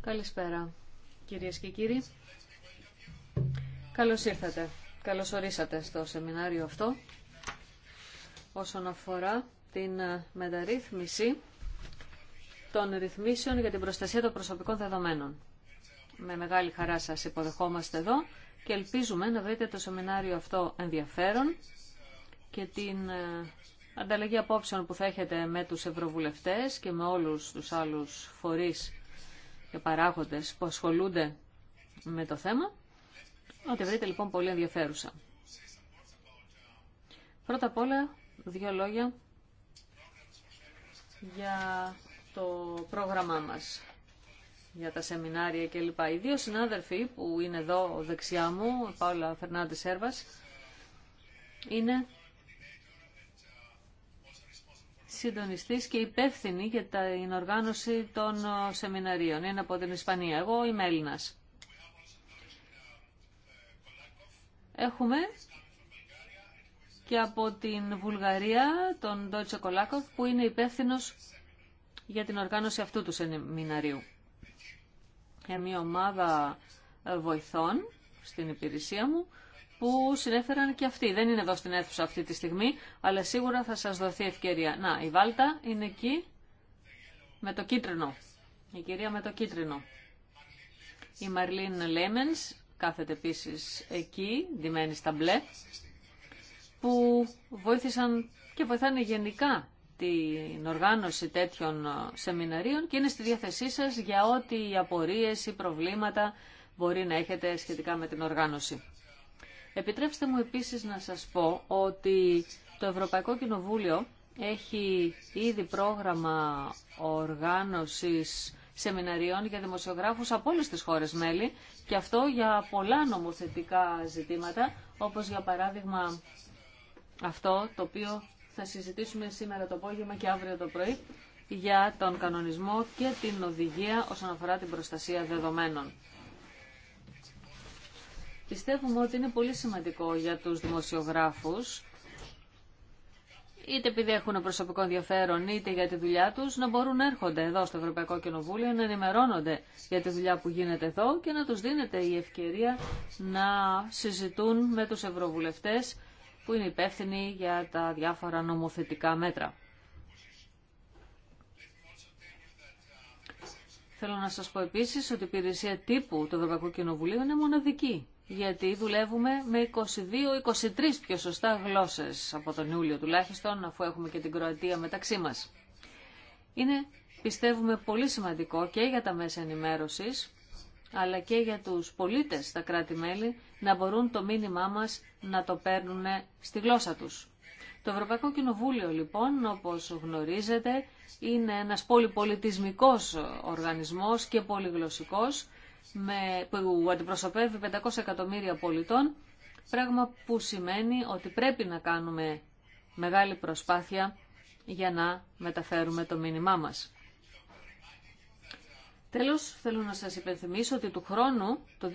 Καλησπέρα, κυρίες και κύριοι. Καλώς ήρθατε. Καλώς ορίσατε στο σεμινάριο αυτό όσον αφορά την ε, μεταρρύθμιση των ρυθμίσεων για την προστασία των προσωπικών δεδομένων. Με μεγάλη χαρά σας υποδεχόμαστε εδώ και ελπίζουμε να βρείτε το σεμινάριο αυτό ενδιαφέρον και την ε, ανταλλαγή απόψεων που θα έχετε με τους ευρωβουλευτές και με όλους τους άλλους φορείς και παράγοντες που ασχολούνται με το θέμα. Ό,τι βρείτε λοιπόν πολύ ενδιαφέρουσα. Πρώτα απ' όλα, δύο λόγια για το πρόγραμμά μας, για τα σεμινάρια κλπ. Οι δύο συνάδελφοι που είναι εδώ δεξιά μου, Παύλα Φερνάντη Σέρβας, είναι και υπεύθυνη για την οργάνωση των ε, σεμιναρίων. Είναι από την Ισπανία. Εγώ είμαι Έλληνας. Έχουμε και από την Βουλγαρία τον Ντότσο Κολάκοφ που είναι υπεύθυνο για την οργάνωση αυτού του σεμιναρίου. Για μια ομάδα ε, βοηθών στην υπηρεσία μου που συνέφεραν και αυτοί. Δεν είναι εδώ στην αίθουσα αυτή τη στιγμή, αλλά σίγουρα θα σας δοθεί ευκαιρία. Να, η Βάλτα είναι εκεί με το κίτρινο. Η κυρία με το κίτρινο. Η Μαρλίν Λέμενς κάθεται επίση εκεί, ντυμένη στα μπλε, που βοήθησαν και βοηθάνε γενικά την οργάνωση τέτοιων σεμιναρίων και είναι στη διάθεσή σας για ό,τι οι απορίες ή προβλήματα μπορεί να έχετε σχετικά με την οργάνωση. Επιτρέψτε μου επίσης να σας πω ότι το Ευρωπαϊκό Κοινοβούλιο έχει ήδη πρόγραμμα οργάνωσης σεμιναριών για δημοσιογράφους από όλες τις χώρες μέλη και αυτό για πολλά νομοθετικά ζητήματα, όπως για παράδειγμα αυτό το οποίο θα συζητήσουμε σήμερα το απόγευμα και αύριο το πρωί για τον κανονισμό και την οδηγία όσον αφορά την προστασία δεδομένων. Πιστεύουμε ότι είναι πολύ σημαντικό για τους δημοσιογράφους είτε επειδή έχουν προσωπικό ενδιαφέρον, είτε για τη δουλειά τους, να μπορούν να έρχονται εδώ στο Ευρωπαϊκό Κοινοβούλιο, να ενημερώνονται για τη δουλειά που γίνεται εδώ και να τους δίνεται η ευκαιρία να συζητούν με τους Ευρωβουλευτές που είναι υπεύθυνοι για τα διάφορα νομοθετικά μέτρα. Θέλω να σας πω επίσης ότι η υπηρεσία τύπου του Ευρωπαϊκού Κοινοβουλίου είναι μοναδική γιατί δουλεύουμε με 22-23 πιο σωστά γλώσσες από τον Ιούλιο τουλάχιστον, αφού έχουμε και την Κροατία μεταξύ μας. Είναι, πιστεύουμε, πολύ σημαντικό και για τα μέσα ενημέρωσης, αλλά και για τους πολίτες στα κράτη-μέλη να μπορούν το μήνυμά μας να το παίρνουν στη γλώσσα τους. Το Ευρωπαϊκό Κοινοβούλιο, λοιπόν, όπως γνωρίζετε, είναι ένας πολυπολιτισμικός οργανισμός και πολυγλωσσικός με, που αντιπροσωπεύει 500 εκατομμύρια πολιτών, πράγμα που σημαίνει ότι πρέπει να κάνουμε μεγάλη προσπάθεια για να μεταφέρουμε το μήνυμά μας. Τέλος, θέλω να σας υπενθυμίσω ότι του χρόνου, το 2014,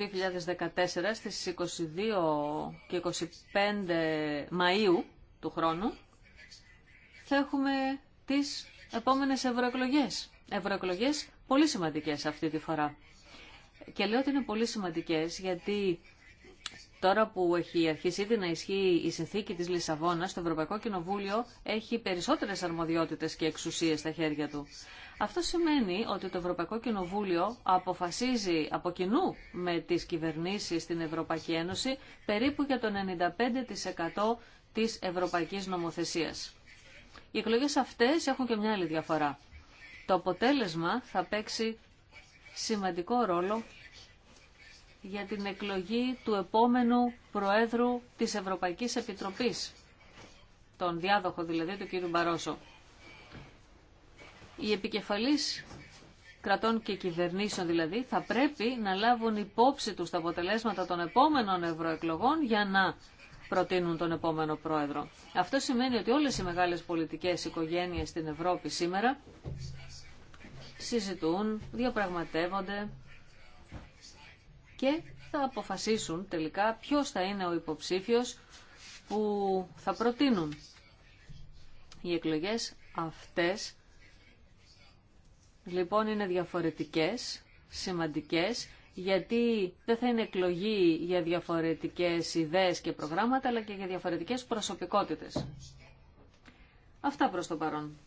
στις 22 και 25 Μαΐου του χρόνου, θα έχουμε τις επόμενες ευρωεκλογές. Ευρωεκλογές πολύ σημαντικές αυτή τη φορά. Και λέω ότι είναι πολύ σημαντικές γιατί τώρα που έχει αρχίσει ήδη να ισχύει η συνθήκη της Λισαβόνας, το Ευρωπαϊκό Κοινοβούλιο έχει περισσότερες αρμοδιότητες και εξουσίες στα χέρια του. Αυτό σημαίνει ότι το Ευρωπαϊκό Κοινοβούλιο αποφασίζει από κοινού με τις κυβερνήσεις στην Ευρωπαϊκή Ένωση περίπου για το 95% της ευρωπαϊκής νομοθεσίας. Οι εκλογές αυτές έχουν και μια άλλη διαφορά. Το αποτέλεσμα θα παίξει σημαντικό ρόλο για την εκλογή του επόμενου Προέδρου της Ευρωπαϊκής Επιτροπής, τον διάδοχο δηλαδή του κ. Μπαρόσο. Οι επικεφαλής κρατών και κυβερνήσεων δηλαδή θα πρέπει να λάβουν υπόψη τους τα αποτελέσματα των επόμενων ευρωεκλογών για να προτείνουν τον επόμενο πρόεδρο. Αυτό σημαίνει ότι όλες οι μεγάλες πολιτικές οικογένειες στην Ευρώπη σήμερα συζητούν, διαπραγματεύονται και θα αποφασίσουν τελικά ποιος θα είναι ο υποψήφιος που θα προτείνουν. Οι εκλογές αυτές λοιπόν είναι διαφορετικές, σημαντικές, γιατί δεν θα είναι εκλογή για διαφορετικές ιδέες και προγράμματα, αλλά και για διαφορετικές προσωπικότητες. Αυτά προς το παρόν.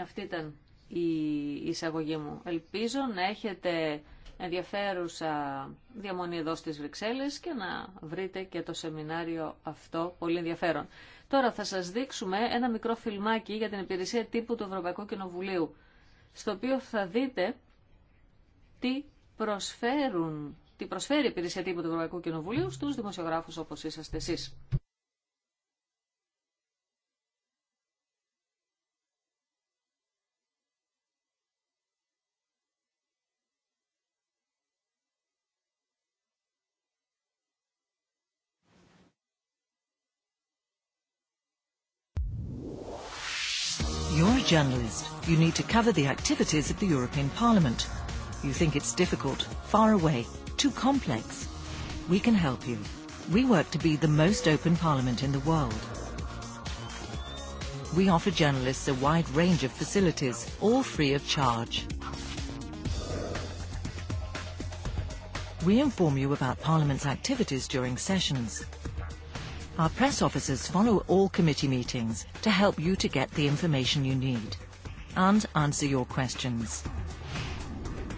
Αυτή ήταν η εισαγωγή μου. Ελπίζω να έχετε ενδιαφέρουσα διαμονή εδώ στις Βρυξέλλες και να βρείτε και το σεμινάριο αυτό πολύ ενδιαφέρον. Τώρα θα σας δείξουμε ένα μικρό φιλμάκι για την υπηρεσία τύπου του Ευρωπαϊκού Κοινοβουλίου, στο οποίο θα δείτε τι προσφέρουν, τι προσφέρει η υπηρεσία τύπου του Ευρωπαϊκού Κοινοβουλίου στους δημοσιογράφους όπως είσαστε εσείς. journalist, you need to cover the activities of the European Parliament. You think it's difficult, far away, too complex. We can help you. We work to be the most open parliament in the world. We offer journalists a wide range of facilities, all free of charge. We inform you about Parliament's activities during sessions. Our press officers follow all committee meetings to help you to get the information you need and answer your questions.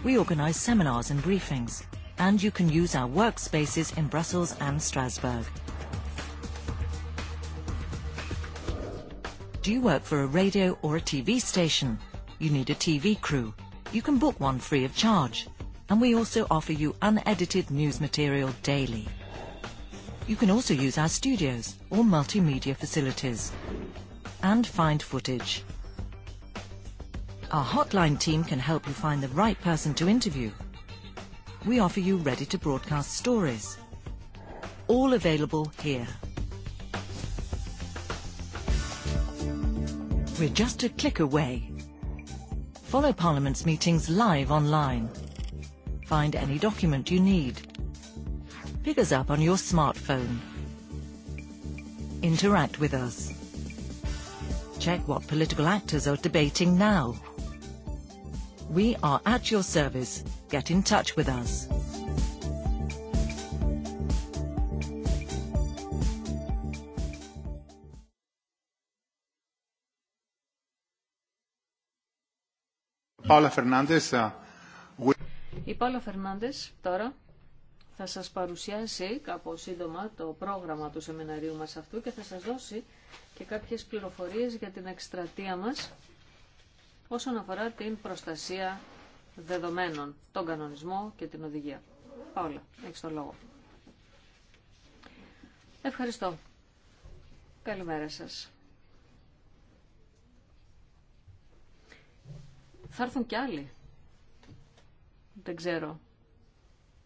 We organise seminars and briefings, and you can use our workspaces in Brussels and Strasbourg. Do you work for a radio or a TV station? You need a TV crew. You can book one free of charge. And we also offer you unedited news material daily you can also use our studios or multimedia facilities and find footage. Our hotline team can help you find the right person to interview. We offer you ready-to-broadcast stories, all available here. We're just a click away. Follow Parliament's meetings live online. Find any document you need Pick us up on your smartphone. Interact with us. Check what political actors are debating now. We are at your service. Get in touch with us. Paula Fernandez Η Paula Fernandez, τώρα θα σας παρουσιάσει κάπως σύντομα το πρόγραμμα του σεμιναρίου μας αυτού και θα σας δώσει και κάποιες πληροφορίες για την εκστρατεία μας όσον αφορά την προστασία δεδομένων, τον κανονισμό και την οδηγία. Όλα, έχεις το λόγο. Ευχαριστώ. Καλημέρα σας. Θα έρθουν κι άλλοι. Δεν ξέρω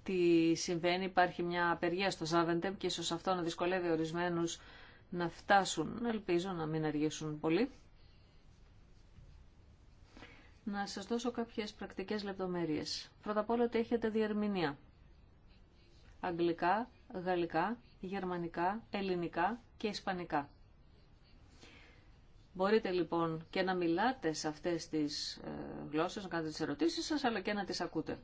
τι συμβαίνει. Υπάρχει μια απεργία στο Ζάβεντεμ και ίσως αυτό να δυσκολεύει ορισμένους να φτάσουν. Ελπίζω να μην αργήσουν πολύ. Να σας δώσω κάποιες πρακτικές λεπτομέρειες. Πρώτα απ' όλα ότι έχετε διερμηνία. Αγγλικά, γαλλικά, γερμανικά, ελληνικά και ισπανικά. Μπορείτε λοιπόν και να μιλάτε σε αυτές τις ε, γλώσσες, να κάνετε τις ερωτήσεις σας, αλλά και να τις ακούτε.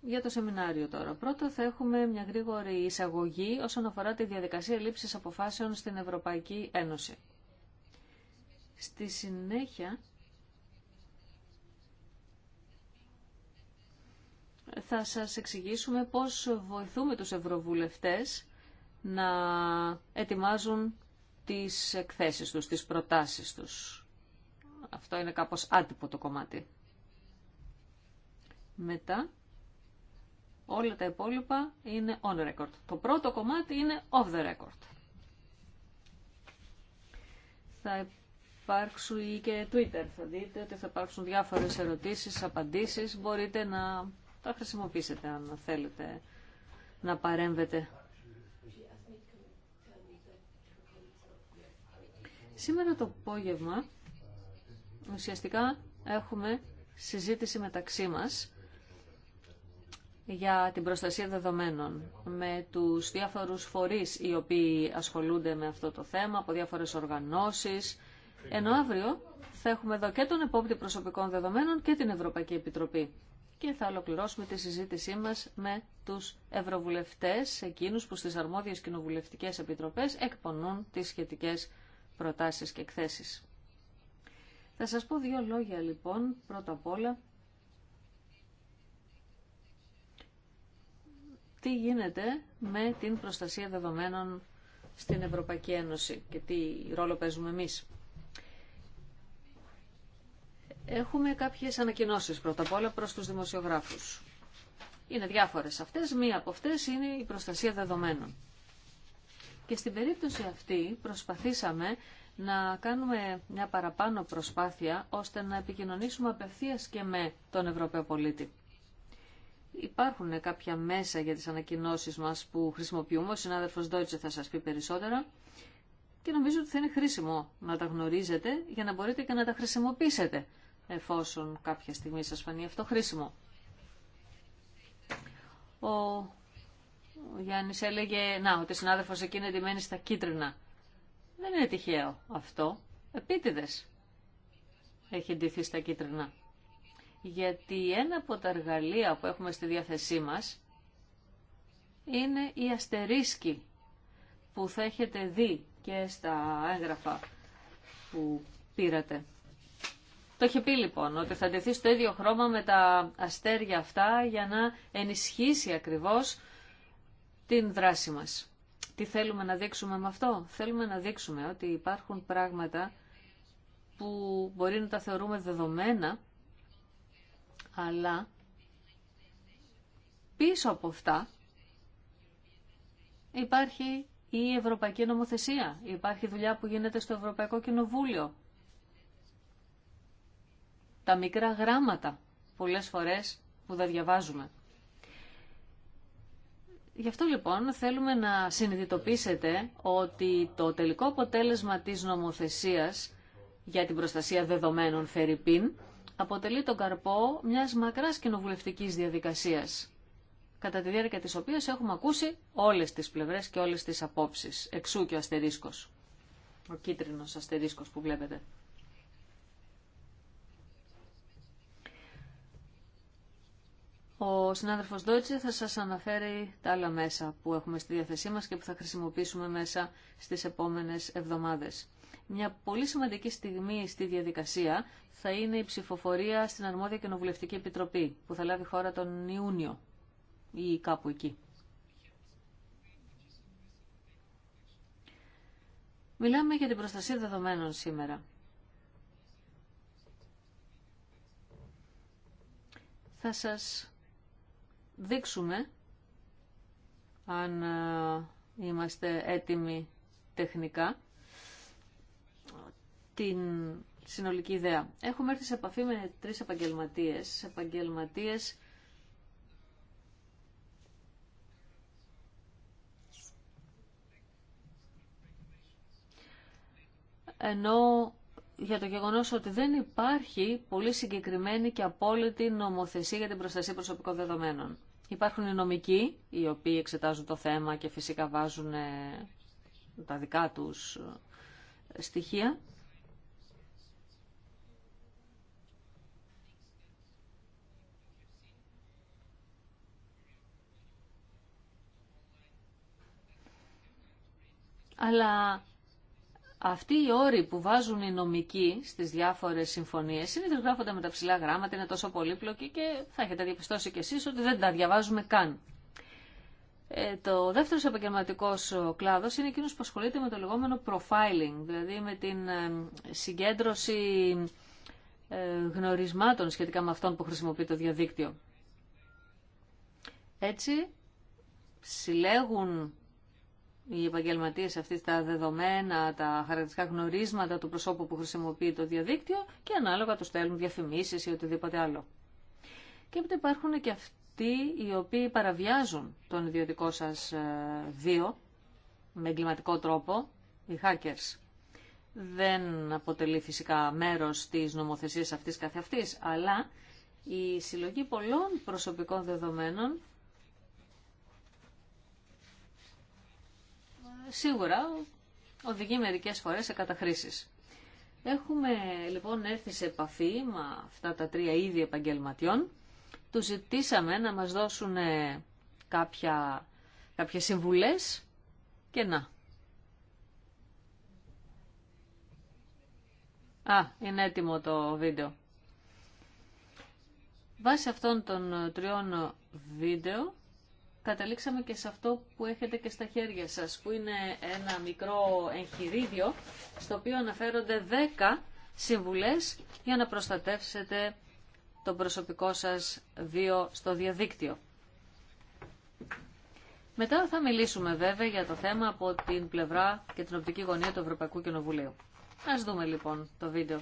για το σεμινάριο τώρα. Πρώτα θα έχουμε μια γρήγορη εισαγωγή όσον αφορά τη διαδικασία λήψης αποφάσεων στην Ευρωπαϊκή Ένωση. Στη συνέχεια θα σας εξηγήσουμε πώς βοηθούμε τους ευρωβουλευτές να ετοιμάζουν τις εκθέσεις τους, τις προτάσεις τους. Αυτό είναι κάπως άτυπο το κομμάτι. Μετά Όλα τα υπόλοιπα είναι on record. Το πρώτο κομμάτι είναι off the record. Θα υπάρξουν και Twitter. Θα δείτε ότι θα υπάρξουν διάφορες ερωτήσεις, απαντήσεις. Μπορείτε να τα χρησιμοποιήσετε αν θέλετε να παρέμβετε. Σήμερα το απόγευμα ουσιαστικά έχουμε συζήτηση μεταξύ μας για την προστασία δεδομένων με τους διάφορους φορείς οι οποίοι ασχολούνται με αυτό το θέμα από διάφορες οργανώσεις. Ενώ αύριο θα έχουμε εδώ και τον επόπτη προσωπικών δεδομένων και την Ευρωπαϊκή Επιτροπή. Και θα ολοκληρώσουμε τη συζήτησή μας με τους ευρωβουλευτές, εκείνους που στις αρμόδιες κοινοβουλευτικές επιτροπές εκπονούν τις σχετικές προτάσεις και εκθέσεις. Θα σας πω δύο λόγια λοιπόν πρώτα απ' όλα τι γίνεται με την προστασία δεδομένων στην Ευρωπαϊκή Ένωση και τι ρόλο παίζουμε εμείς. Έχουμε κάποιες ανακοινώσεις πρώτα απ' όλα προς τους δημοσιογράφους. Είναι διάφορες αυτές, μία από αυτές είναι η προστασία δεδομένων. Και στην περίπτωση αυτή προσπαθήσαμε να κάνουμε μια παραπάνω προσπάθεια ώστε να επικοινωνήσουμε απευθείας και με τον Ευρωπαίο πολίτη. Υπάρχουν κάποια μέσα για τις ανακοινώσεις μας που χρησιμοποιούμε, ο συνάδελφος Deutsche θα σας πει περισσότερα και νομίζω ότι θα είναι χρήσιμο να τα γνωρίζετε για να μπορείτε και να τα χρησιμοποιήσετε εφόσον κάποια στιγμή σας φανεί αυτό χρήσιμο. Ο Γιάννης έλεγε να, ότι ο συνάδελφος εκεί είναι εντυμένη στα κίτρινα. Δεν είναι τυχαίο αυτό. Επίτηδες έχει εντυθεί στα κίτρινα γιατί ένα από τα εργαλεία που έχουμε στη διάθεσή μας είναι η αστερίσκη που θα έχετε δει και στα έγγραφα που πήρατε. Το είχε πει λοιπόν ότι θα ντεθεί στο ίδιο χρώμα με τα αστέρια αυτά για να ενισχύσει ακριβώς την δράση μας. Τι θέλουμε να δείξουμε με αυτό. Θέλουμε να δείξουμε ότι υπάρχουν πράγματα που μπορεί να τα θεωρούμε δεδομένα αλλά πίσω από αυτά υπάρχει η Ευρωπαϊκή Νομοθεσία, υπάρχει δουλειά που γίνεται στο Ευρωπαϊκό Κοινοβούλιο. Τα μικρά γράμματα πολλές φορές που δεν διαβάζουμε. Γι' αυτό λοιπόν θέλουμε να συνειδητοποιήσετε ότι το τελικό αποτέλεσμα της νομοθεσίας για την προστασία δεδομένων Φερρυπίν αποτελεί τον καρπό μιας μακράς κοινοβουλευτικής διαδικασίας, κατά τη διάρκεια της οποίας έχουμε ακούσει όλες τις πλευρές και όλες τις απόψεις, εξού και ο αστερίσκος, ο κίτρινος αστερίσκος που βλέπετε. Ο συνάδελφος Ντότσε θα σας αναφέρει τα άλλα μέσα που έχουμε στη διάθεσή μας και που θα χρησιμοποιήσουμε μέσα στις επόμενες εβδομάδες. Μια πολύ σημαντική στιγμή στη διαδικασία θα είναι η ψηφοφορία στην Αρμόδια Κοινοβουλευτική Επιτροπή που θα λάβει χώρα τον Ιούνιο ή κάπου εκεί. Μιλάμε για την προστασία δεδομένων σήμερα. Θα σας δείξουμε αν ε, είμαστε έτοιμοι τεχνικά την συνολική ιδέα. Έχουμε έρθει σε επαφή με τρεις επαγγελματίες, επαγγελματίες ενώ για το γεγονός ότι δεν υπάρχει πολύ συγκεκριμένη και απόλυτη νομοθεσία για την προστασία προσωπικών δεδομένων. Υπάρχουν οι νομικοί, οι οποίοι εξετάζουν το θέμα και φυσικά βάζουν ε, τα δικά τους ε, στοιχεία αλλά αυτοί οι όροι που βάζουν οι νομικοί στις διάφορες συμφωνίες συνήθω γράφονται με τα ψηλά γράμματα, είναι τόσο πολύπλοκοι και θα έχετε διαπιστώσει κι εσείς ότι δεν τα διαβάζουμε καν. Ε, το δεύτερο επαγγελματικό κλάδο είναι εκείνο που ασχολείται με το λεγόμενο profiling, δηλαδή με την ε, συγκέντρωση ε, γνωρισμάτων σχετικά με αυτόν που χρησιμοποιεί το διαδίκτυο. Έτσι, συλλέγουν οι επαγγελματίε αυτή τα δεδομένα, τα χαρακτηριστικά γνωρίσματα του προσώπου που χρησιμοποιεί το διαδίκτυο και ανάλογα το στέλνουν διαφημίσεις ή οτιδήποτε άλλο. Και έπειτα υπάρχουν και αυτοί οι οποίοι παραβιάζουν τον ιδιωτικό σα ε, βίο με εγκληματικό τρόπο, οι hackers. Δεν αποτελεί φυσικά μέρος της νομοθεσίας αυτής καθεαυτής, αλλά η συλλογή πολλών προσωπικών δεδομένων σίγουρα οδηγεί μερικές φορές σε καταχρήσεις. Έχουμε λοιπόν έρθει σε επαφή με αυτά τα τρία ίδια επαγγελματιών. Τους ζητήσαμε να μας δώσουν ε, κάποια, κάποιες συμβουλές και να. Α, είναι έτοιμο το βίντεο. Βάσει αυτών των τριών βίντεο καταλήξαμε και σε αυτό που έχετε και στα χέρια σας, που είναι ένα μικρό εγχειρίδιο, στο οποίο αναφέρονται 10 συμβουλές για να προστατεύσετε το προσωπικό σας βίο στο διαδίκτυο. Μετά θα μιλήσουμε βέβαια για το θέμα από την πλευρά και την οπτική γωνία του Ευρωπαϊκού Κοινοβουλίου. Ας δούμε λοιπόν το βίντεο.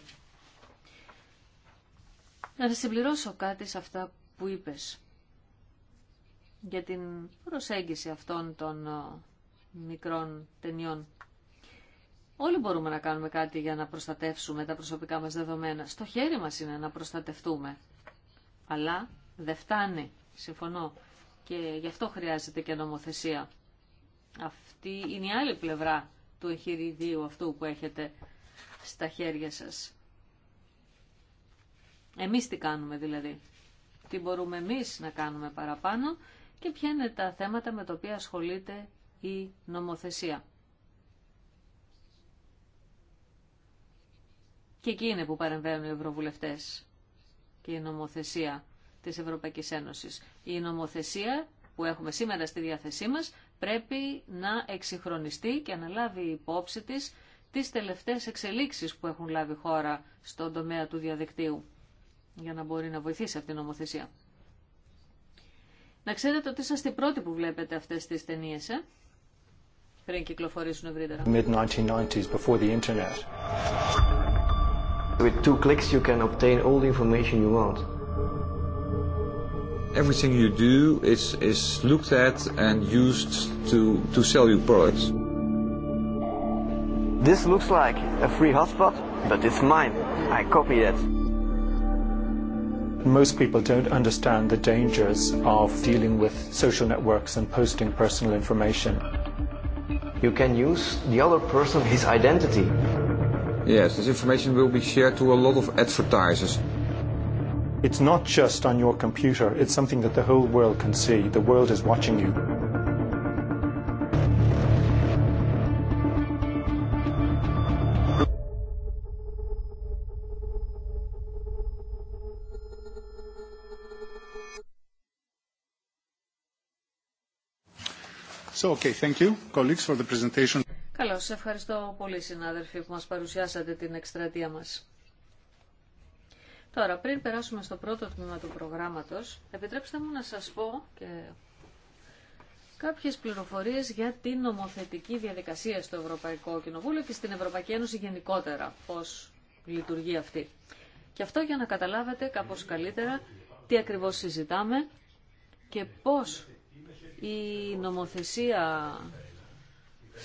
Να συμπληρώσω κάτι σε αυτά που είπες για την προσέγγιση αυτών των ε, μικρών ταινιών. Όλοι μπορούμε να κάνουμε κάτι για να προστατεύσουμε τα προσωπικά μας δεδομένα. Στο χέρι μας είναι να προστατευτούμε. Αλλά δεν φτάνει, συμφωνώ. Και γι' αυτό χρειάζεται και νομοθεσία. Αυτή είναι η άλλη πλευρά του εγχειριδίου αυτού που έχετε στα χέρια σας. Εμείς τι κάνουμε δηλαδή. Τι μπορούμε εμείς να κάνουμε παραπάνω και ποια είναι τα θέματα με τα οποία ασχολείται η νομοθεσία. Και εκεί είναι που παρεμβαίνουν οι ευρωβουλευτές και η νομοθεσία της Ευρωπαϊκής Ένωσης. Η νομοθεσία που έχουμε σήμερα στη διάθεσή μας πρέπει να εξυγχρονιστεί και να λάβει υπόψη της τις τελευταίες εξελίξεις που έχουν λάβει χώρα στον τομέα του διαδικτύου για να μπορεί να βοηθήσει αυτή η νομοθεσία. Να ξέρετε ότι είσαστε οι πρώτοι που βλέπετε αυτές τις ταινίες, ε? πριν κυκλοφορήσουν ευρύτερα. Mid-1990s, before the internet. With two clicks you can obtain all the information you want. Everything you do is, is looked at and used to, to sell you products. This looks like a free hotspot, but it's mine. I copy it. Most people don't understand the dangers of dealing with social networks and posting personal information. You can use the other person, his identity. Yes, this information will be shared to a lot of advertisers. It's not just on your computer, it's something that the whole world can see. The world is watching you. So, Καλώς, ευχαριστώ πολύ συνάδελφοι που μας παρουσιάσατε την εκστρατεία μας. Τώρα, πριν περάσουμε στο πρώτο τμήμα του προγράμματος, επιτρέψτε μου να σας πω και κάποιες πληροφορίες για την νομοθετική διαδικασία στο Ευρωπαϊκό Κοινοβούλιο και στην Ευρωπαϊκή Ένωση γενικότερα, πώς λειτουργεί αυτή. Και αυτό για να καταλάβετε κάπως καλύτερα τι ακριβώς συζητάμε και πώς η νομοθεσία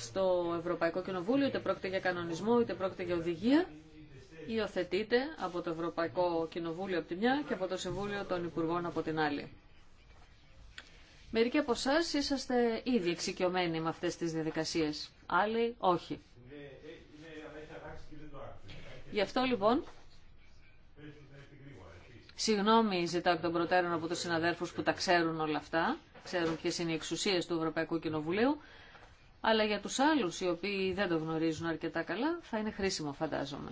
στο Ευρωπαϊκό Κοινοβούλιο, είτε πρόκειται για κανονισμό, είτε πρόκειται για οδηγία, υιοθετείται από το Ευρωπαϊκό Κοινοβούλιο από τη μια και από το Συμβούλιο των Υπουργών από την άλλη. Μερικοί από εσά είσαστε ήδη εξοικειωμένοι με αυτές τις διαδικασίες, άλλοι όχι. Γι' αυτό λοιπόν, συγγνώμη ζητάω από τον προτέρων από τους συναδέρφους που τα ξέρουν όλα αυτά, ξέρουν ποιε είναι οι εξουσίε του Ευρωπαϊκού Κοινοβουλίου, αλλά για τους άλλους οι οποίοι δεν το γνωρίζουν αρκετά καλά θα είναι χρήσιμο φαντάζομαι.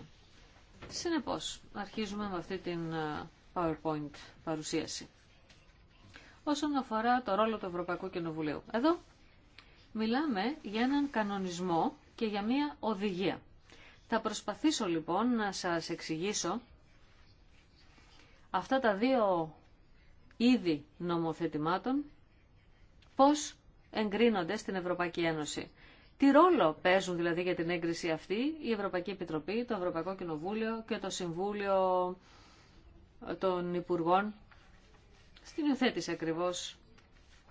Συνεπώς, αρχίζουμε με αυτή την PowerPoint παρουσίαση. Όσον αφορά το ρόλο του Ευρωπαϊκού Κοινοβουλίου. Εδώ μιλάμε για έναν κανονισμό και για μία οδηγία. Θα προσπαθήσω λοιπόν να σας εξηγήσω αυτά τα δύο είδη νομοθετημάτων πώς εγκρίνονται στην Ευρωπαϊκή Ένωση. Τι ρόλο παίζουν δηλαδή για την έγκριση αυτή η Ευρωπαϊκή Επιτροπή, το Ευρωπαϊκό Κοινοβούλιο και το Συμβούλιο των Υπουργών στην υιοθέτηση ακριβώς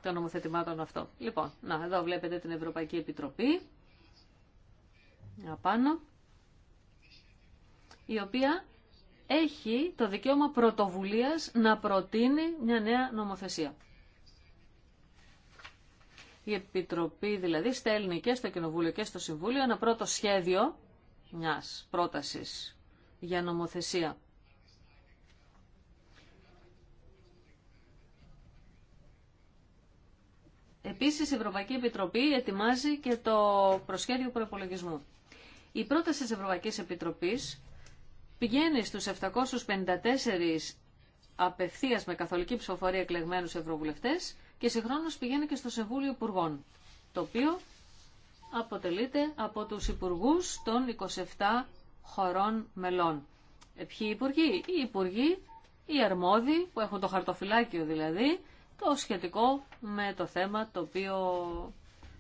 των νομοθετημάτων αυτό. Λοιπόν, να, εδώ βλέπετε την Ευρωπαϊκή Επιτροπή, απάνω, η οποία έχει το δικαίωμα πρωτοβουλίας να προτείνει μια νέα νομοθεσία. Η Επιτροπή δηλαδή στέλνει και στο Κοινοβούλιο και στο Συμβούλιο ένα πρώτο σχέδιο μιας πρότασης για νομοθεσία. Επίσης η Ευρωπαϊκή Επιτροπή ετοιμάζει και το προσχέδιο προπολογισμού. Η πρόταση της Ευρωπαϊκής Επιτροπής πηγαίνει στους 754 απευθείας με καθολική ψηφοφορία εκλεγμένους ευρωβουλευτές και συγχρόνως πηγαίνει και στο Σεβούλιο Υπουργών, το οποίο αποτελείται από τους υπουργούς των 27 χωρών μελών. Ε, ποιοι υπουργοί? Οι υπουργοί, οι αρμόδιοι που έχουν το χαρτοφυλάκιο δηλαδή, το σχετικό με το θέμα το οποίο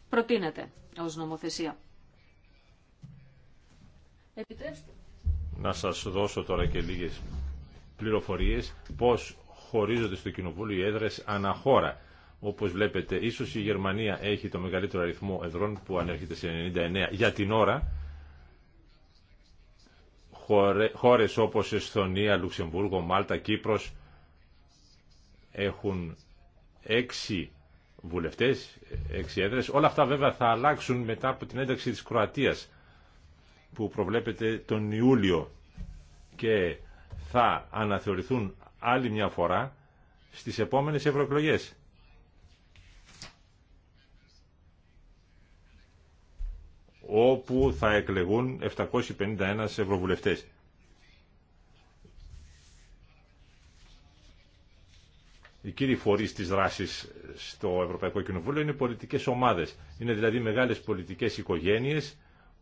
προτείνεται ως νομοθεσία. Επιτρέψτε. Να σας δώσω τώρα και λίγες πληροφορίες πώς χωρίζονται στο Κοινοβούλιο οι έδρες αναχώρα. Όπως βλέπετε, ίσως η Γερμανία έχει το μεγαλύτερο αριθμό εδρών που ανέρχεται σε 99 για την ώρα. Χώρες όπως Εσθονία, Λουξεμβούργο, Μάλτα, Κύπρος έχουν έξι βουλευτές, έξι έδρες. Όλα αυτά βέβαια θα αλλάξουν μετά από την ένταξη της Κροατίας που προβλέπεται τον Ιούλιο και θα αναθεωρηθούν άλλη μια φορά στις επόμενες ευρωεκλογές. όπου θα εκλεγούν 751 ευρωβουλευτές. Οι κύριοι φορεί τη δράση στο Ευρωπαϊκό Κοινοβούλιο είναι πολιτικέ ομάδε. Είναι δηλαδή μεγάλε πολιτικέ οικογένειε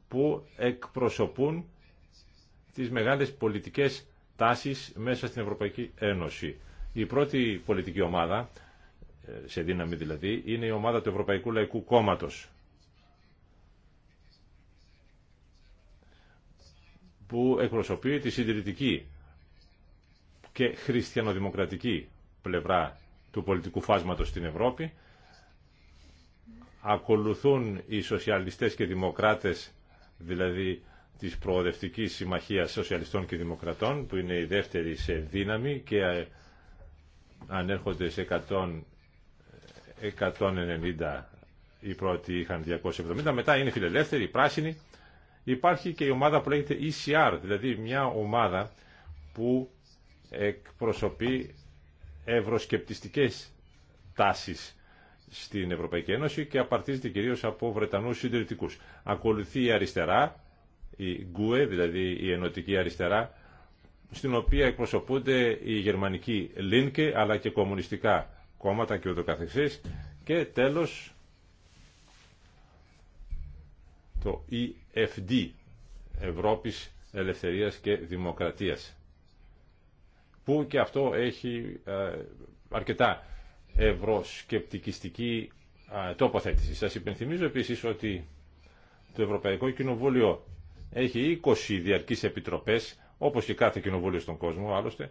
που εκπροσωπούν τι μεγάλε πολιτικέ τάσει μέσα στην Ευρωπαϊκή Ένωση. Η πρώτη πολιτική ομάδα, ε, σε δύναμη δηλαδή, είναι η ομάδα του Ευρωπαϊκού Λαϊκού Κόμματο, που εκπροσωπεί τη συντηρητική και χριστιανοδημοκρατική πλευρά του πολιτικού φάσματος στην Ευρώπη. Ακολουθούν οι σοσιαλιστές και δημοκράτες, δηλαδή της Προοδευτικής Συμμαχίας Σοσιαλιστών και Δημοκρατών, που είναι η δεύτερη σε δύναμη και ε, ανέρχονται σε 100, 190 οι πρώτοι είχαν 270, μετά είναι φιλελεύθεροι, πράσινοι Υπάρχει και η ομάδα που λέγεται ECR, δηλαδή μια ομάδα που εκπροσωπεί ευρωσκεπτιστικές τάσεις στην Ευρωπαϊκή Ένωση και απαρτίζεται κυρίως από Βρετανούς συντηρητικούς. Ακολουθεί η αριστερά, η Γκουε, δηλαδή η ενωτική αριστερά, στην οποία εκπροσωπούνται οι γερμανικοί Λίνκε αλλά και κομμουνιστικά κόμματα και ούτω καθεξής. Και τέλος το EFD Ευρώπης Ελευθερίας και Δημοκρατίας που και αυτό έχει ε, αρκετά ευρωσκεπτικιστική ε, τοποθέτηση. Σας υπενθυμίζω επίσης ότι το Ευρωπαϊκό Κοινοβούλιο έχει 20 διαρκείς επιτροπές όπως και κάθε κοινοβούλιο στον κόσμο άλλωστε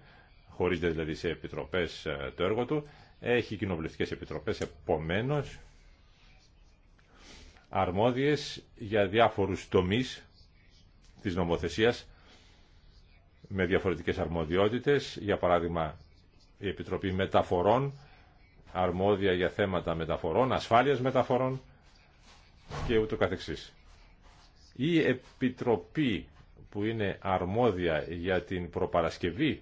χωρίζεται δηλαδή σε επιτροπές ε, το έργο του έχει κοινοβουλευτικές επιτροπές επομένως αρμόδιες για διάφορους τομείς της νομοθεσίας με διαφορετικές αρμοδιότητες, για παράδειγμα η Επιτροπή Μεταφορών, αρμόδια για θέματα μεταφορών, ασφάλειας μεταφορών και ούτω καθεξής. Η Επιτροπή που είναι αρμόδια για την προπαρασκευή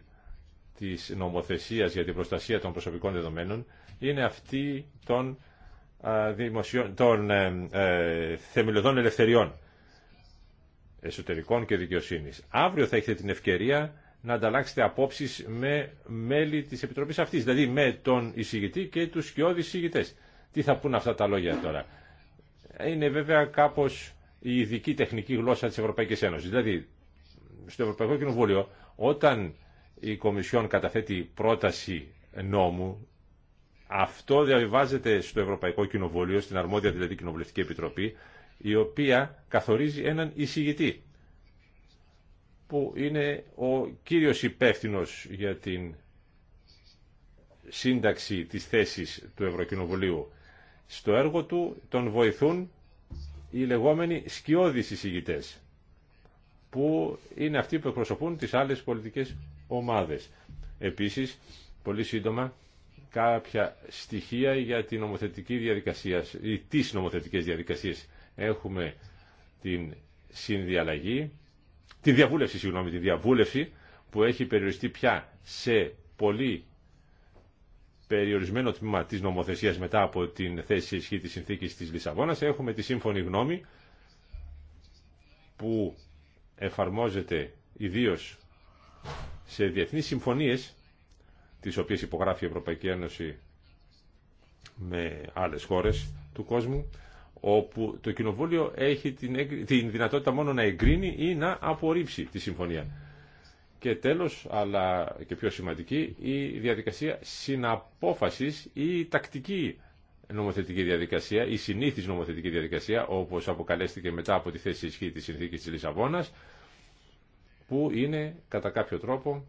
της νομοθεσίας για την προστασία των προσωπικών δεδομένων είναι αυτή των των ε, ε, θεμελιωδών ελευθεριών εσωτερικών και δικαιοσύνης. Αύριο θα έχετε την ευκαιρία να ανταλλάξετε απόψεις με μέλη της Επιτροπής αυτής, δηλαδή με τον εισηγητή και τους σκιώδεις εισηγητές. Τι θα πούν αυτά τα λόγια τώρα. Είναι βέβαια κάπως η ειδική τεχνική γλώσσα της Ευρωπαϊκής Ένωσης. Δηλαδή, στο Ευρωπαϊκό Κοινοβούλιο, όταν η Κομισιόν καταθέτει πρόταση νόμου αυτό διαβιβάζεται στο Ευρωπαϊκό Κοινοβούλιο, στην αρμόδια δηλαδή Κοινοβουλευτική Επιτροπή, η οποία καθορίζει έναν εισηγητή, που είναι ο κύριος υπεύθυνο για την σύνταξη της θέσης του Ευρωκοινοβουλίου. Στο έργο του τον βοηθούν οι λεγόμενοι σκιώδεις εισηγητές, που είναι αυτοί που εκπροσωπούν τις άλλες πολιτικές ομάδες. Επίσης, πολύ σύντομα, κάποια στοιχεία για την νομοθετική διαδικασία ή τις νομοθετικές διαδικασίες. Έχουμε την συνδιαλλαγή, τη διαβούλευση, συγγνώμη, τη διαβούλευση που έχει περιοριστεί πια σε πολύ περιορισμένο τμήμα της νομοθεσίας μετά από την θέση ισχύ της συνθήκης της Λισαβόνας. Έχουμε τη σύμφωνη γνώμη που εφαρμόζεται ιδίως σε διεθνείς συμφωνίες τις οποίες υπογράφει η Ευρωπαϊκή Ένωση με άλλες χώρες του κόσμου, όπου το Κοινοβούλιο έχει την, την δυνατότητα μόνο να εγκρίνει ή να απορρίψει τη συμφωνία. Και τέλος, αλλά και πιο σημαντική, η διαδικασία συναπόφασης ή τακτική νομοθετική διαδικασία, η συνήθις νομοθετική διαδικασία, όπως αποκαλέστηκε μετά από τη θέση ισχύ της συνθήκης της Λισαβόνας, που είναι κατά κάποιο τρόπο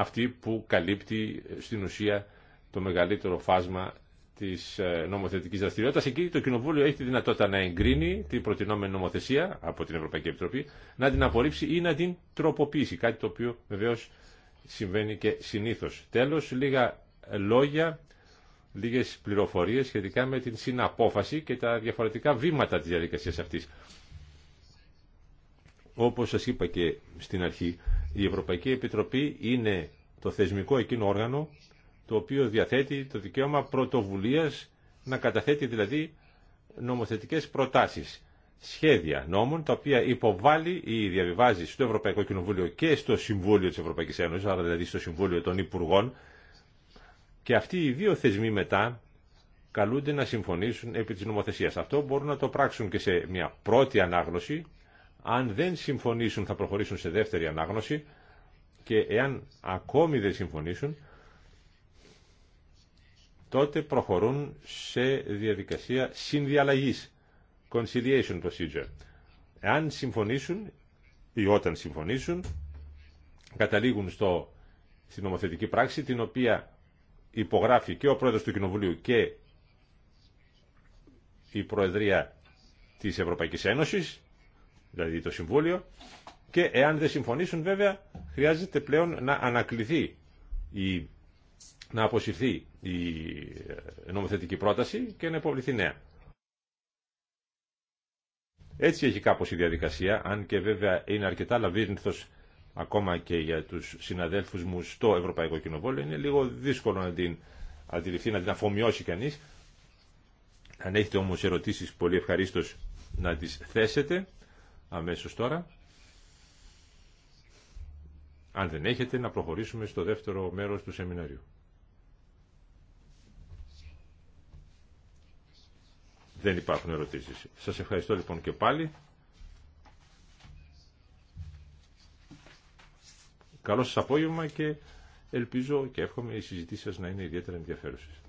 αυτή που καλύπτει ε, στην ουσία το μεγαλύτερο φάσμα τη ε, νομοθετική δραστηριότητα. Εκεί το Κοινοβούλιο έχει τη δυνατότητα να εγκρίνει την προτινόμενη νομοθεσία από την Ευρωπαϊκή Επιτροπή, να την απορρίψει ή να την τροποποιήσει. Κάτι το οποίο βεβαίω συμβαίνει και συνήθω. Τέλο, λίγα λόγια, λίγε πληροφορίε σχετικά με την συναπόφαση και τα διαφορετικά βήματα τη διαδικασία αυτή. Όπω σα είπα και στην αρχή, η Ευρωπαϊκή Επιτροπή είναι το θεσμικό εκείνο όργανο το οποίο διαθέτει το δικαίωμα πρωτοβουλίας να καταθέτει δηλαδή νομοθετικές προτάσεις, σχέδια νόμων τα οποία υποβάλλει ή διαβιβάζει στο Ευρωπαϊκό Κοινοβούλιο και στο Συμβούλιο της Ευρωπαϊκής Ένωσης, δηλαδή στο Συμβούλιο των Υπουργών και αυτοί οι δύο θεσμοί μετά καλούνται να συμφωνήσουν επί της νομοθεσίας. Αυτό μπορούν να το πράξουν και σε μια πρώτη ανάγνωση αν δεν συμφωνήσουν θα προχωρήσουν σε δεύτερη ανάγνωση και εάν ακόμη δεν συμφωνήσουν τότε προχωρούν σε διαδικασία συνδιαλλαγής, conciliation procedure. Εάν συμφωνήσουν ή όταν συμφωνήσουν, καταλήγουν στο, στην νομοθετική πράξη, την οποία υπογράφει και ο Πρόεδρος του Κοινοβουλίου και η Προεδρία της Ευρωπαϊκής Ένωσης δηλαδή το Συμβούλιο, και εάν δεν συμφωνήσουν βέβαια χρειάζεται πλέον να ανακληθεί, η, να αποσυρθεί η ε, νομοθετική πρόταση και να υποβληθεί νέα. Έτσι έχει κάπως η διαδικασία, αν και βέβαια είναι αρκετά λαβύρινθος ακόμα και για τους συναδέλφους μου στο Ευρωπαϊκό Κοινοβούλιο, είναι λίγο δύσκολο να την αντιληφθεί, να την αφομοιώσει κανείς. Αν έχετε όμως ερωτήσεις, πολύ ευχαρίστως να τις θέσετε αμέσως τώρα. Αν δεν έχετε, να προχωρήσουμε στο δεύτερο μέρος του σεμιναρίου. Δεν υπάρχουν ερωτήσεις. Σας ευχαριστώ λοιπόν και πάλι. Καλό σας απόγευμα και ελπίζω και εύχομαι οι συζητήσεις σας να είναι ιδιαίτερα ενδιαφέρουσες.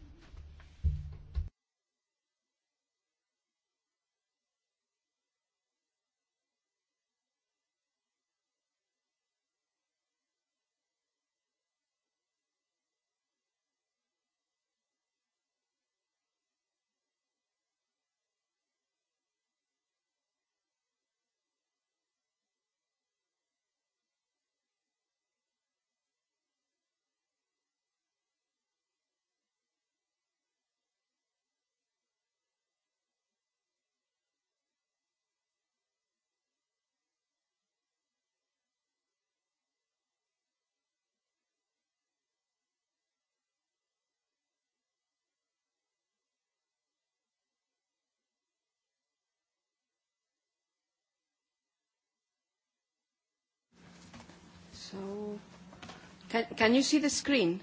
you see the screen?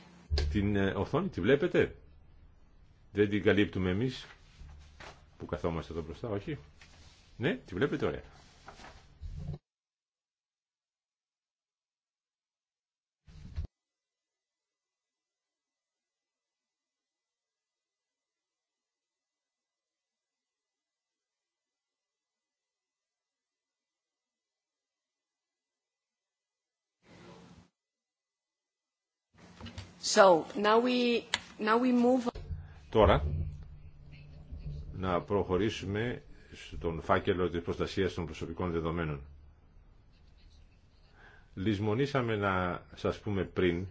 Την ε, οθόνη τη βλέπετε? Δεν την καλύπτουμε εμείς που καθόμαστε εδώ μπροστά, όχι. Ναι, τη βλέπετε ωραία. Τώρα, να προχωρήσουμε στον φάκελο της προστασίας των προσωπικών δεδομένων. Λυσμονήσαμε να σας πούμε πριν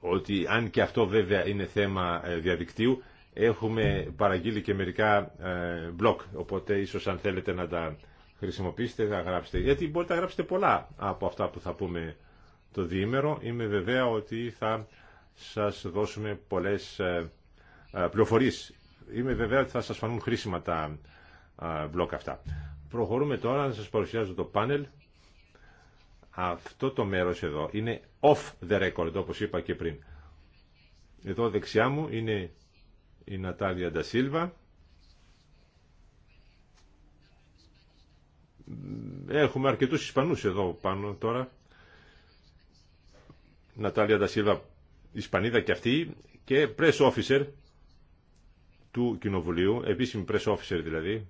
ότι αν και αυτό βέβαια είναι θέμα ε, διαδικτύου, έχουμε παραγγείλει και μερικά ε, μπλοκ, οπότε ίσως αν θέλετε να τα χρησιμοποιήστε, να γράψετε. Γιατί μπορείτε να γράψετε πολλά από αυτά που θα πούμε το διήμερο. Είμαι βεβαία ότι θα σας δώσουμε πολλές ε, ε, πληροφορίες. Είμαι βεβαία ότι θα σας φανούν χρήσιμα τα ε, μπλοκ αυτά. Προχωρούμε τώρα να σας παρουσιάζω το πάνελ. Αυτό το μέρος εδώ είναι off the record, όπως είπα και πριν. Εδώ δεξιά μου είναι η Νατάλια Ντασίλβα, Έχουμε αρκετούς Ισπανούς εδώ πάνω τώρα. Νατάλια Ντασίλβα, Ισπανίδα και αυτή και press officer του Κοινοβουλίου, επίσημη press officer δηλαδή,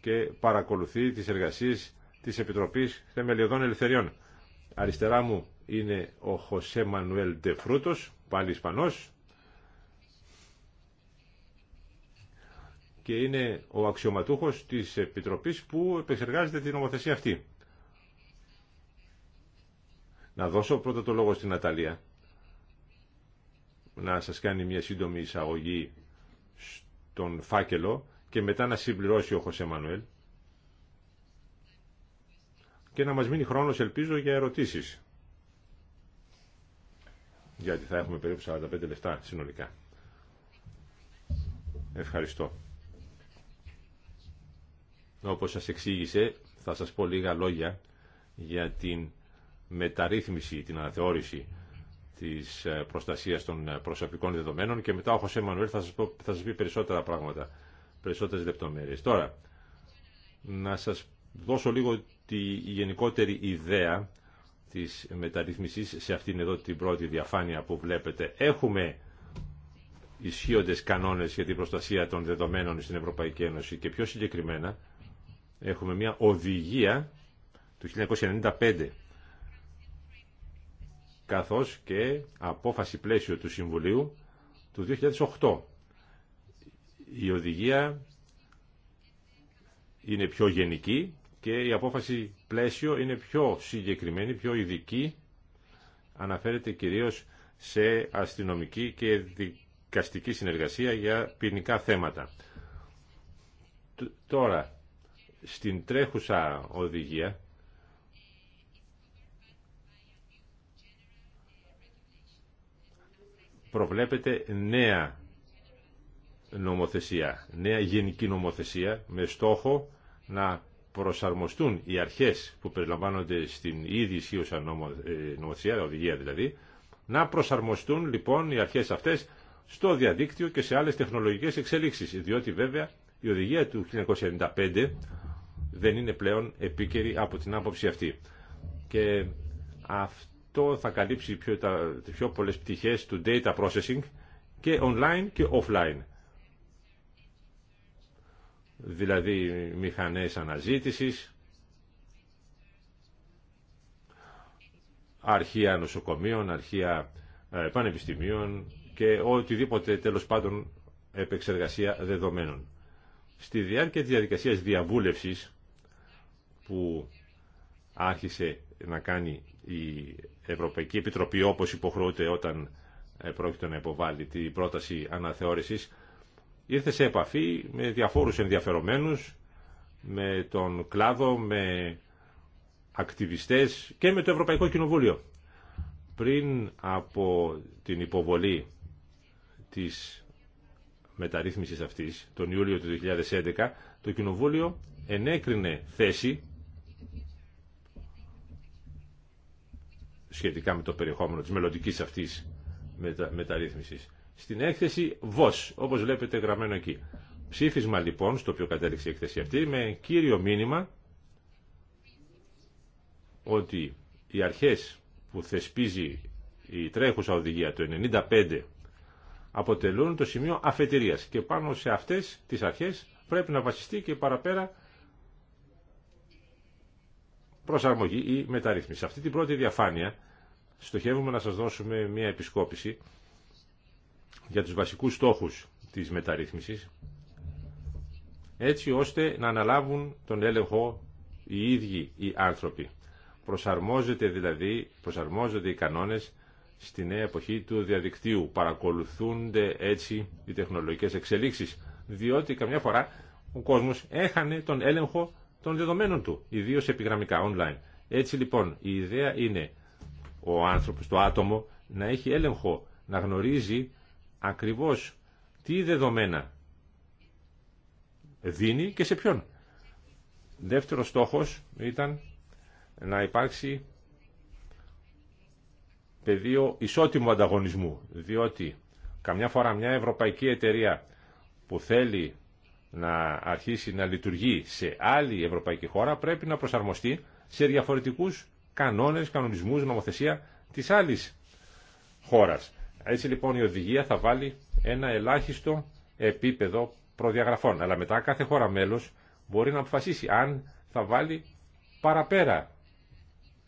και παρακολουθεί τις εργασίες της Επιτροπής Θεμελιωδών Ελευθεριών. Αριστερά μου είναι ο Χωσέ Μανουέλ Ντεφρούτος, πάλι Ισπανός, και είναι ο αξιωματούχος της Επιτροπής που επεξεργάζεται την νομοθεσία αυτή. Να δώσω πρώτα το λόγο στην Αταλία να σας κάνει μια σύντομη εισαγωγή στον φάκελο και μετά να συμπληρώσει ο Χωσέ Μανουέλ και να μας μείνει χρόνος ελπίζω για ερωτήσεις γιατί θα έχουμε περίπου 45 λεπτά συνολικά. Ευχαριστώ όπως σας εξήγησε, θα σας πω λίγα λόγια για την μεταρρύθμιση, την αναθεώρηση της ε, προστασίας των ε, προσωπικών δεδομένων και μετά ο Χωσέ Μανουέλ θα σας, πω, πει περισσότερα πράγματα, περισσότερες λεπτομέρειες. Τώρα, να σας δώσω λίγο τη γενικότερη ιδέα της μεταρρύθμισης σε αυτήν εδώ την πρώτη διαφάνεια που βλέπετε. Έχουμε ισχύοντες κανόνες για την προστασία των δεδομένων στην Ευρωπαϊκή Ένωση και πιο συγκεκριμένα έχουμε μια οδηγία του 1995 καθώς και απόφαση πλαίσιο του Συμβουλίου του 2008. Η οδηγία είναι πιο γενική και η απόφαση πλαίσιο είναι πιο συγκεκριμένη, πιο ειδική. Αναφέρεται κυρίως σε αστυνομική και δικαστική συνεργασία για ποινικά θέματα. Τώρα, στην τρέχουσα οδηγία προβλέπεται νέα νομοθεσία, νέα γενική νομοθεσία με στόχο να προσαρμοστούν οι αρχές που περιλαμβάνονται στην ήδη ισχύουσα ε, νομοθεσία, οδηγία δηλαδή, να προσαρμοστούν λοιπόν οι αρχές αυτές στο διαδίκτυο και σε άλλες τεχνολογικές εξελίξεις, διότι βέβαια η οδηγία του 1995 δεν είναι πλέον επίκαιρη από την άποψη αυτή. Και αυτό θα καλύψει πιο, τα, πιο πολλές πτυχές του data processing και online και offline. Δηλαδή μηχανές αναζήτησης, αρχεία νοσοκομείων, αρχεία ε, πανεπιστημίων και οτιδήποτε τέλος πάντων επεξεργασία δεδομένων. Στη διάρκεια της διαδικασίας διαβούλευσης που άρχισε να κάνει η Ευρωπαϊκή Επιτροπή όπως υποχρεούται όταν ε, πρόκειται να υποβάλει την πρόταση αναθεώρησης ήρθε σε επαφή με διαφόρους ενδιαφερομένους με τον κλάδο, με ακτιβιστές και με το Ευρωπαϊκό Κοινοβούλιο. Πριν από την υποβολή της μεταρρύθμισης αυτής, τον Ιούλιο του 2011, το Κοινοβούλιο ενέκρινε θέση σχετικά με το περιεχόμενο της μελλοντική αυτής μετα, μεταρρύθμισης. Στην έκθεση ΒΟΣ, όπως βλέπετε γραμμένο εκεί. Ψήφισμα λοιπόν, στο οποίο κατέληξε η έκθεση αυτή, με κύριο μήνυμα ότι οι αρχές που θεσπίζει η τρέχουσα οδηγία το 1995 αποτελούν το σημείο αφετηρίας και πάνω σε αυτές τις αρχές πρέπει να βασιστεί και παραπέρα προσαρμογή ή μεταρρύθμιση. Σε αυτή την πρώτη διαφάνεια στοχεύουμε να σας δώσουμε μια επισκόπηση για τους βασικούς στόχους της μεταρρύθμισης έτσι ώστε να αναλάβουν τον έλεγχο οι ίδιοι οι άνθρωποι. Προσαρμόζονται δηλαδή, προσαρμόζονται οι κανόνες στη νέα εποχή του διαδικτύου. Παρακολουθούνται έτσι οι τεχνολογικές εξελίξεις, διότι καμιά φορά ο κόσμος έχανε τον έλεγχο των δεδομένων του, ιδίω επιγραμμικά, online. Έτσι λοιπόν, η ιδέα είναι ο άνθρωπος, το άτομο, να έχει έλεγχο, να γνωρίζει ακριβώς τι δεδομένα δίνει και σε ποιον. Δεύτερο στόχος ήταν να υπάρξει πεδίο ισότιμου ανταγωνισμού, διότι καμιά φορά μια ευρωπαϊκή εταιρεία που θέλει να αρχίσει να λειτουργεί σε άλλη ευρωπαϊκή χώρα πρέπει να προσαρμοστεί σε διαφορετικούς κανόνες, κανονισμούς, νομοθεσία της άλλης χώρας. Έτσι λοιπόν η οδηγία θα βάλει ένα ελάχιστο επίπεδο προδιαγραφών. Αλλά μετά κάθε χώρα μέλος μπορεί να αποφασίσει αν θα βάλει παραπέρα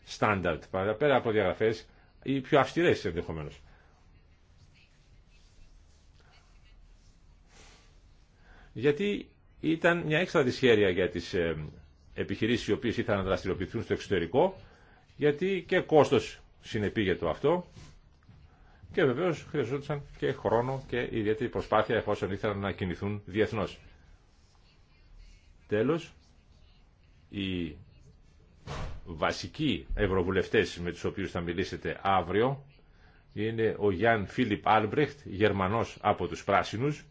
στάνταρτ, παραπέρα προδιαγραφές ή πιο αυστηρές ενδεχομένως. γιατί ήταν μια έξτρα δυσχέρεια για τις ε, επιχειρήσεις οι οποίες ήθελαν να δραστηριοποιηθούν στο εξωτερικό, γιατί και κόστος συνεπήγε το αυτό και βεβαίως χρειαζόταν και χρόνο και ιδιαίτερη προσπάθεια εφόσον ήθελαν να κινηθούν διεθνώς. Τέλος, οι βασικοί ευρωβουλευτές με τους οποίους θα μιλήσετε αύριο είναι ο Γιάνν Φίλιπ Άλμπρεχτ, Γερμανός από τους Πράσινους.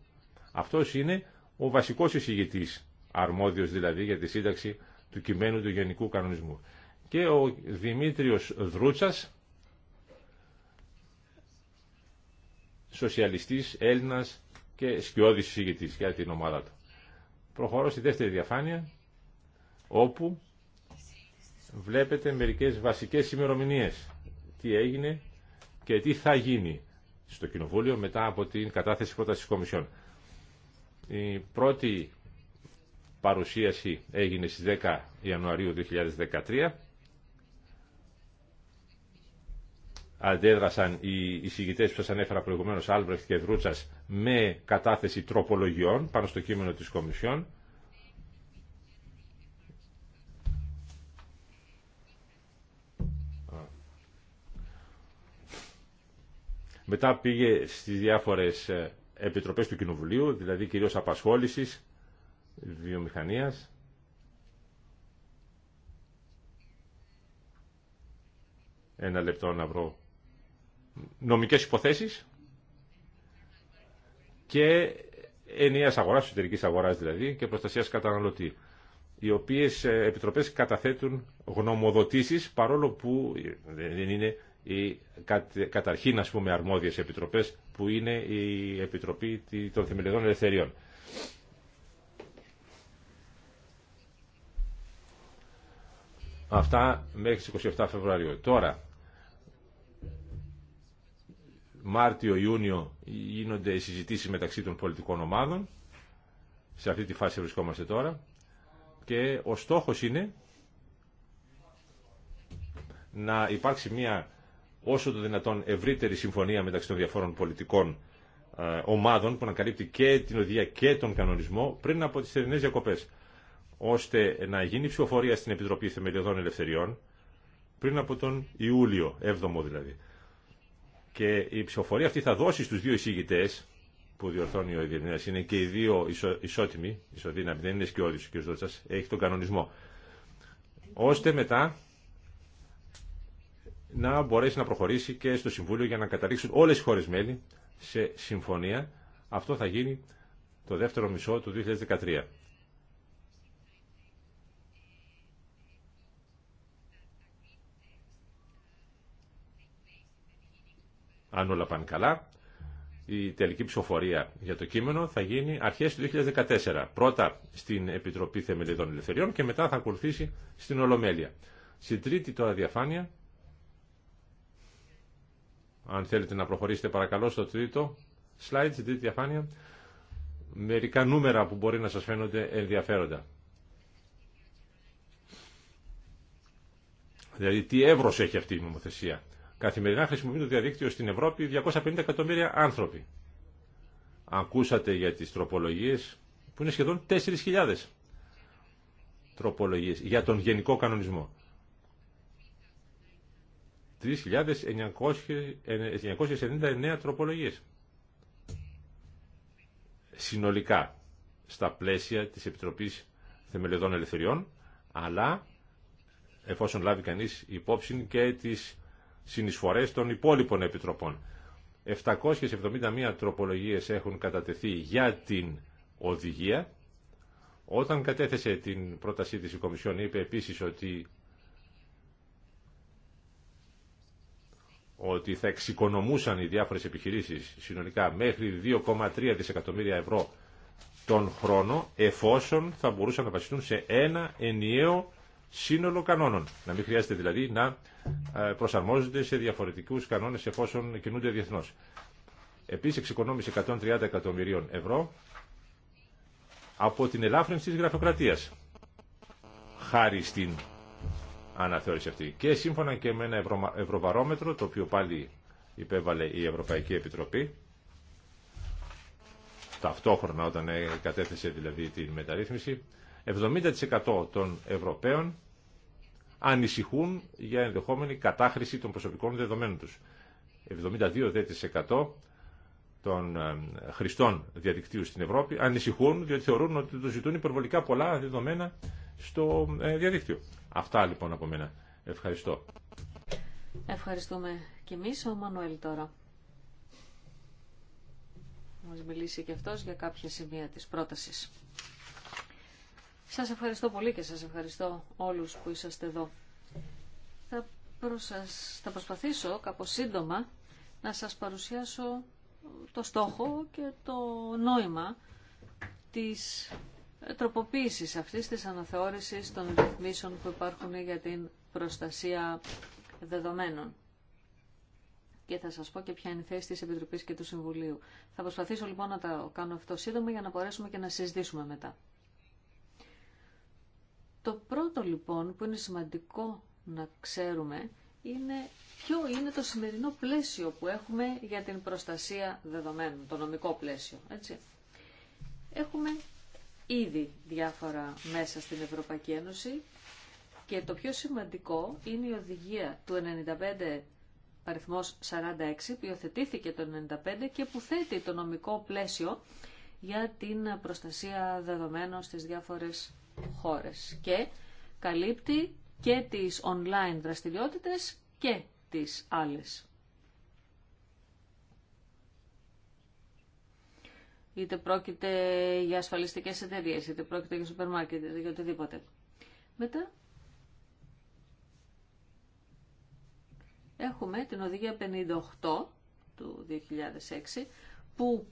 Αυτός είναι ο βασικός εισηγητής, αρμόδιος δηλαδή για τη σύνταξη του κειμένου του Γενικού Κανονισμού. Και ο Δημήτριος Δρούτσας, σοσιαλιστής, Έλληνας και σκιώδης εισηγητής για την ομάδα του. Προχωρώ στη δεύτερη διαφάνεια, όπου βλέπετε μερικές βασικές ημερομηνίε. Τι έγινε και τι θα γίνει στο Κοινοβούλιο μετά από την κατάθεση πρόταση της Κομισιόν. Η πρώτη παρουσίαση έγινε στις 10 Ιανουαρίου 2013. Αντέδρασαν οι εισηγητές που σας ανέφερα προηγουμένως, Άλβρεχτ και Δρούτσας, με κατάθεση τροπολογιών πάνω στο κείμενο της Κομισιόν. Μετά πήγε στις διάφορες ε, επιτροπές του Κοινοβουλίου, δηλαδή κυρίως απασχόλησης, βιομηχανίας. Ένα λεπτό να βρω νομικές υποθέσεις και ενιαίας αγοράς, εσωτερικής αγοράς δηλαδή και προστασίας καταναλωτή οι οποίες ε, επιτροπές καταθέτουν γνωμοδοτήσεις παρόλο που δεν είναι οι καταρχήν ας πούμε αρμόδιες επιτροπές που είναι η Επιτροπή των Θεμελιωδών Ελευθεριών. Αυτά μέχρι τις 27 Φεβρουαρίου. Τώρα, Μάρτιο-Ιούνιο γίνονται οι συζητήσεις μεταξύ των πολιτικών ομάδων. Σε αυτή τη φάση βρισκόμαστε τώρα. Και ο στόχος είναι να υπάρξει μια όσο το δυνατόν ευρύτερη συμφωνία μεταξύ των διαφόρων πολιτικών ε, ομάδων που να καλύπτει και την οδηγία και τον κανονισμό πριν από τι θερινέ διακοπέ. ώστε να γίνει ψηφοφορία στην Επιτροπή Θεμελιωδών Ελευθεριών πριν από τον Ιούλιο, 7ο δηλαδή. Και η ψηφοφορία αυτή θα δώσει στου δύο εισηγητέ που διορθώνει ο Ιδρυνέας, είναι και οι δύο ισο, ισότιμοι, ισοδύναμοι, δεν είναι σκιώδη ο κ. Δότσα, έχει τον κανονισμό, ώστε μετά να μπορέσει να προχωρήσει και στο Συμβούλιο για να καταλήξουν όλες οι χώρε μέλη σε συμφωνία. Αυτό θα γίνει το δεύτερο μισό του 2013. Αν όλα πάνε καλά, η τελική ψηφοφορία για το κείμενο θα γίνει αρχές του 2014. Πρώτα στην Επιτροπή Θεμελιδών Ελευθεριών και μετά θα ακολουθήσει στην Ολομέλεια. Στην τρίτη τώρα διαφάνεια αν θέλετε να προχωρήσετε παρακαλώ στο τρίτο slide, στην τρίτη διαφάνεια, μερικά νούμερα που μπορεί να σας φαίνονται ενδιαφέροντα. Δηλαδή τι εύρος έχει αυτή η νομοθεσία. Καθημερινά χρησιμοποιεί το διαδίκτυο στην Ευρώπη 250 εκατομμύρια άνθρωποι. Ακούσατε για τις τροπολογίες που είναι σχεδόν 4.000 τροπολογίες για τον γενικό κανονισμό. 3.999 τροπολογίες. Συνολικά, στα πλαίσια της Επιτροπής Θεμελιωδών Ελευθεριών, αλλά εφόσον λάβει κανείς υπόψη και τις συνεισφορές των υπόλοιπων επιτροπών. 771 τροπολογίες έχουν κατατεθεί για την οδηγία. Όταν κατέθεσε την πρότασή της η Κομισιόν είπε επίσης ότι ότι θα εξοικονομούσαν οι διάφορες επιχειρήσεις συνολικά μέχρι 2,3 δισεκατομμύρια ευρώ τον χρόνο εφόσον θα μπορούσαν να βασιστούν σε ένα ενιαίο σύνολο κανόνων. Να μην χρειάζεται δηλαδή να ε, προσαρμόζονται σε διαφορετικούς κανόνες εφόσον κινούνται διεθνώς. Επίσης εξοικονόμησε 130 εκατομμυρίων ευρώ από την ελάφρυνση της γραφειοκρατίας χάρη στην αναθεώρηση αυτή. Και σύμφωνα και με ένα ευρωβαρόμετρο, το οποίο πάλι υπέβαλε η Ευρωπαϊκή Επιτροπή, ταυτόχρονα όταν ε, κατέθεσε δηλαδή την μεταρρύθμιση, 70% των Ευρωπαίων ανησυχούν για ενδεχόμενη κατάχρηση των προσωπικών δεδομένων τους. 72% των ε, χρηστών διαδικτύου στην Ευρώπη ανησυχούν διότι θεωρούν ότι τους ζητούν υπερβολικά πολλά δεδομένα στο ε, διαδίκτυο. Αυτά λοιπόν από μένα. Ευχαριστώ. Ευχαριστούμε και εμείς ο Μανουέλ τώρα. Μας μιλήσει και αυτός για κάποια σημεία της πρότασης. Σας ευχαριστώ πολύ και σας ευχαριστώ όλους που είσαστε εδώ. Θα, θα προσπαθήσω κάπως σύντομα να σας παρουσιάσω το στόχο και το νόημα της τροποποίησης αυτής της αναθεώρησης των ρυθμίσεων που υπάρχουν για την προστασία δεδομένων. Και θα σας πω και ποια είναι η θέση της Επιτροπής και του Συμβουλίου. Θα προσπαθήσω λοιπόν να τα κάνω αυτό σύντομα για να μπορέσουμε και να συζητήσουμε μετά. Το πρώτο λοιπόν που είναι σημαντικό να ξέρουμε είναι ποιο είναι το σημερινό πλαίσιο που έχουμε για την προστασία δεδομένων, το νομικό πλαίσιο. Έτσι. Έχουμε ήδη διάφορα μέσα στην Ευρωπαϊκή Ένωση και το πιο σημαντικό είναι η οδηγία του 95 αριθμός 46 που υιοθετήθηκε το 95 και που θέτει το νομικό πλαίσιο για την προστασία δεδομένων στις διάφορες χώρες και καλύπτει και τις online δραστηριότητες και τις άλλες. είτε πρόκειται για ασφαλιστικές εταιρείε, είτε πρόκειται για σούπερ μάρκετ, είτε για οτιδήποτε. Μετά έχουμε την οδηγία 58 του 2006 που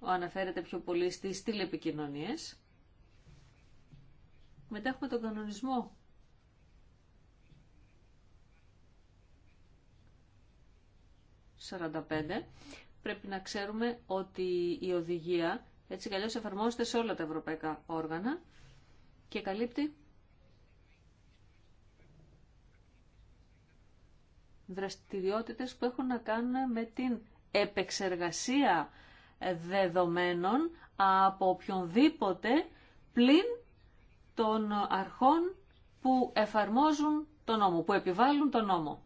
αναφέρεται πιο πολύ στις τηλεπικοινωνίες. Μετά έχουμε τον κανονισμό πρέπει να ξέρουμε ότι η οδηγία έτσι καλώς εφαρμόζεται σε όλα τα ευρωπαϊκά όργανα και καλύπτει δραστηριότητες που έχουν να κάνουν με την επεξεργασία δεδομένων από οποιονδήποτε πλην των αρχών που εφαρμόζουν τον νόμο, που επιβάλλουν τον νόμο.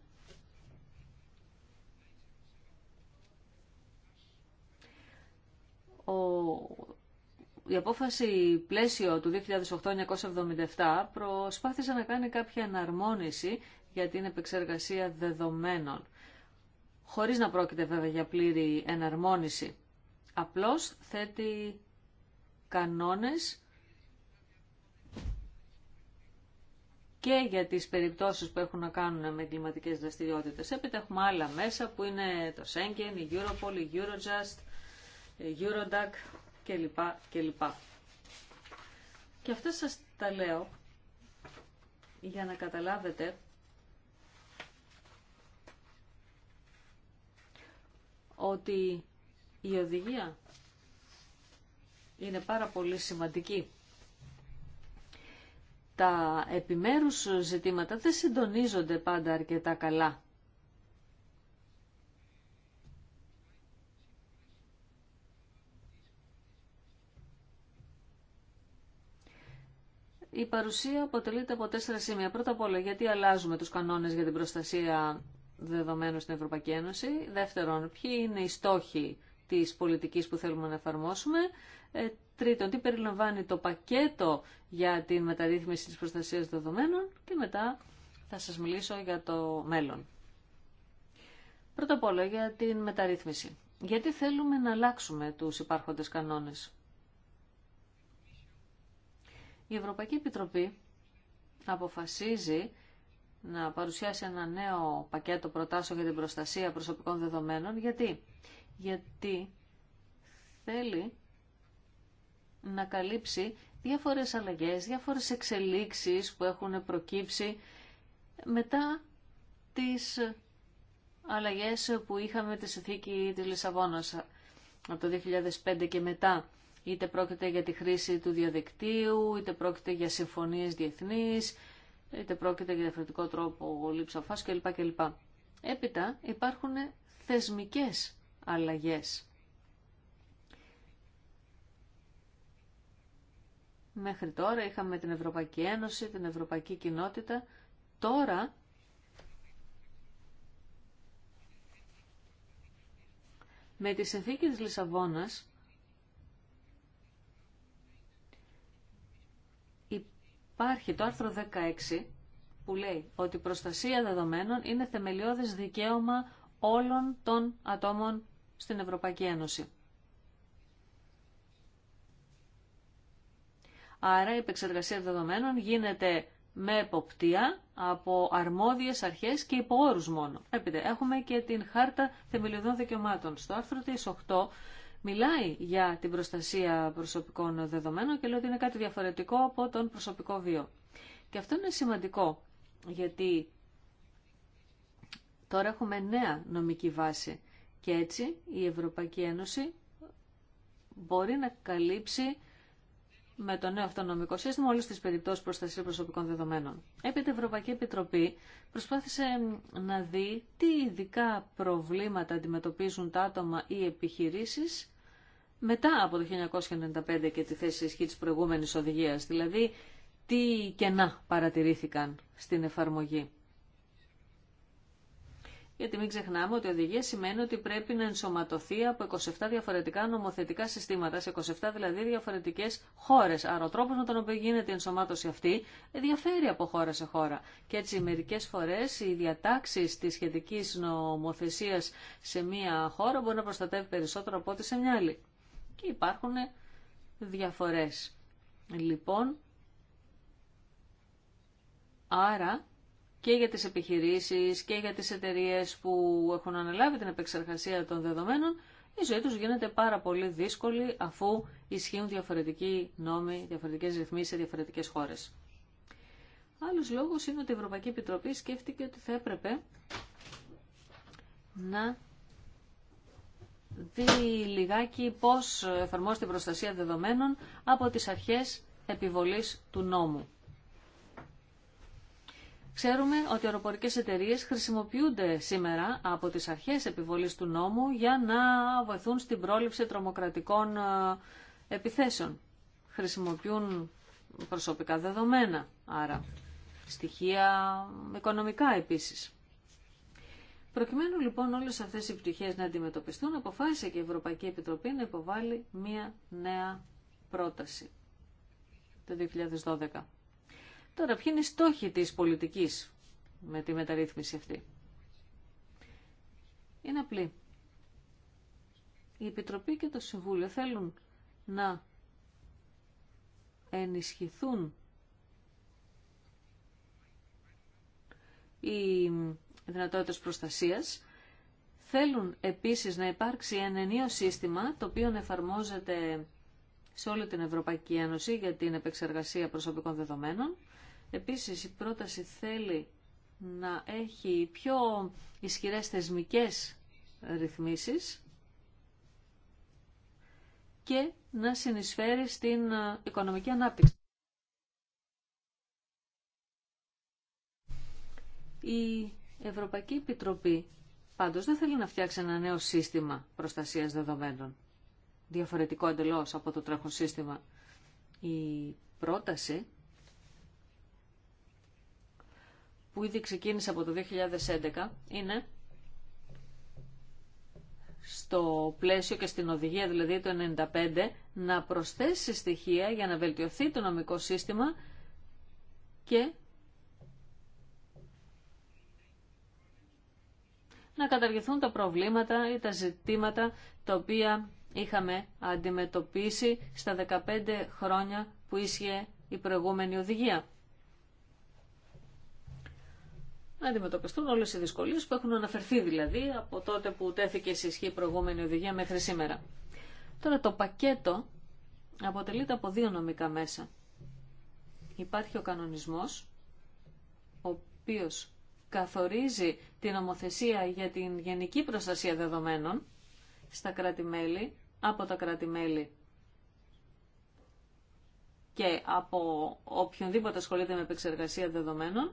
ο, η απόφαση πλαίσιο του 2008-977 προσπάθησε να κάνει κάποια εναρμόνιση για την επεξεργασία δεδομένων, χωρίς να πρόκειται βέβαια για πλήρη εναρμόνιση. Απλώς θέτει κανόνες και για τις περιπτώσεις που έχουν να κάνουν με εγκληματικές δραστηριότητες. Έπειτα έχουμε άλλα μέσα που είναι το Schengen, η Europol, η Eurojust, Eurodac κλπ. και, Και αυτό σας τα λέω για να καταλάβετε ότι η οδηγία είναι πάρα πολύ σημαντική. Τα επιμέρους ζητήματα δεν συντονίζονται πάντα αρκετά καλά Η παρουσία αποτελείται από τέσσερα σημεία. Πρώτα απ' όλα, γιατί αλλάζουμε τους κανόνες για την προστασία δεδομένων στην Ευρωπαϊκή Ένωση. Δεύτερον, ποιοι είναι οι στόχοι της πολιτικής που θέλουμε να εφαρμόσουμε. Ε, τρίτον, τι περιλαμβάνει το πακέτο για την μεταρρύθμιση της προστασίας δεδομένων. Και μετά θα σας μιλήσω για το μέλλον. Πρώτα απ' όλα για την μεταρρύθμιση. Γιατί θέλουμε να αλλάξουμε τους υπάρχοντες κανόνες. Η Ευρωπαϊκή Επιτροπή αποφασίζει να παρουσιάσει ένα νέο πακέτο προτάσεων για την προστασία προσωπικών δεδομένων. Γιατί? Γιατί θέλει να καλύψει διάφορες αλλαγές, διάφορες εξελίξεις που έχουν προκύψει μετά τις αλλαγές που είχαμε τη συνθήκη της Λισαβόνας από το 2005 και μετά είτε πρόκειται για τη χρήση του διαδικτύου, είτε πρόκειται για συμφωνίες διεθνείς, είτε πρόκειται για διαφορετικό τρόπο λήψη αφάς κλπ. κλπ. Έπειτα υπάρχουν θεσμικές αλλαγές. Μέχρι τώρα είχαμε την Ευρωπαϊκή Ένωση, την Ευρωπαϊκή Κοινότητα. Τώρα με τη συνθήκη της Λισαβόνας υπάρχει το άρθρο 16 που λέει ότι η προστασία δεδομένων είναι θεμελιώδες δικαίωμα όλων των ατόμων στην Ευρωπαϊκή Ένωση. Άρα η επεξεργασία δεδομένων γίνεται με εποπτεία από αρμόδιες αρχές και υπό όρους μόνο. Έπειτα έχουμε και την Χάρτα Θεμελιωδών Δικαιωμάτων. Στο άρθρο μιλάει για την προστασία προσωπικών δεδομένων και λέει ότι είναι κάτι διαφορετικό από τον προσωπικό βίο. Και αυτό είναι σημαντικό, γιατί τώρα έχουμε νέα νομική βάση και έτσι η Ευρωπαϊκή Ένωση μπορεί να καλύψει με το νέο αυτονομικό σύστημα όλες τις περιπτώσεις προστασία προσωπικών δεδομένων. Έπειτα η Ευρωπαϊκή Επιτροπή προσπάθησε να δει τι ειδικά προβλήματα αντιμετωπίζουν τα άτομα ή επιχειρήσεις μετά από το 1995 και τη θέση ισχύ της προηγούμενης οδηγίας, δηλαδή τι κενά παρατηρήθηκαν στην εφαρμογή γιατί μην ξεχνάμε ότι οδηγία σημαίνει ότι πρέπει να ενσωματωθεί από 27 διαφορετικά νομοθετικά συστήματα, σε 27 δηλαδή διαφορετικέ χώρε. Άρα ο τρόπο με τον οποίο γίνεται η ενσωμάτωση αυτή διαφέρει από χώρα σε χώρα. Και έτσι μερικέ φορέ οι διατάξει τη σχετική νομοθεσία σε μία χώρα μπορεί να προστατεύει περισσότερο από ό,τι σε μια άλλη. Και υπάρχουν διαφορές. Λοιπόν, άρα και για τις επιχειρήσεις και για τις εταιρείες που έχουν αναλάβει την επεξεργασία των δεδομένων, η ζωή τους γίνεται πάρα πολύ δύσκολη αφού ισχύουν διαφορετικοί νόμοι, διαφορετικές ρυθμίσεις σε διαφορετικές χώρες. Άλλος λόγος είναι ότι η Ευρωπαϊκή Επιτροπή σκέφτηκε ότι θα έπρεπε να δει λιγάκι πώς εφαρμόζεται η προστασία δεδομένων από τις αρχές επιβολής του νόμου. Ξέρουμε ότι οι αεροπορικές εταιρείες χρησιμοποιούνται σήμερα από τις αρχές επιβολής του νόμου για να βοηθούν στην πρόληψη τρομοκρατικών ε, επιθέσεων. Χρησιμοποιούν προσωπικά δεδομένα, άρα στοιχεία οικονομικά επίσης. Προκειμένου λοιπόν όλες αυτές οι πτυχές να αντιμετωπιστούν, αποφάσισε και η Ευρωπαϊκή Επιτροπή να υποβάλει μία νέα πρόταση το 2012. Τώρα, ποιοι είναι οι στόχοι της πολιτικής με τη μεταρρύθμιση αυτή. Είναι απλή. Η Επιτροπή και το Συμβούλιο θέλουν να ενισχυθούν οι δυνατότητες προστασίας. Θέλουν επίσης να υπάρξει ένα νέο σύστημα το οποίο εφαρμόζεται σε όλη την Ευρωπαϊκή Ένωση για την επεξεργασία προσωπικών δεδομένων Επίσης η πρόταση θέλει να έχει πιο ισχυρές θεσμικές ρυθμίσεις και να συνεισφέρει στην ε, οικονομική ανάπτυξη. Η Ευρωπαϊκή Επιτροπή πάντως δεν θέλει να φτιάξει ένα νέο σύστημα προστασίας δεδομένων, διαφορετικό εντελώς από το τρέχον σύστημα. Η πρόταση που ήδη ξεκίνησε από το 2011 είναι στο πλαίσιο και στην οδηγία δηλαδή το 95 να προσθέσει στοιχεία για να βελτιωθεί το νομικό σύστημα και να καταργηθούν τα προβλήματα ή τα ζητήματα τα οποία είχαμε αντιμετωπίσει στα 15 χρόνια που ίσχυε η προηγούμενη οδηγία να αντιμετωπιστούν όλες οι δυσκολίες που έχουν αναφερθεί δηλαδή από τότε που τέθηκε σε ισχύ η προηγούμενη οδηγία μέχρι σήμερα. Τώρα το πακέτο αποτελείται από δύο νομικά μέσα. Υπάρχει ο κανονισμός, ο οποίος καθορίζει την ομοθεσία για την γενική προστασία δεδομένων στα κράτη-μέλη, από τα κράτη-μέλη και από οποιονδήποτε ασχολείται με επεξεργασία δεδομένων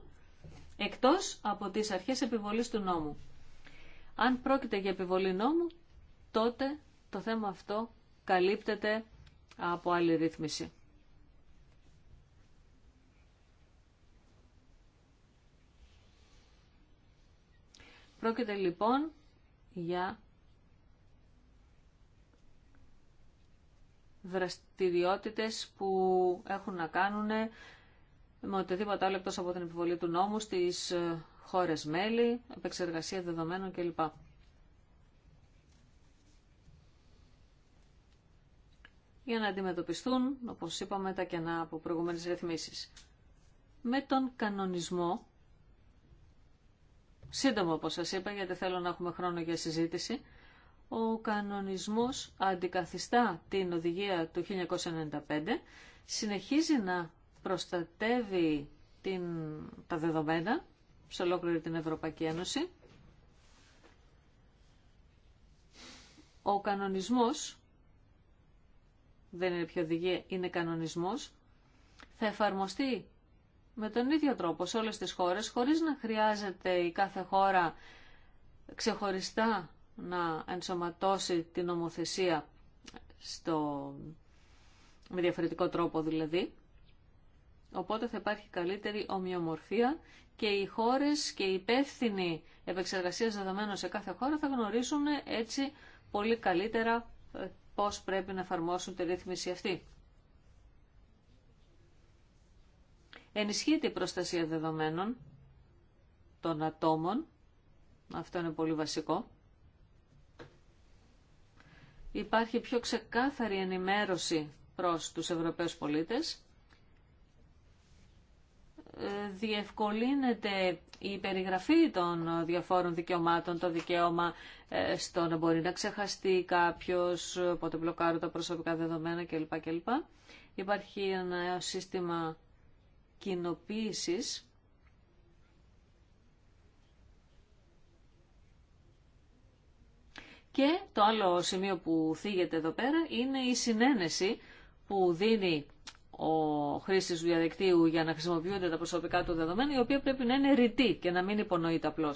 εκτός από τις αρχές επιβολής του νόμου. Αν πρόκειται για επιβολή νόμου, τότε το θέμα αυτό καλύπτεται από άλλη ρύθμιση. Πρόκειται λοιπόν για δραστηριότητες που έχουν να κάνουν με οτιδήποτε άλλο εκτός από την επιβολή του νόμου στις ε, χώρες μέλη, επεξεργασία δεδομένων κλπ. για να αντιμετωπιστούν, όπως είπαμε, τα κενά από προηγούμενες ρυθμίσεις. Με τον κανονισμό, σύντομα όπως σας είπα, γιατί θέλω να έχουμε χρόνο για συζήτηση, ο κανονισμός αντικαθιστά την οδηγία του 1995, συνεχίζει να προστατεύει την, τα δεδομένα σε ολόκληρη την Ευρωπαϊκή Ένωση. Ο κανονισμός, δεν είναι πιο οδηγία, είναι κανονισμός, θα εφαρμοστεί με τον ίδιο τρόπο σε όλες τις χώρες, χωρίς να χρειάζεται η κάθε χώρα ξεχωριστά να ενσωματώσει την νομοθεσία στο... με διαφορετικό τρόπο δηλαδή. Οπότε θα υπάρχει καλύτερη ομοιομορφία και οι χώρες και οι υπεύθυνοι επεξεργασίας δεδομένων σε κάθε χώρα θα γνωρίσουν έτσι πολύ καλύτερα ε, πώς πρέπει να εφαρμόσουν τη ρύθμιση αυτή. Ενισχύεται η προστασία δεδομένων των ατόμων. Αυτό είναι πολύ βασικό. Υπάρχει πιο ξεκάθαρη ενημέρωση προς τους Ευρωπαίους πολίτες διευκολύνεται η περιγραφή των διαφόρων δικαιωμάτων, το δικαίωμα ε, στο να μπορεί να ξεχαστεί κάποιος, πότε μπλοκάρουν τα προσωπικά δεδομένα κλπ. κλπ. Υπάρχει ένα σύστημα κοινοποίησης Και το άλλο σημείο που θίγεται εδώ πέρα είναι η συνένεση που δίνει ο χρήστη του διαδικτύου για να χρησιμοποιούνται τα προσωπικά του δεδομένα, η οποία πρέπει να είναι ρητή και να μην υπονοείται απλώ.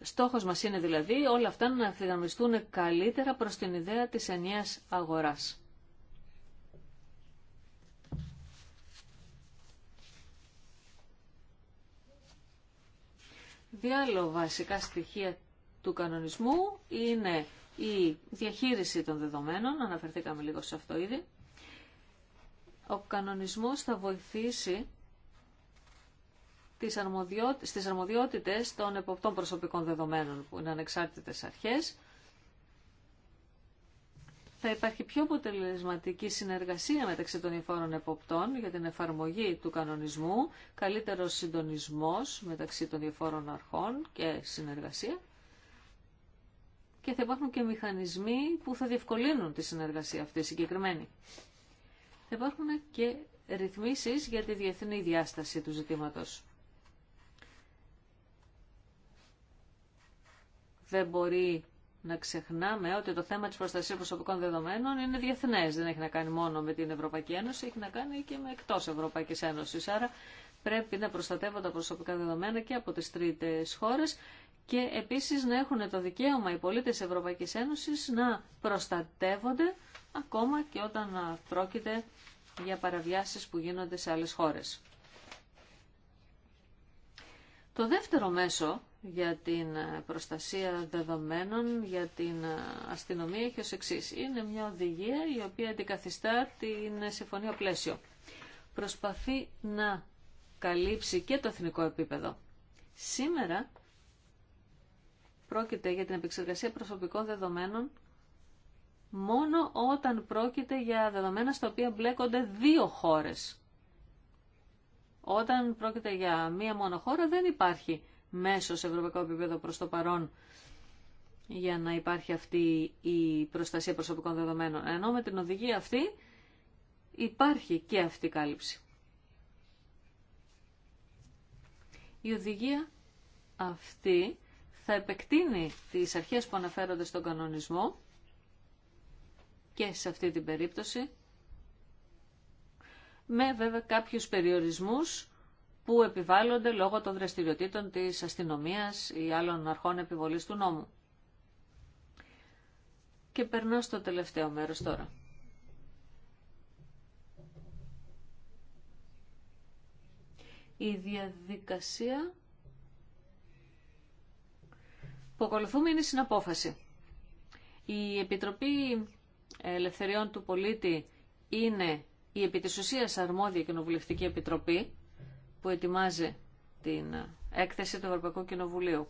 Στόχος μας είναι δηλαδή όλα αυτά να ευθυγραμμιστούν καλύτερα προς την ιδέα της ενιαίας αγοράς. Διάλο βασικά στοιχεία του κανονισμού είναι η διαχείριση των δεδομένων, αναφερθήκαμε λίγο σε αυτό ήδη. Ο κανονισμός θα βοηθήσει τις αρμοδιότητες, αρμοδιότητες των εποπτών προσωπικών δεδομένων, που είναι ανεξάρτητες αρχές, θα υπάρχει πιο αποτελεσματική συνεργασία μεταξύ των υφόρων εποπτών για την εφαρμογή του κανονισμού, καλύτερος συντονισμός μεταξύ των διαφόρων αρχών και συνεργασία και θα υπάρχουν και μηχανισμοί που θα διευκολύνουν τη συνεργασία αυτή συγκεκριμένη. Θα υπάρχουν και ρυθμίσεις για τη διεθνή διάσταση του ζητήματος. Δεν μπορεί να ξεχνάμε ότι το θέμα της προστασίας προσωπικών δεδομένων είναι διεθνές. Δεν έχει να κάνει μόνο με την Ευρωπαϊκή Ένωση, έχει να κάνει και με εκτός Ευρωπαϊκής Ένωσης. Άρα πρέπει να προστατεύονται τα προσωπικά δεδομένα και από τις τρίτες χώρες και επίσης να έχουν το δικαίωμα οι πολίτες της Ευρωπαϊκής Ένωσης να προστατεύονται ακόμα και όταν πρόκειται για παραβιάσεις που γίνονται σε άλλες χώρες. Το δεύτερο μέσο για την ε, προστασία δεδομένων για την ε, αστυνομία και ως εξής. Είναι μια οδηγία η οποία αντικαθιστά την ε, συμφωνία πλαίσιο. Προσπαθεί να καλύψει και το εθνικό επίπεδο. Σήμερα πρόκειται για την επεξεργασία προσωπικών δεδομένων μόνο όταν πρόκειται για δεδομένα στα οποία μπλέκονται δύο χώρες. Όταν πρόκειται για μία μόνο χώρα δεν υπάρχει μέσο σε ευρωπαϊκό επίπεδο προς το παρόν για να υπάρχει αυτή η προστασία προσωπικών δεδομένων. Ενώ με την οδηγία αυτή υπάρχει και αυτή η κάλυψη. Η οδηγία αυτή θα επεκτείνει τις αρχές που αναφέρονται στον κανονισμό και σε αυτή την περίπτωση με βέβαια κάποιους περιορισμούς που επιβάλλονται λόγω των δραστηριοτήτων της αστυνομίας ή άλλων αρχών επιβολής του νόμου. Και περνάω στο τελευταίο μέρος τώρα. Η διαδικασία που ακολουθούμε είναι η συναπόφαση. Η Επιτροπή Ελευθεριών του νομου και περνω στο είναι η επί της ουσίας αρμόδια κοινοβουλευτική επιτροπή που ετοιμάζει την έκθεση του Ευρωπαϊκού Κοινοβουλίου.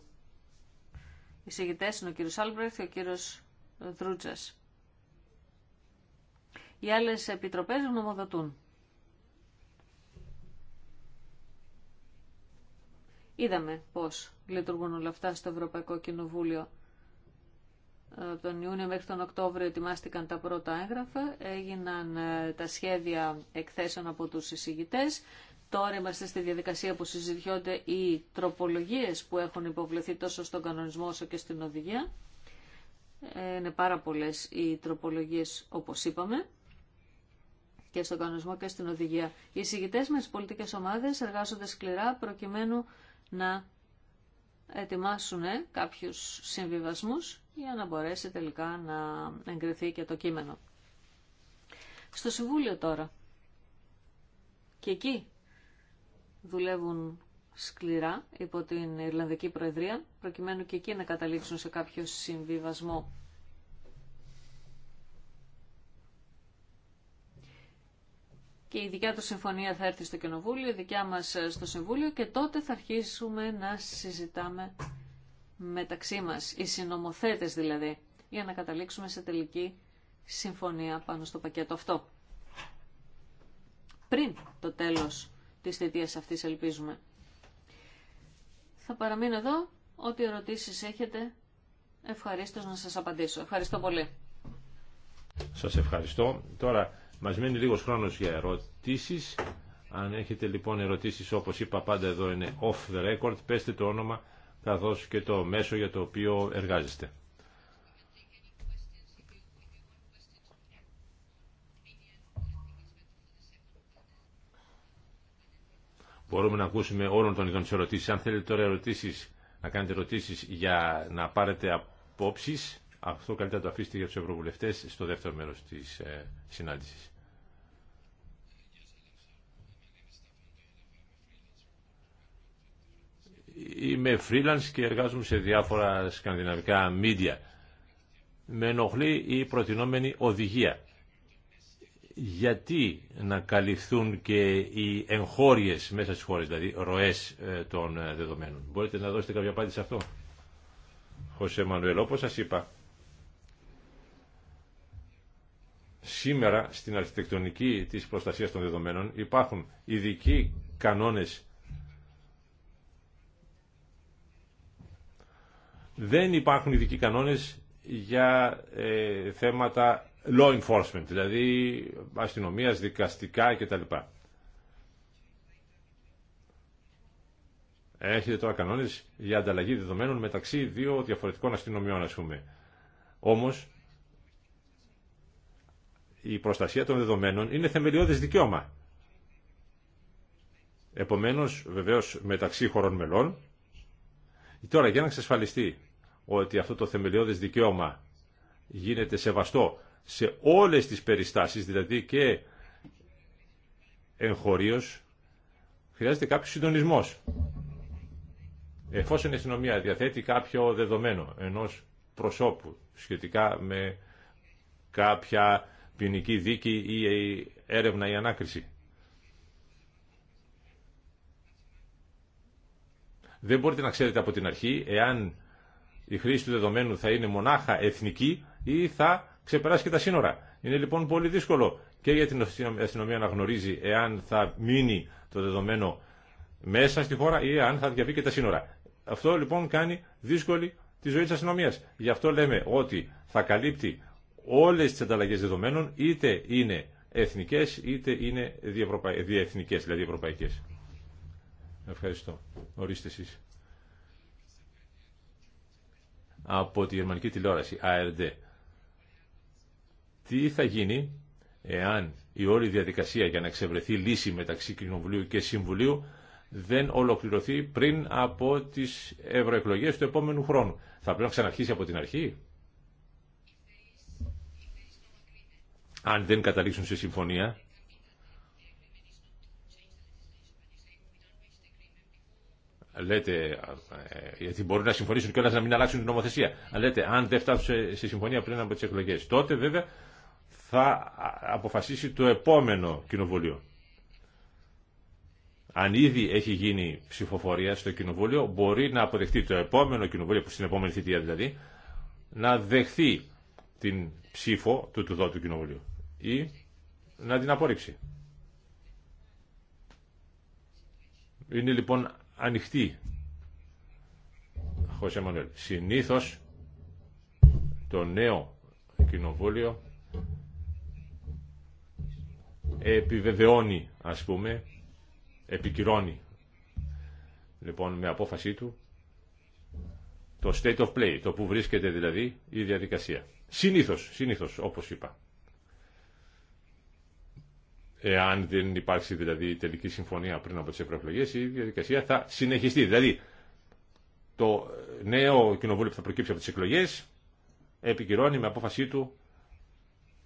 Οι συγητές είναι ο κύριος Άλμπρεχτ και ο κύριος Δρούτζας. Οι άλλες επιτροπές γνωμοδοτούν. Είδαμε πώς λειτουργούν όλα αυτά στο Ευρωπαϊκό Κοινοβούλιο. Από ε, τον Ιούνιο μέχρι τον Οκτώβριο ετοιμάστηκαν τα πρώτα έγγραφα, έγιναν ε, τα σχέδια εκθέσεων από τους εισηγητές Τώρα είμαστε στη διαδικασία που συζητιώνται οι τροπολογίες που έχουν υποβληθεί τόσο στον κανονισμό όσο και στην οδηγία. Ε, είναι πάρα πολλές οι τροπολογίες όπως είπαμε και στον κανονισμό και στην οδηγία. Οι εισηγητές με τις πολιτικές ομάδες εργάζονται σκληρά προκειμένου να ετοιμάσουν κάποιους συμβιβασμούς για να μπορέσει τελικά να εγκριθεί και το κείμενο. Στο Συμβούλιο τώρα. Και εκεί δουλεύουν σκληρά υπό την Ιρλανδική Προεδρία, προκειμένου και εκεί να καταλήξουν σε κάποιο συμβιβασμό. Και η δικιά του συμφωνία θα έρθει στο Κοινοβούλιο, η δικιά μας ε, στο Συμβούλιο και τότε θα αρχίσουμε να συζητάμε μεταξύ μας, οι συνομοθέτες δηλαδή, για να καταλήξουμε σε τελική συμφωνία πάνω στο πακέτο αυτό. Πριν το τέλος της θητείας αυτής ελπίζουμε. Θα παραμείνω εδώ. Ό,τι ερωτήσεις έχετε, ευχαρίστως να σας απαντήσω. Ευχαριστώ πολύ. Σας ευχαριστώ. Τώρα μας μένει λίγος χρόνος για ερωτήσεις. Αν έχετε λοιπόν ερωτήσεις, όπως είπα πάντα εδώ είναι off the record, πέστε το όνομα καθώς και το μέσο για το οποίο εργάζεστε. Μπορούμε να ακούσουμε όλων των ειδών τι ερωτήσει. Αν θέλετε τώρα ερωτήσεις, να κάνετε ερωτήσει για να πάρετε απόψει, αυτό καλύτερα το αφήστε για του ευρωβουλευτέ στο δεύτερο μέρο τη ε, συνάντηση. Είμαι freelance και εργάζομαι σε διάφορα σκανδιναβικά media. Με ενοχλεί η προτινόμενη οδηγία γιατί να καλυφθούν και οι εγχώριες μέσα στις χώρες, δηλαδή ροές ε, των ε, δεδομένων. Μπορείτε να δώσετε κάποια απάντηση σε αυτό. Χωσέ Μανουέλ, όπως σας είπα, σήμερα στην αρχιτεκτονική της προστασίας των δεδομένων υπάρχουν ειδικοί κανόνες δεν υπάρχουν ειδικοί κανόνες για ε, θέματα law enforcement, δηλαδή αστυνομίας, δικαστικά κτλ. Έχετε τώρα κανόνες για ανταλλαγή δεδομένων μεταξύ δύο διαφορετικών αστυνομιών, ας πούμε. Όμως, η προστασία των δεδομένων είναι θεμελιώδες δικαίωμα. Επομένως, βεβαίως, μεταξύ χωρών μελών. Τώρα, για να εξασφαλιστεί ότι αυτό το θεμελιώδες δικαίωμα γίνεται σεβαστό σε όλες τις περιστάσεις, δηλαδή και εγχωρίως, χρειάζεται κάποιος συντονισμός. Εφόσον η αστυνομία διαθέτει κάποιο δεδομένο ενός προσώπου σχετικά με κάποια ποινική δίκη ή έρευνα ή ανάκριση. Δεν μπορείτε να ξέρετε από την αρχή εάν η χρήση του δεδομένου θα είναι μονάχα εθνική ή θα ξεπεράσει και τα σύνορα. Είναι λοιπόν πολύ δύσκολο και για την αστυνομία να γνωρίζει εάν θα μείνει το δεδομένο μέσα στη χώρα ή αν θα διαβεί και τα σύνορα. Αυτό λοιπόν κάνει δύσκολη τη ζωή τη αστυνομία. Γι' αυτό λέμε ότι θα καλύπτει όλε τι ανταλλαγέ δεδομένων, είτε είναι εθνικέ είτε είναι διεθνικέ, δηλαδή ευρωπαϊκέ. Ευχαριστώ. Ορίστε εσεί. Από τη γερμανική τηλεόραση, ARD τι θα γίνει εάν η όλη διαδικασία για να ξεβρεθεί λύση μεταξύ Κοινοβουλίου και Συμβουλίου δεν ολοκληρωθεί πριν από τις ευρωεκλογές του επόμενου χρόνου. Θα πρέπει να ξαναρχίσει από την αρχή. Αν δεν καταλήξουν σε συμφωνία, λέτε, ε, γιατί μπορεί να συμφωνήσουν κιόλας να μην αλλάξουν την νομοθεσία, λέτε, αν δεν φτάσουν σε συμφωνία πριν από τις εκλογές, τότε βέβαια θα αποφασίσει το επόμενο κοινοβούλιο. Αν ήδη έχει γίνει ψηφοφορία στο κοινοβούλιο, μπορεί να αποδεχτεί το επόμενο κοινοβούλιο, που στην επόμενη θητεία δηλαδή, να δεχθεί την ψήφο του του του κοινοβουλίου ή να την απορρίψει. Είναι λοιπόν ανοιχτή. Χωσέ Μανουέλ. Συνήθως το νέο κοινοβούλιο επιβεβαιώνει, ας πούμε, επικυρώνει, λοιπόν, με απόφασή του, το state of play, το που βρίσκεται δηλαδή η διαδικασία. Συνήθως, συνήθως, όπως είπα. Εάν δεν υπάρξει δηλαδή τελική συμφωνία πριν από τις ευρωεκλογέ, η διαδικασία θα συνεχιστεί. Δηλαδή, το νέο κοινοβούλιο που θα προκύψει από τις εκλογές επικυρώνει με απόφασή του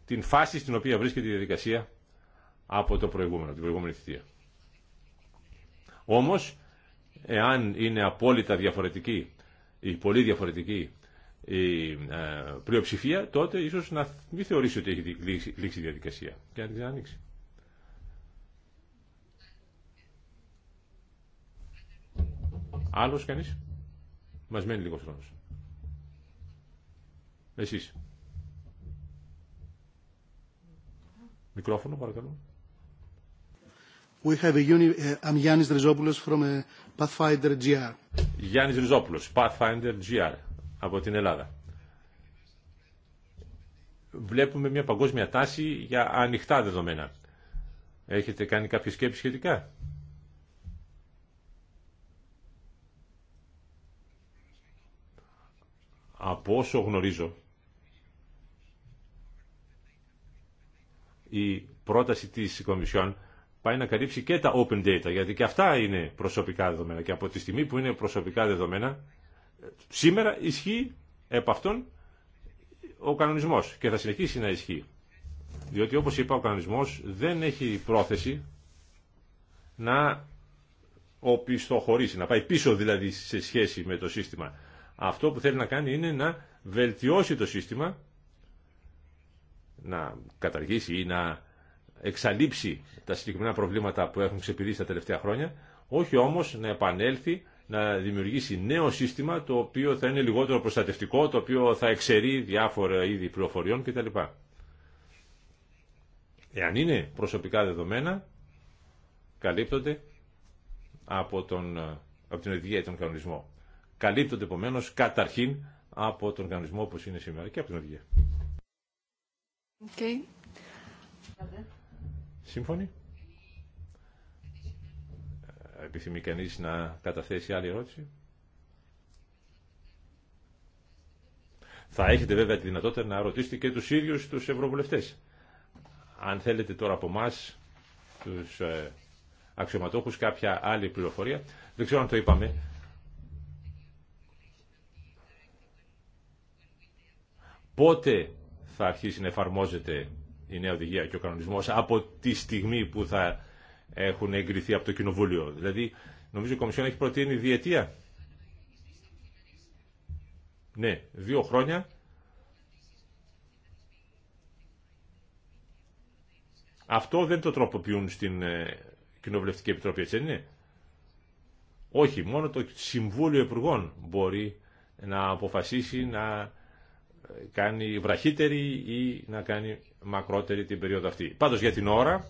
την φάση στην οποία βρίσκεται η διαδικασία από το προηγούμενο, την προηγούμενη θητεία. Όμως, εάν είναι απόλυτα διαφορετική ή πολύ διαφορετική η ε, πλειοψηφία, τότε ίσως να μην θεωρήσει ότι έχει λήξει η διαδικασία και να την ανοίξει. Άλλος κανείς? Μας μένει λίγο χρόνος. Εσείς. Μικρόφωνο παρακαλώ. We have a uni uh, uh, Pathfinder GR. Γιάννης Ριζόπουλος, Pathfinder GR, από την Ελλάδα. Βλέπουμε μια παγκόσμια τάση για ανοιχτά δεδομένα. Έχετε κάνει κάποια σκέψη σχετικά. Από όσο γνωρίζω, η πρόταση της Κομισιόν πάει να καλύψει και τα open data, γιατί και αυτά είναι προσωπικά δεδομένα. Και από τη στιγμή που είναι προσωπικά δεδομένα, σήμερα ισχύει επ' αυτόν ο κανονισμός και θα συνεχίσει να ισχύει. Διότι όπως είπα ο κανονισμός δεν έχει πρόθεση να οπισθοχωρήσει, να πάει πίσω δηλαδή σε σχέση με το σύστημα. Αυτό που θέλει να κάνει είναι να βελτιώσει το σύστημα, να καταργήσει ή να εξαλείψει τα συγκεκριμένα προβλήματα που έχουν ξεπηρήσει τα τελευταία χρόνια, όχι όμως να επανέλθει να δημιουργήσει νέο σύστημα το οποίο θα είναι λιγότερο προστατευτικό, το οποίο θα εξαιρεί διάφορα είδη πληροφοριών κτλ. Εάν είναι προσωπικά δεδομένα, καλύπτονται από, τον, από την οδηγία ή τον κανονισμό. Καλύπτονται επομένω καταρχήν από τον κανονισμό όπως είναι σήμερα και από την οδηγία. Okay. Σύμφωνοι. Ε, επιθυμεί κανείς να καταθέσει άλλη ερώτηση. Θα έχετε βέβαια τη δυνατότητα να ρωτήσετε και τους ίδιους τους ευρωβουλευτές. Αν θέλετε τώρα από εμά τους ε, αξιωματόχους κάποια άλλη πληροφορία. Δεν ξέρω αν το είπαμε. Πότε θα αρχίσει να εφαρμόζεται η νέα οδηγία και ο κανονισμό από τη στιγμή που θα έχουν εγκριθεί από το Κοινοβούλιο. Δηλαδή, νομίζω η Κομισιόν έχει προτείνει διετία. Ναι, δύο χρόνια. Αυτό δεν το τροποποιούν στην ε, Κοινοβουλευτική Επιτροπή, έτσι δεν είναι. Όχι, μόνο το Συμβούλιο Υπουργών μπορεί να αποφασίσει να ε, κάνει βραχύτερη ή να κάνει μακρότερη την περίοδο αυτή. Πάντως για την ώρα,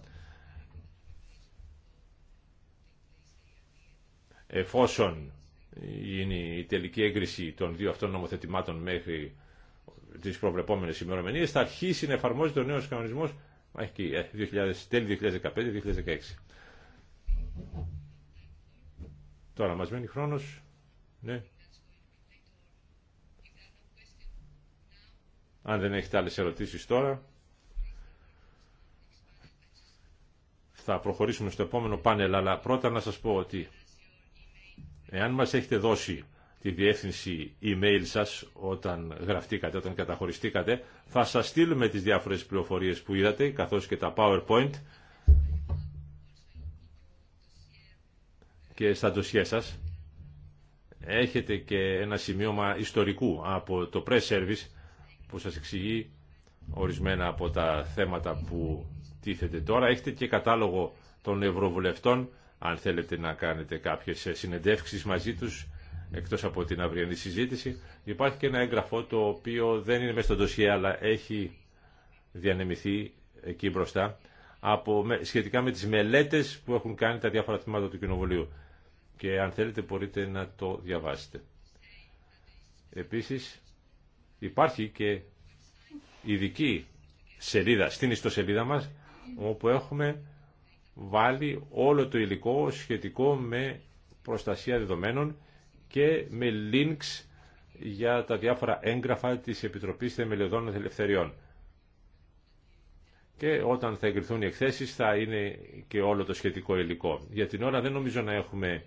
εφόσον γίνει η τελική έγκριση των δύο αυτών νομοθετημάτων μέχρι τις προβλεπόμενες ημερομηνίες, θα αρχίσει να εφαρμόζεται ο νέος εκεί, ε, τέλη 2015-2016. Τώρα μας μένει χρόνος. Ναι. Αν δεν έχετε άλλες ερωτήσεις τώρα, θα προχωρήσουμε στο επόμενο πάνελ, αλλά πρώτα να σας πω ότι εάν μας έχετε δώσει τη διεύθυνση email σας όταν γραφτήκατε, όταν καταχωριστήκατε, θα σας στείλουμε τις διάφορες πληροφορίες που είδατε, καθώς και τα PowerPoint και στα ντοσιέ σας. Έχετε και ένα σημείωμα ιστορικού από το Press Service που σας εξηγεί ορισμένα από τα θέματα που τίθεται τώρα. Έχετε και κατάλογο των Ευρωβουλευτών, αν θέλετε να κάνετε κάποιες συνεντεύξεις μαζί τους, εκτός από την αυριανή συζήτηση. Υπάρχει και ένα έγγραφο το οποίο δεν είναι μέσα στο ντοσιέ, αλλά έχει διανεμηθεί εκεί μπροστά, από, σχετικά με τις μελέτες που έχουν κάνει τα διάφορα τμήματα του Κοινοβουλίου. Και αν θέλετε μπορείτε να το διαβάσετε. Επίσης υπάρχει και ειδική σελίδα στην ιστοσελίδα μας όπου έχουμε βάλει όλο το υλικό σχετικό με προστασία δεδομένων και με links για τα διάφορα έγγραφα της Επιτροπής Θεμελιωδών Ελευθεριών. Και όταν θα εγκριθούν οι εκθέσεις θα είναι και όλο το σχετικό υλικό. Για την ώρα δεν νομίζω να έχουμε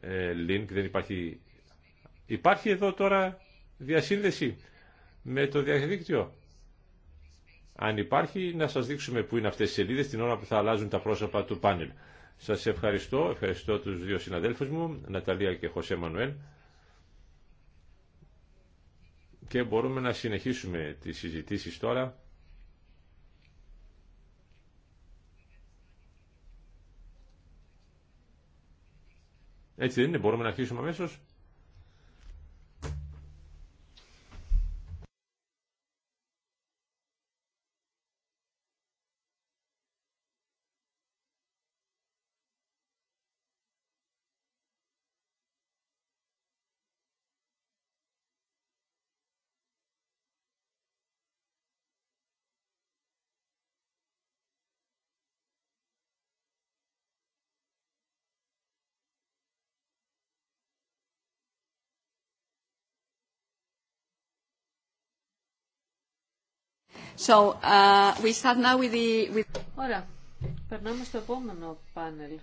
ε, link, δεν υπάρχει... Υπάρχει εδώ τώρα διασύνδεση με το διαδίκτυο. Αν υπάρχει, να σας δείξουμε πού είναι αυτές οι σελίδες την ώρα που θα αλλάζουν τα πρόσωπα του πάνελ. Σας ευχαριστώ, ευχαριστώ τους δύο συναδέλφους μου, Ναταλία και Χωσέ Μανουέλ. Και μπορούμε να συνεχίσουμε τις συζητήσεις τώρα. Έτσι δεν είναι, μπορούμε να αρχίσουμε αμέσως. Uh, Ωραία. Περνάμε στο επόμενο πάνελ.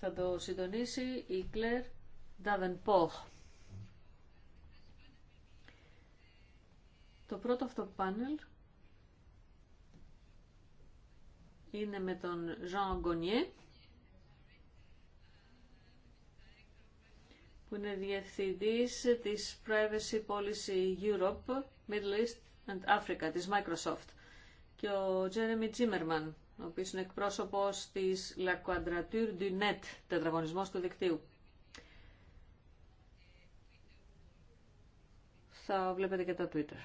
Θα το συντονίσει η Κλέρ Νταβενπόχ. Το πρώτο αυτό πάνελ είναι με τον Jean Γκονιέ, που είναι διευθυντής της Privacy Policy Europe, Middle East and Africa της Microsoft και ο Τζέρεμι Τζίμερμαν, ο οποίος είναι εκπρόσωπος της La Quadrature du Net, τετραγωνισμός του δικτύου. Θα βλέπετε και τα Twitter.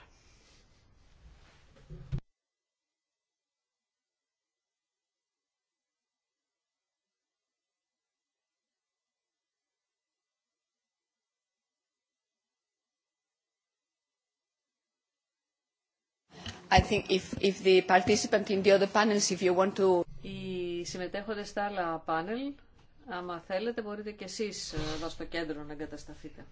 Οι συμμετέχοντες στα άλλα πάνελ, άμα θέλετε, μπορείτε και εσείς εδώ στο κέντρο να εγκατασταθείτε.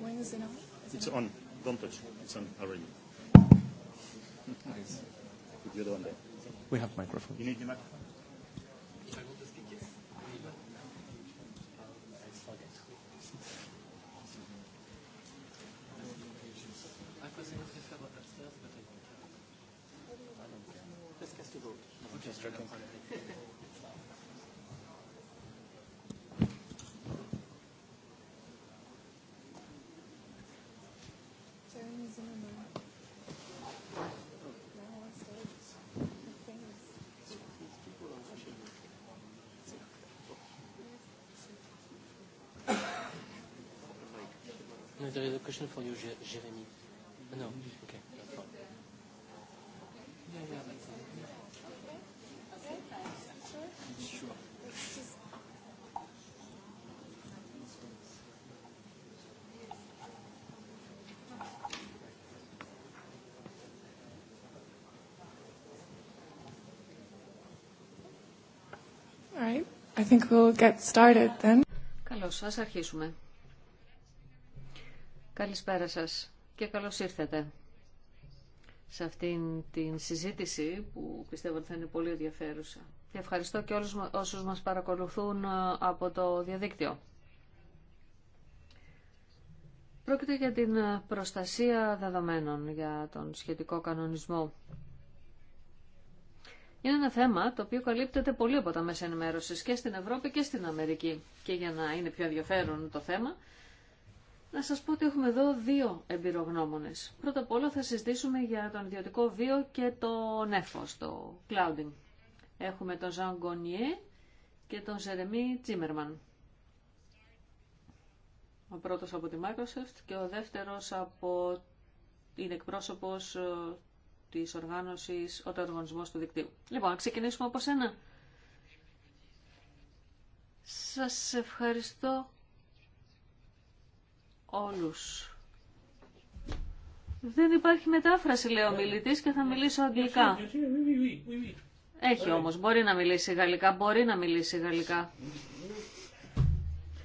When is it on? It's on. Don't touch. It's on already. Nice. The other one there. We have microphone. You need the microphone. And there is a question for you, Jeremy. No. Okay. Yeah, yeah, that's it. Sure. All right. I think we'll get started then. Καλώς, ας αρχίσουμε. Καλησπέρα σας και καλώς ήρθατε σε αυτήν την συζήτηση που πιστεύω ότι θα είναι πολύ ενδιαφέρουσα. ευχαριστώ και όλους όσους μας παρακολουθούν ε, από το διαδίκτυο. Πρόκειται για την ε, προστασία δεδομένων, για τον σχετικό κανονισμό. Είναι ένα θέμα το οποίο καλύπτεται πολύ από τα μέσα ενημέρωση και στην Ευρώπη και στην Αμερική. Και για να είναι πιο ενδιαφέρον το θέμα, να σας πω ότι έχουμε εδώ δύο εμπειρογνώμονες. Πρώτα απ' όλα θα συζητήσουμε για τον ιδιωτικό βίο και το νέφος, το clouding. Έχουμε τον Ζαν Γκονιέ και τον Ζερεμί Τσίμερμαν. Ο πρώτος από τη Microsoft και ο δεύτερος από την εκπρόσωπος ε, της οργάνωσης ο του δικτύου. Λοιπόν, ξεκινήσουμε από σένα. Σας ευχαριστώ όλους. Δεν υπάρχει μετάφραση, λέει ο μιλητή και θα μιλήσω αγγλικά. Έχει όμως, μπορεί να μιλήσει γαλλικά, μπορεί να μιλήσει γαλλικά.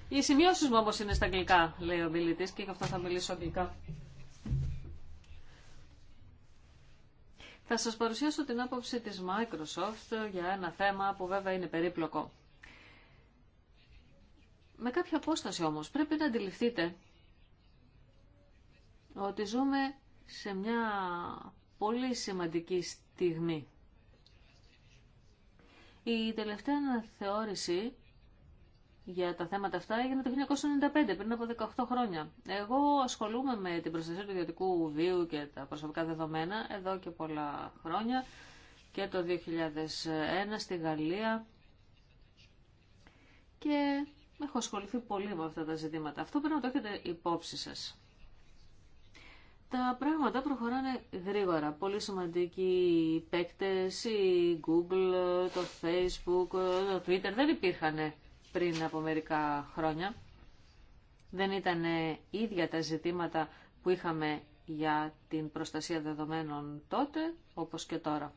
Οι σημειώσει μου όμως είναι στα αγγλικά, λέει ο μιλητής, και γι' αυτό θα μιλήσω αγγλικά. Θα σας παρουσιάσω την άποψη της Microsoft για ένα θέμα που βέβαια είναι περίπλοκο. Με κάποια απόσταση όμως πρέπει να αντιληφθείτε ότι ζούμε σε μια πολύ σημαντική στιγμή. Η τελευταία αναθεώρηση για τα θέματα αυτά έγινε το 1995, πριν από 18 χρόνια. Εγώ ασχολούμαι με την προστασία του ιδιωτικού βίου και τα προσωπικά δεδομένα εδώ και πολλά χρόνια και το 2001 στη Γαλλία και έχω ασχοληθεί πολύ με αυτά τα ζητήματα. Αυτό πρέπει να το έχετε υπόψη σας τα πράγματα προχωράνε γρήγορα. Πολύ σημαντικοί παίκτες, η Google, το Facebook, το Twitter δεν υπήρχαν πριν από μερικά χρόνια. Δεν ήταν ίδια τα ζητήματα που είχαμε για την προστασία δεδομένων τότε, όπως και τώρα.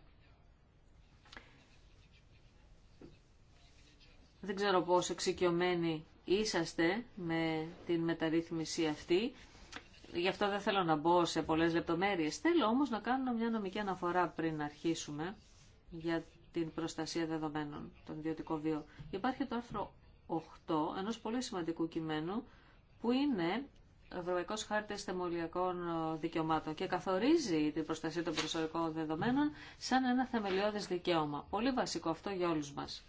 Δεν ξέρω πώς εξοικειωμένοι είσαστε με την μεταρρύθμιση αυτή. Γι' αυτό δεν θέλω να μπω σε πολλές λεπτομέρειες. Θέλω όμως να κάνω μια νομική αναφορά πριν αρχίσουμε για την προστασία δεδομένων, τον ιδιωτικό βίο. Υπάρχει το άρθρο 8 ενός πολύ σημαντικού κειμένου που είναι Ευρωπαϊκό Χάρτη Θεμολιακών Δικαιωμάτων και καθορίζει την προστασία των προσωπικών δεδομένων σαν ένα θεμελιώδες δικαίωμα. Πολύ βασικό αυτό για όλους μας.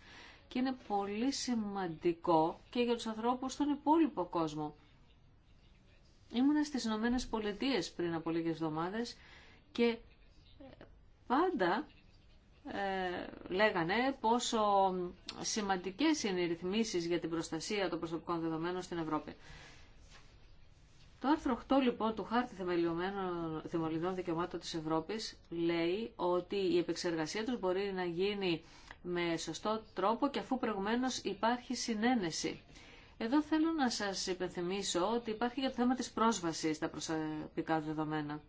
Και είναι πολύ σημαντικό και για τους ανθρώπους στον υπόλοιπο κόσμο. Ήμουνα στις Ηνωμένε Πολιτείες πριν από λίγες εβδομάδες και πάντα ε, λέγανε πόσο σημαντικές είναι οι ρυθμίσεις για την προστασία των προσωπικών δεδομένων στην Ευρώπη. Το άρθρο 8 λοιπόν του Χάρτη Θεμελιωμένων Δικαιωμάτων της Ευρώπης λέει ότι η επεξεργασία τους μπορεί να γίνει με σωστό τρόπο και αφού προηγουμένως υπάρχει συνένεση. Εδώ θέλω να σας υπενθυμίσω ότι υπάρχει για το θέμα της πρόσβασης στα προσωπικά δεδομένα.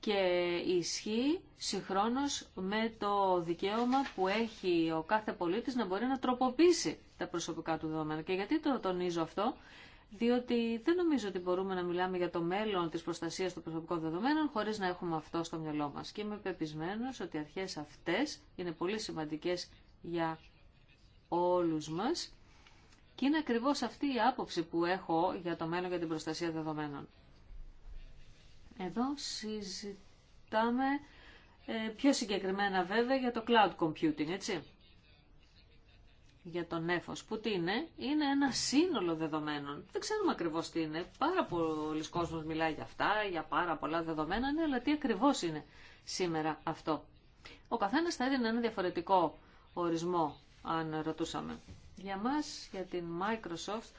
Και ισχύει συγχρόνως με το δικαίωμα που έχει ο κάθε πολίτης να μπορεί να τροποποιήσει τα προσωπικά του δεδομένα. Και γιατί το τονίζω αυτό, διότι δεν νομίζω ότι μπορούμε να μιλάμε για το μέλλον της προστασίας των προσωπικών δεδομένων χωρίς να έχουμε αυτό στο μυαλό μας. Και είμαι πεπισμένος ότι αρχές αυτές είναι πολύ σημαντικές για όλους μας και είναι ακριβώς αυτή η άποψη που έχω για το μέλλον για την προστασία δεδομένων. Εδώ συζητάμε ε, πιο συγκεκριμένα βέβαια για το cloud computing, έτσι. Για το νέφος. Που τι είναι? Είναι ένα σύνολο δεδομένων. Δεν ξέρουμε ακριβώς τι είναι. Πάρα πολλοί κόσμος μιλάει για αυτά, για πάρα πολλά δεδομένα, ναι, αλλά τι ακριβώς είναι σήμερα αυτό. Ο καθένας θα έδινε ένα διαφορετικό ορισμό αν ρωτούσαμε. Για μας, για την Microsoft,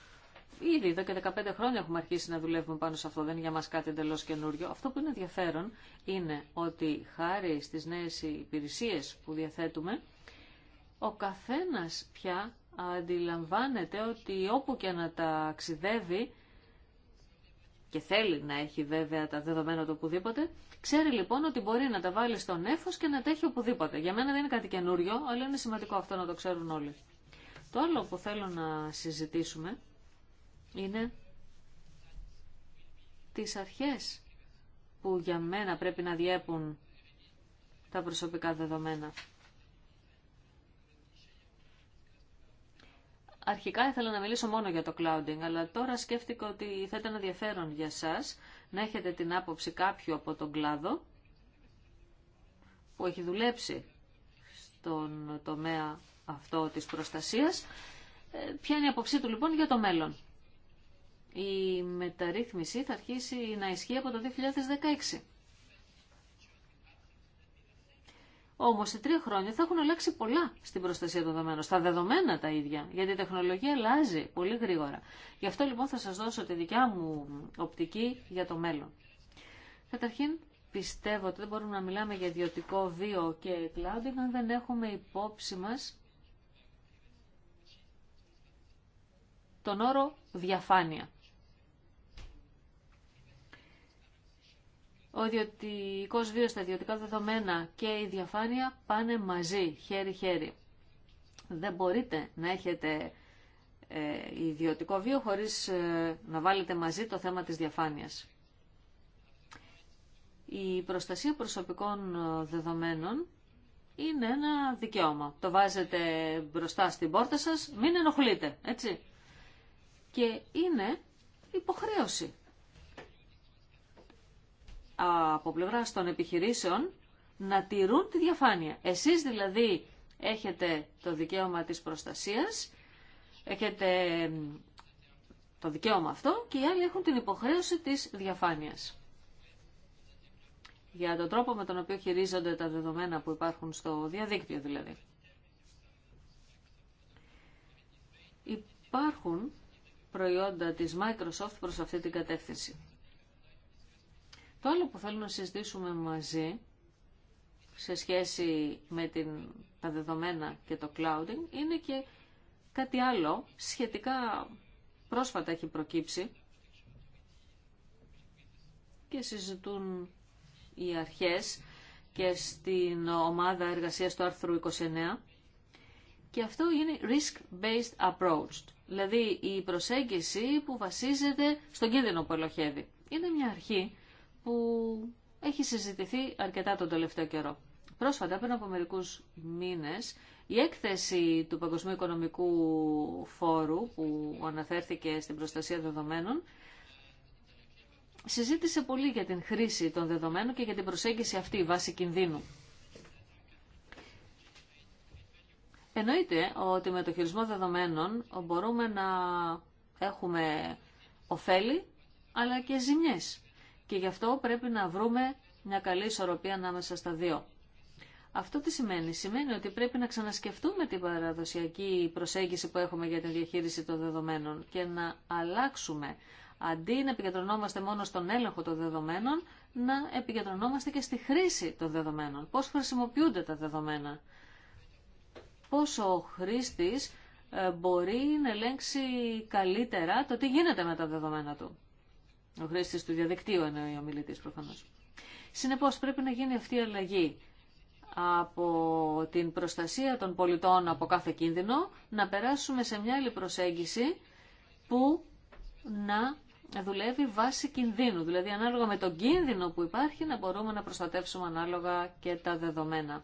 ήδη εδώ και 15 χρόνια έχουμε αρχίσει να δουλεύουμε πάνω σε αυτό, δεν είναι για μας κάτι εντελώ καινούριο. Αυτό που είναι ενδιαφέρον είναι ότι χάρη στις νέες υπηρεσίες που διαθέτουμε, ο καθένας πια αντιλαμβάνεται ότι όπου και να ταξιδεύει, και θέλει να έχει βέβαια τα δεδομένα του οπουδήποτε, ξέρει λοιπόν ότι μπορεί να τα βάλει στον έφος και να τα έχει οπουδήποτε. Για μένα δεν είναι κάτι καινούριο, αλλά είναι σημαντικό αυτό να το ξέρουν όλοι. Το άλλο που θέλω να συζητήσουμε είναι τις αρχές που για μένα πρέπει να διέπουν τα προσωπικά δεδομένα. Αρχικά ήθελα να μιλήσω μόνο για το clouding, αλλά τώρα σκέφτηκα ότι θα ήταν ενδιαφέρον για σας να έχετε την άποψη κάποιου από τον κλάδο που έχει δουλέψει στον τομέα αυτό της προστασίας. Ε, ποια είναι η άποψή του λοιπόν για το μέλλον. Η μεταρρύθμιση θα αρχίσει να ισχύει από το 2016. Όμω σε τρία χρόνια θα έχουν αλλάξει πολλά στην προστασία των δεδομένων, στα δεδομένα τα ίδια, γιατί η τεχνολογία αλλάζει πολύ γρήγορα. Γι' αυτό λοιπόν θα σα δώσω τη δικιά μου οπτική για το μέλλον. Καταρχήν, πιστεύω ότι δεν μπορούμε να μιλάμε για ιδιωτικό βίο και clouding αν δεν έχουμε υπόψη μα τον όρο διαφάνεια. ο ιδιωτικό βίος, τα ιδιωτικά δεδομένα και η διαφάνεια πάνε μαζί, χέρι-χέρι. Δεν μπορείτε να έχετε ε, ιδιωτικό βίο χωρίς ε, να βάλετε μαζί το θέμα της διαφάνειας. Η προστασία προσωπικών ε, δεδομένων είναι ένα δικαίωμα. Το βάζετε μπροστά στην πόρτα σας, μην ενοχλείτε, έτσι. Και είναι υποχρέωση από πλευρά των επιχειρήσεων να τηρούν τη διαφάνεια. Εσείς δηλαδή έχετε το δικαίωμα της προστασίας, έχετε το δικαίωμα αυτό και οι άλλοι έχουν την υποχρέωση της διαφάνειας. Για τον τρόπο με τον οποίο χειρίζονται τα δεδομένα που υπάρχουν στο διαδίκτυο δηλαδή. Υπάρχουν προϊόντα της Microsoft προς αυτή την κατεύθυνση. Το άλλο που θέλω να συζητήσουμε μαζί σε σχέση με την, τα δεδομένα και το clouding είναι και κάτι άλλο σχετικά πρόσφατα έχει προκύψει και συζητούν οι αρχές και στην ομάδα εργασίας του άρθρου 29 και αυτό είναι risk-based approach, δηλαδή η προσέγγιση που βασίζεται στον κίνδυνο που ελοχεύει. Είναι μια αρχή που έχει συζητηθεί αρκετά τον τελευταίο καιρό. Πρόσφατα, πριν από μερικούς μήνες, η έκθεση του Παγκοσμίου Οικονομικού Φόρου που αναφέρθηκε στην προστασία δεδομένων συζήτησε πολύ για την χρήση των δεδομένων και για την προσέγγιση αυτή βάση κινδύνου. Εννοείται ότι με το χειρισμό δεδομένων μπορούμε να έχουμε ωφέλη αλλά και ζημιές. Και γι' αυτό πρέπει να βρούμε μια καλή ισορροπία ανάμεσα στα δύο. Αυτό τι σημαίνει. Σημαίνει ότι πρέπει να ξανασκεφτούμε την παραδοσιακή προσέγγιση που έχουμε για τη διαχείριση των δεδομένων και να αλλάξουμε. Αντί να επικεντρωνόμαστε μόνο στον έλεγχο των δεδομένων, να επικεντρωνόμαστε και στη χρήση των δεδομένων. Πώς χρησιμοποιούνται τα δεδομένα. Πώς ο χρήστης ε, μπορεί να ελέγξει καλύτερα το τι γίνεται με τα δεδομένα του. Ο χρήστη του διαδικτύου είναι ο μιλητή προφανώ. Συνεπώ πρέπει να γίνει αυτή η αλλαγή από την προστασία των πολιτών από κάθε κίνδυνο να περάσουμε σε μια άλλη προσέγγιση που να δουλεύει βάση κινδύνου. Δηλαδή ανάλογα με τον κίνδυνο που υπάρχει να μπορούμε να προστατεύσουμε ανάλογα και τα δεδομένα.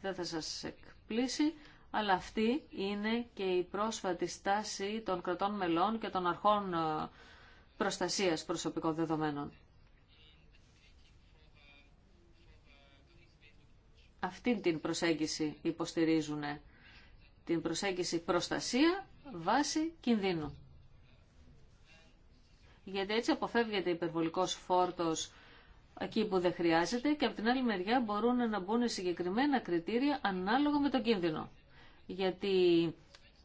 Δεν θα σας εκπλήσει, αλλά αυτή είναι και η πρόσφατη στάση των κρατών μελών και των αρχών ε, προστασίας προσωπικών δεδομένων. Αυτή την προσέγγιση υποστηρίζουν ε, την προσέγγιση προστασία βάση κινδύνου. Γιατί έτσι αποφεύγεται υπερβολικός φόρτος εκεί που δεν χρειάζεται και από την άλλη μεριά μπορούν να μπουν συγκεκριμένα κριτήρια ανάλογα με τον κίνδυνο. Γιατί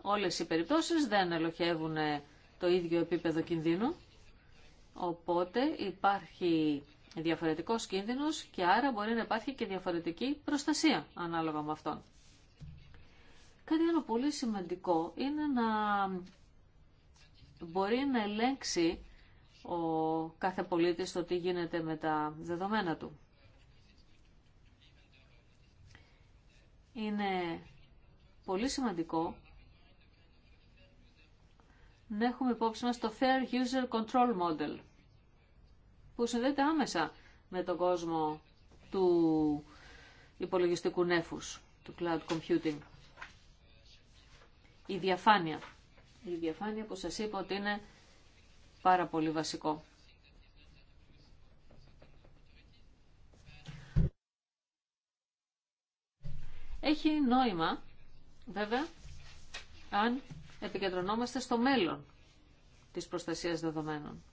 όλες οι περιπτώσεις δεν ελοχεύουν το ίδιο επίπεδο κινδύνου Οπότε υπάρχει διαφορετικός κίνδυνος και άρα μπορεί να υπάρχει και διαφορετική προστασία ανάλογα με αυτόν. Κάτι άλλο πολύ σημαντικό είναι να μπορεί να ελέγξει ο κάθε πολίτης το τι γίνεται με τα δεδομένα του. Είναι πολύ σημαντικό να έχουμε υπόψη μας το Fair User Control Model, που συνδέεται άμεσα με τον κόσμο του υπολογιστικού νέφους, του cloud computing. Η διαφάνεια. Η διαφάνεια που σας είπα ότι είναι πάρα πολύ βασικό. Έχει νόημα, βέβαια, αν επικεντρωνόμαστε στο μέλλον της προστασίας δεδομένων.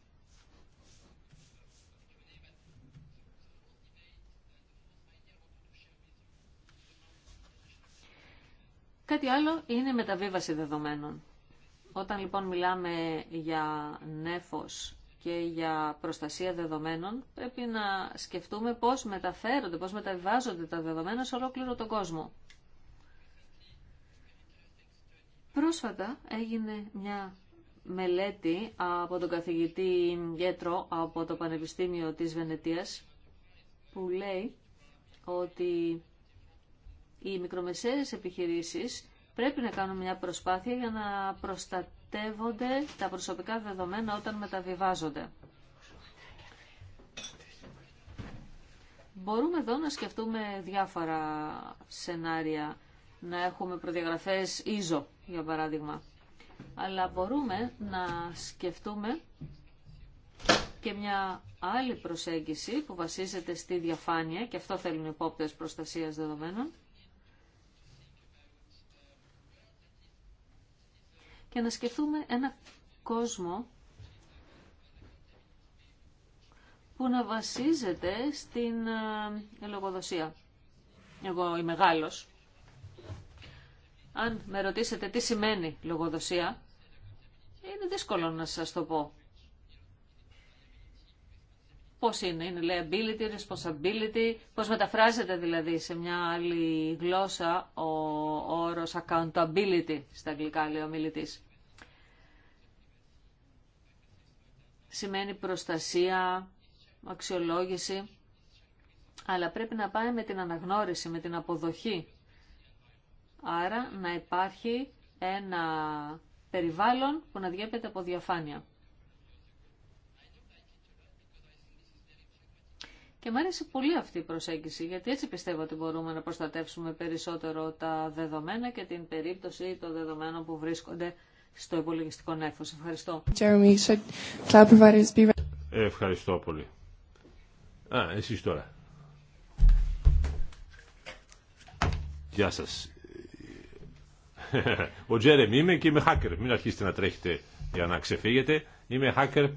Κάτι άλλο είναι η μεταβίβαση δεδομένων. Όταν λοιπόν μιλάμε για νέφος και για προστασία δεδομένων, πρέπει να σκεφτούμε πώς μεταφέρονται, πώς μεταβιβάζονται τα δεδομένα σε ολόκληρο τον κόσμο. Πρόσφατα έγινε μια μελέτη από τον καθηγητή Γέτρο από το Πανεπιστήμιο της Βενετίας που λέει ότι οι μικρομεσαίες επιχειρήσεις πρέπει να κάνουν μια προσπάθεια για να προστατεύονται τα προσωπικά δεδομένα όταν μεταβιβάζονται. Μπορούμε εδώ να σκεφτούμε διάφορα σενάρια να έχουμε προδιαγραφές ίζο, για παράδειγμα. Αλλά μπορούμε να σκεφτούμε και μια άλλη προσέγγιση που βασίζεται στη διαφάνεια και αυτό θέλουν οι υπόπτες προστασίας δεδομένων και να σκεφτούμε ένα κόσμο που να βασίζεται στην ε, λογοδοσία. Εγώ είμαι μεγάλος αν με ρωτήσετε τι σημαίνει λογοδοσία, είναι δύσκολο να σας το πω. Πώς είναι, είναι liability, responsibility, πώς μεταφράζεται δηλαδή σε μια άλλη γλώσσα ο όρος accountability, στα αγγλικά λέει ο μιλητής. Σημαίνει προστασία, αξιολόγηση, αλλά πρέπει να πάει με την αναγνώριση, με την αποδοχή Άρα να υπάρχει ένα περιβάλλον που να διέπεται από διαφάνεια. Και μου άρεσε πολύ αυτή η προσέγγιση, γιατί έτσι πιστεύω ότι μπορούμε να προστατεύσουμε περισσότερο τα δεδομένα και την περίπτωση των δεδομένων που βρίσκονται στο υπολογιστικό νέφος. Ευχαριστώ. Ευχαριστώ πολύ. Α, εσείς τώρα. Γεια σας. Ο Τζέρεμι, είμαι και είμαι hacker. Μην αρχίσετε να τρέχετε για να ξεφύγετε. Είμαι hacker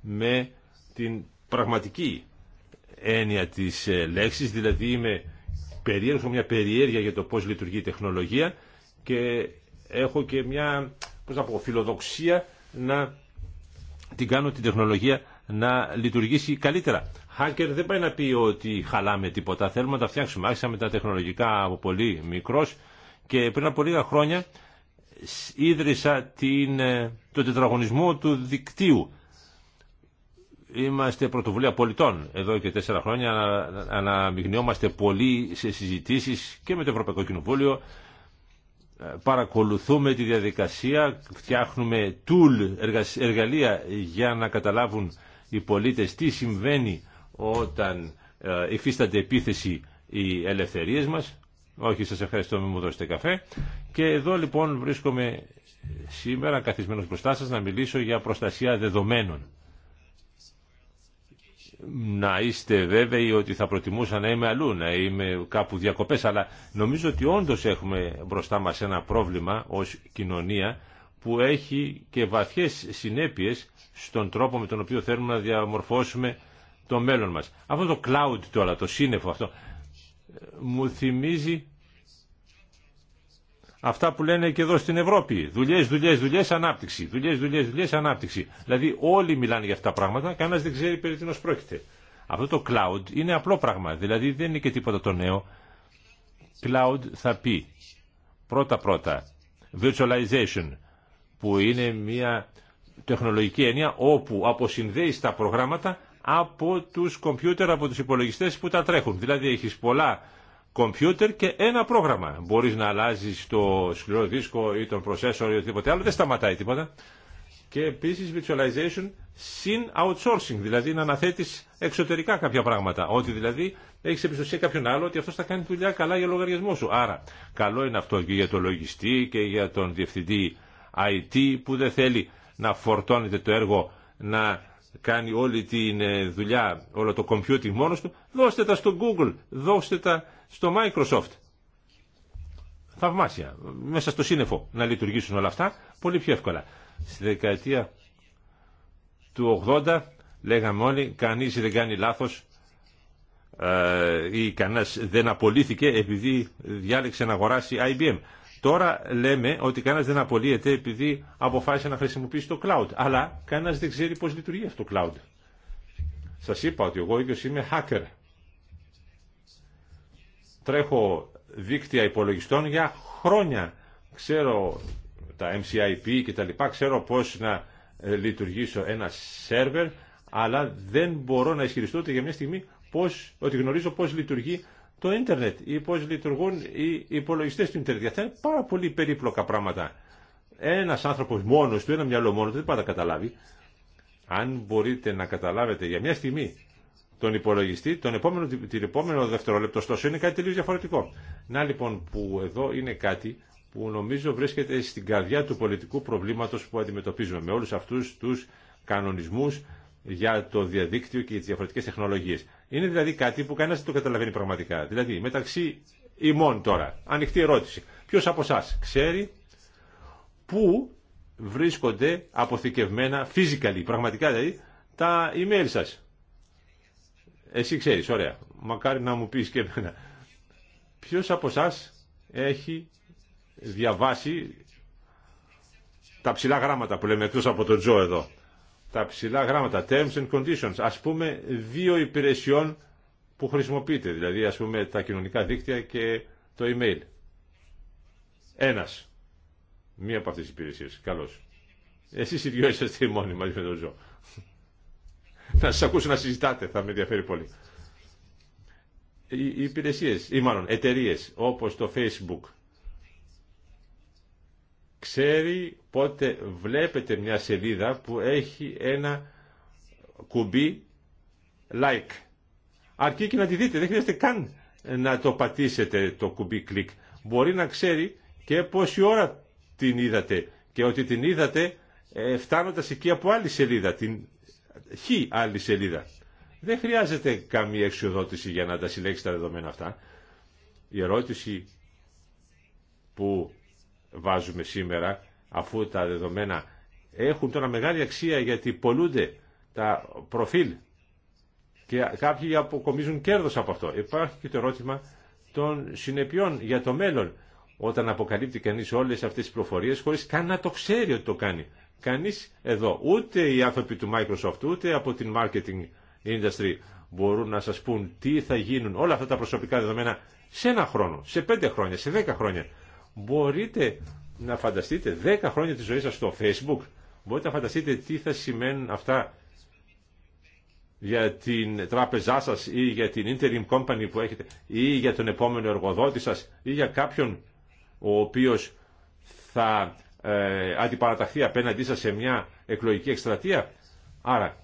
με την πραγματική έννοια της ε, λέξης, δηλαδή είμαι περίεργο, μια περιέργεια για το πώς λειτουργεί η τεχνολογία και έχω και μια πώς πω, φιλοδοξία να την κάνω την τεχνολογία να λειτουργήσει καλύτερα. Hacker δεν πάει να πει ότι χαλάμε τίποτα, θέλουμε να τα φτιάξουμε. Άρχισα με τα τεχνολογικά από πολύ μικρός και πριν από λίγα χρόνια ίδρυσα την, ε, το τετραγωνισμό του δικτύου. Είμαστε πρωτοβουλία πολιτών εδώ και τέσσερα χρόνια. Αναμειγνιόμαστε πολύ σε συζητήσεις και με το Ευρωπαϊκό Κοινοβούλιο. Ε, παρακολουθούμε τη διαδικασία, φτιάχνουμε tool, εργαλεία για να καταλάβουν οι πολίτες τι συμβαίνει όταν ε, υφίστανται επίθεση οι ελευθερίες μας όχι, σας ευχαριστώ, μην μου δώσετε καφέ. Και εδώ λοιπόν βρίσκομαι σήμερα καθισμένος μπροστά σας να μιλήσω για προστασία δεδομένων. Να είστε βέβαιοι ότι θα προτιμούσα να είμαι αλλού, να είμαι κάπου διακοπές, αλλά νομίζω ότι όντως έχουμε μπροστά μας ένα πρόβλημα ως κοινωνία που έχει και βαθιές συνέπειες στον τρόπο με τον οποίο θέλουμε να διαμορφώσουμε το μέλλον μας. Αυτό το cloud τώρα, το σύννεφο αυτό, μου θυμίζει αυτά που λένε και εδώ στην Ευρώπη. Δουλειέ, δουλειέ, δουλειέ, ανάπτυξη. Δουλειέ, δουλειέ, δουλειέ, ανάπτυξη. Δηλαδή όλοι μιλάνε για αυτά τα πράγματα, κανένα δεν ξέρει περί τίνο πρόκειται. Αυτό το cloud είναι απλό πράγμα, δηλαδή δεν είναι και τίποτα το νέο. Cloud θα πει πρώτα-πρώτα virtualization που είναι μια τεχνολογική έννοια όπου αποσυνδέει τα προγράμματα από τους κομπιούτερ, από τους υπολογιστές που τα τρέχουν. Δηλαδή έχεις πολλά κομπιούτερ και ένα πρόγραμμα. Μπορείς να αλλάζεις το σκληρό δίσκο ή τον processor ή οτιδήποτε άλλο, δεν σταματάει τίποτα. Και επίσης virtualization sin outsourcing, δηλαδή να αναθέτεις εξωτερικά κάποια πράγματα. Ότι δηλαδή έχεις εμπιστοσύνη κάποιον άλλο ότι αυτός θα κάνει δουλειά καλά για λογαριασμό σου. Άρα καλό είναι αυτό και για τον λογιστή και για τον διευθυντή IT που δεν θέλει να φορτώνεται το έργο να κάνει όλη τη ε, δουλειά, όλο το computing μόνος του, δώστε τα στο Google, δώστε τα στο Microsoft. Θαυμάσια, μέσα στο σύννεφο να λειτουργήσουν όλα αυτά, πολύ πιο εύκολα. Στη δεκαετία του 80 λέγαμε όλοι, κανείς δεν κάνει λάθος ε, ή κανένας δεν απολύθηκε επειδή διάλεξε να αγοράσει IBM. Τώρα λέμε ότι κανένα δεν απολύεται επειδή αποφάσισε να χρησιμοποιήσει το cloud. Αλλά κανένα δεν ξέρει πώ λειτουργεί αυτό το cloud. Σα είπα ότι εγώ ίδιο είμαι hacker. Τρέχω δίκτυα υπολογιστών για χρόνια. Ξέρω τα MCIP και τα λοιπά, ξέρω πώς να ε, λειτουργήσω ένα σερβερ, αλλά δεν μπορώ να ισχυριστώ ότι για μια στιγμή πώς, ότι γνωρίζω πώς λειτουργεί το ίντερνετ ή πώς λειτουργούν οι υπολογιστές του ίντερνετ. Αυτά είναι πάρα πολύ περίπλοκα πράγματα. Ένας άνθρωπος μόνος του, ένα μυαλό μόνο του δεν πάντα καταλάβει. Αν μπορείτε να καταλάβετε για μια στιγμή τον υπολογιστή, τον επόμενο, την επόμενο δευτερόλεπτο στόσο είναι κάτι τελείως διαφορετικό. Να λοιπόν που εδώ είναι κάτι που νομίζω βρίσκεται στην καρδιά του πολιτικού προβλήματος που αντιμετωπίζουμε με όλους αυτούς τους κανονισμούς για το διαδίκτυο και τις διαφορετικές τεχνολογίες. Είναι δηλαδή κάτι που κανένα δεν το καταλαβαίνει πραγματικά. Δηλαδή, μεταξύ ημών τώρα, ανοιχτή ερώτηση. Ποιο από εσά ξέρει πού βρίσκονται αποθηκευμένα, physically, πραγματικά δηλαδή, τα email σας. Εσύ ξέρεις, ωραία. Μακάρι να μου πεις και εμένα. ποιο από εσά έχει διαβάσει τα ψηλά γράμματα που λέμε εκτό από τον Τζο εδώ τα ψηλά γράμματα, terms and conditions, ας πούμε δύο υπηρεσιών που χρησιμοποιείτε, δηλαδή ας πούμε τα κοινωνικά δίκτυα και το email. Ένας. Μία από αυτές τις υπηρεσίες. Καλώς. Εσείς οι δυο είσαστε οι μόνοι μαζί με τον Ζω. να σας ακούσω να συζητάτε, θα με ενδιαφέρει πολύ. Οι υπηρεσίες, ή μάλλον εταιρείες, όπως το Facebook, ξέρει πότε βλέπετε μια σελίδα που έχει ένα κουμπί like. Αρκεί και να τη δείτε, δεν χρειάζεται καν να το πατήσετε το κουμπί click. Μπορεί να ξέρει και πόση ώρα την είδατε και ότι την είδατε ε, φτάνοντας εκεί από άλλη σελίδα, την χ άλλη σελίδα. Δεν χρειάζεται καμία εξοδότηση για να τα συλλέξει τα δεδομένα αυτά. Η ερώτηση που βάζουμε σήμερα αφού τα δεδομένα έχουν τώρα μεγάλη αξία γιατί πολλούνται τα προφίλ και κάποιοι αποκομίζουν κέρδος από αυτό. Υπάρχει και το ερώτημα των συνεπειών για το μέλλον όταν αποκαλύπτει κανείς όλες αυτές τις προφορίες χωρίς καν να το ξέρει ότι το κάνει. Κανείς εδώ, ούτε οι άνθρωποι του Microsoft, ούτε από την marketing industry μπορούν να σας πούν τι θα γίνουν όλα αυτά τα προσωπικά δεδομένα σε ένα χρόνο, σε πέντε χρόνια, σε δέκα χρόνια. Μπορείτε να φανταστείτε 10 χρόνια της ζωής σας στο facebook μπορείτε να φανταστείτε τι θα σημαίνουν αυτά για την τράπεζά σας ή για την interim company που έχετε ή για τον επόμενο εργοδότη σας ή για κάποιον ο οποίος θα ε, αντιπαραταχθεί απέναντί σας σε μια εκλογική εκστρατεία. Άρα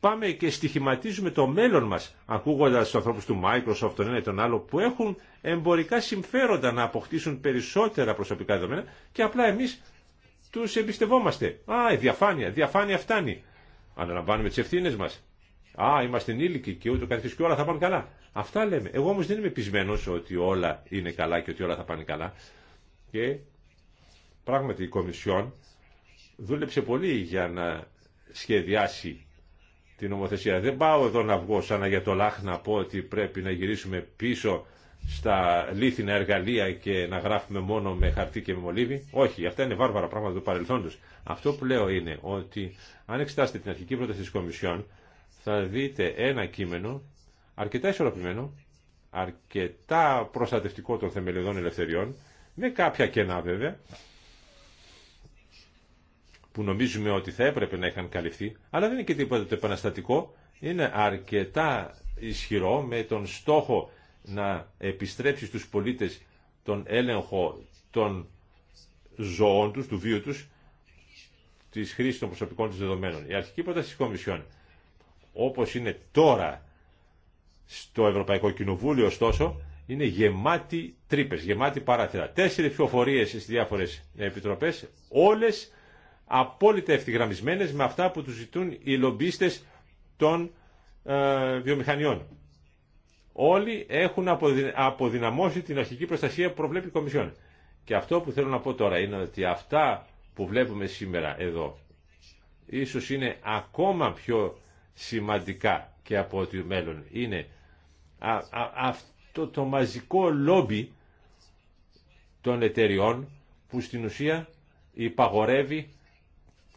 πάμε και στοιχηματίζουμε το μέλλον μας ακούγοντας τους ανθρώπους του Microsoft, τον ένα ή τον άλλο που έχουν εμπορικά συμφέροντα να αποκτήσουν περισσότερα προσωπικά δεδομένα και απλά εμείς τους εμπιστευόμαστε. Α, η διαφάνεια, διαφάνεια φτάνει. Αναλαμβάνουμε τις ευθύνες μας. Α, είμαστε ενήλικοι και ούτω καθεξής και όλα θα πάνε καλά. Αυτά λέμε. Εγώ όμως δεν είμαι πεισμένος ότι όλα είναι καλά και ότι όλα θα πάνε καλά. Και πράγματι η Κομισιόν δούλεψε πολύ για να σχεδιάσει την νομοθεσία. Δεν πάω εδώ να βγω σαν για το λάχ να πω ότι πρέπει να γυρίσουμε πίσω στα λίθινα εργαλεία και να γράφουμε μόνο με χαρτί και με μολύβι. Όχι, αυτά είναι βάρβαρα πράγματα του παρελθόντος. Αυτό που λέω είναι ότι αν εξετάσετε την αρχική πρόταση της Κομισιόν θα δείτε ένα κείμενο αρκετά ισορροπημένο, αρκετά προστατευτικό των θεμελιωδών ελευθεριών, με κάποια κενά βέβαια, που νομίζουμε ότι θα έπρεπε να είχαν καλυφθεί, αλλά δεν είναι και τίποτα το επαναστατικό, είναι αρκετά ισχυρό με τον στόχο να επιστρέψει στους πολίτες τον έλεγχο των ζωών τους, του βίου τους, της χρήσης των προσωπικών τους δεδομένων. Η αρχική πρόταση της Κομισιόν, όπως είναι τώρα στο Ευρωπαϊκό Κοινοβούλιο, ωστόσο, είναι γεμάτη τρύπε, γεμάτη παράθυρα. τέσσερις φιοφορίες στις διάφορες επιτροπές όλες απόλυτα ευθυγραμμισμένες με αυτά που τους ζητούν οι λομπίστες των ε, βιομηχανιών. Όλοι έχουν αποδυναμώσει την αρχική προστασία που προβλέπει η Κομισιόν. Και αυτό που θέλω να πω τώρα είναι ότι αυτά που βλέπουμε σήμερα εδώ ίσως είναι ακόμα πιο σημαντικά και από ότι μέλλον είναι αυτό το μαζικό λόμπι των εταιριών που στην ουσία υπαγορεύει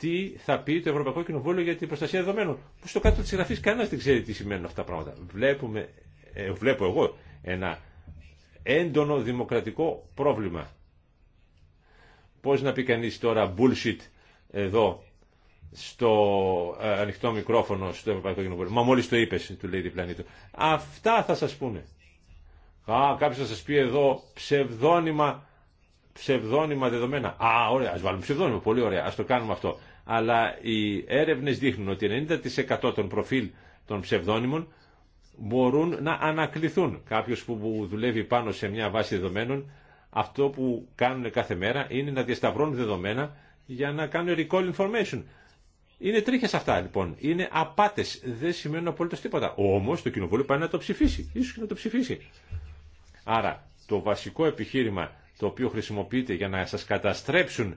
τι θα πει το Ευρωπαϊκό Κοινοβούλιο για την προστασία δεδομένων. Που στο κάτω τη γραφή κανένα δεν ξέρει τι σημαίνουν αυτά τα πράγματα. Βλέπουμε, ε, βλέπω εγώ ένα έντονο δημοκρατικό πρόβλημα. Πώς να πει κανείς τώρα bullshit εδώ στο ε, ανοιχτό μικρόφωνο στο Ευρωπαϊκό Κοινοβούλιο. Μα μόλις το είπες, του λέει πλανήτη. Αυτά θα σας πούνε. Α, κάποιος θα σας πει εδώ ψευδόνυμα, ψευδόνυμα δεδομένα. Α, ωραία, ας βάλουμε ψευδόνυμα, πολύ ωραία, ας το κάνουμε αυτό αλλά οι έρευνες δείχνουν ότι 90% των προφίλ των ψευδόνυμων μπορούν να ανακληθούν. Κάποιος που δουλεύει πάνω σε μια βάση δεδομένων, αυτό που κάνουν κάθε μέρα είναι να διασταυρώνουν δεδομένα για να κάνουν recall information. Είναι τρίχε αυτά λοιπόν. Είναι απάτε. Δεν σημαίνουν απολύτω τίποτα. Όμω το κοινοβούλιο πάει να το ψηφίσει. Ίσως και να το ψηφίσει. Άρα το βασικό επιχείρημα το οποίο χρησιμοποιείται για να σα καταστρέψουν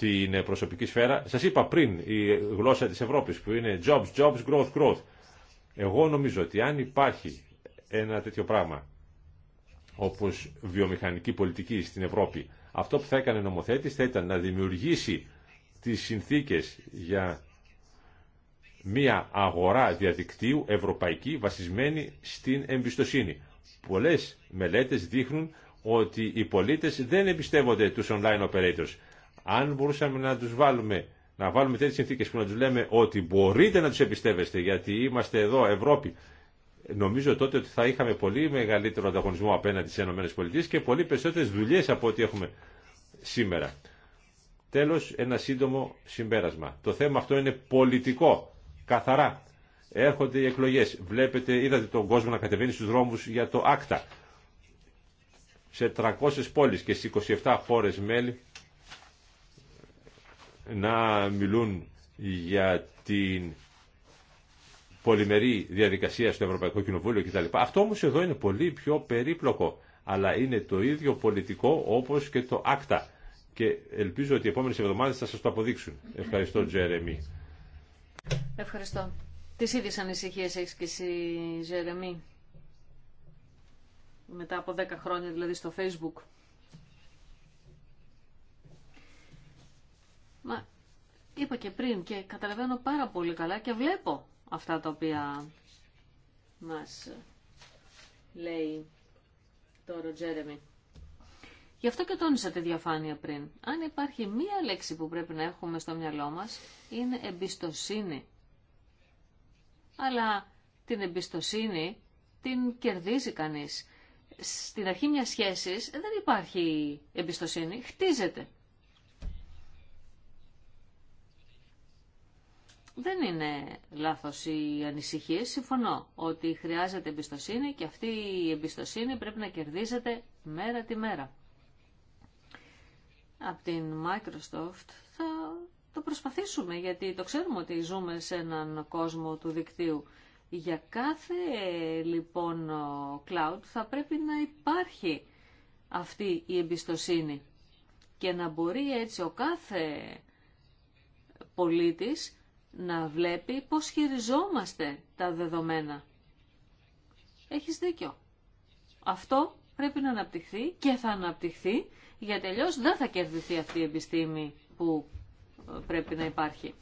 την προσωπική σφαίρα. Σας είπα πριν η γλώσσα της Ευρώπης που είναι jobs, jobs, growth, growth. Εγώ νομίζω ότι αν υπάρχει ένα τέτοιο πράγμα όπως βιομηχανική πολιτική στην Ευρώπη, αυτό που θα έκανε νομοθέτη θα ήταν να δημιουργήσει τις συνθήκες για μια αγορά διαδικτύου ευρωπαϊκή βασισμένη στην εμπιστοσύνη. Πολλές μελέτες δείχνουν ότι οι πολίτες δεν εμπιστεύονται τους online operators. Αν μπορούσαμε να τους βάλουμε, να βάλουμε τέτοιες συνθήκες που να τους λέμε ότι μπορείτε να τους εμπιστεύεστε γιατί είμαστε εδώ Ευρώπη, νομίζω τότε ότι θα είχαμε πολύ μεγαλύτερο ανταγωνισμό απέναντι στις ΗΠΑ και πολύ περισσότερες δουλειές από ό,τι έχουμε σήμερα. Τέλος, ένα σύντομο συμπέρασμα. Το θέμα αυτό είναι πολιτικό, καθαρά. Έρχονται οι εκλογές. Βλέπετε, είδατε τον κόσμο να κατεβαίνει στους δρόμους για το άκτα. Σε 300 πόλεις και στις 27 χώρες μέλη να μιλούν για την πολυμερή διαδικασία στο Ευρωπαϊκό Κοινοβούλιο κτλ. Αυτό όμως εδώ είναι πολύ πιο περίπλοκο, αλλά είναι το ίδιο πολιτικό όπως και το άκτα. Και ελπίζω ότι οι επόμενες εβδομάδες θα σας το αποδείξουν. Ευχαριστώ, Τζέρεμι. Ευχαριστώ. Τις ίδιες ανησυχίες έχεις και εσύ, Τζέρεμι. Μετά από 10 χρόνια δηλαδή στο Facebook. Μα είπα και πριν και καταλαβαίνω πάρα πολύ καλά και βλέπω αυτά τα οποία μας λέει τώρα ο Τζέρεμι. Γι' αυτό και τόνισα τη διαφάνεια πριν. Αν υπάρχει μία λέξη που πρέπει να έχουμε στο μυαλό μας, είναι εμπιστοσύνη. Αλλά την εμπιστοσύνη την κερδίζει κανείς. Στην αρχή μιας σχέσης δεν υπάρχει εμπιστοσύνη, χτίζεται. Δεν είναι λάθος η ανησυχία. Συμφωνώ ότι χρειάζεται εμπιστοσύνη και αυτή η εμπιστοσύνη πρέπει να κερδίζεται μέρα τη μέρα. Από την Microsoft θα το προσπαθήσουμε γιατί το ξέρουμε ότι ζούμε σε έναν κόσμο του δικτύου. Για κάθε λοιπόν cloud θα πρέπει να υπάρχει αυτή η εμπιστοσύνη και να μπορεί έτσι ο κάθε πολίτης να βλέπει πώς χειριζόμαστε τα δεδομένα. Έχεις δίκιο. Αυτό πρέπει να αναπτυχθεί και θα αναπτυχθεί, γιατί αλλιώ δεν θα κερδιθεί αυτή η επιστήμη που ε, πρέπει να υπάρχει.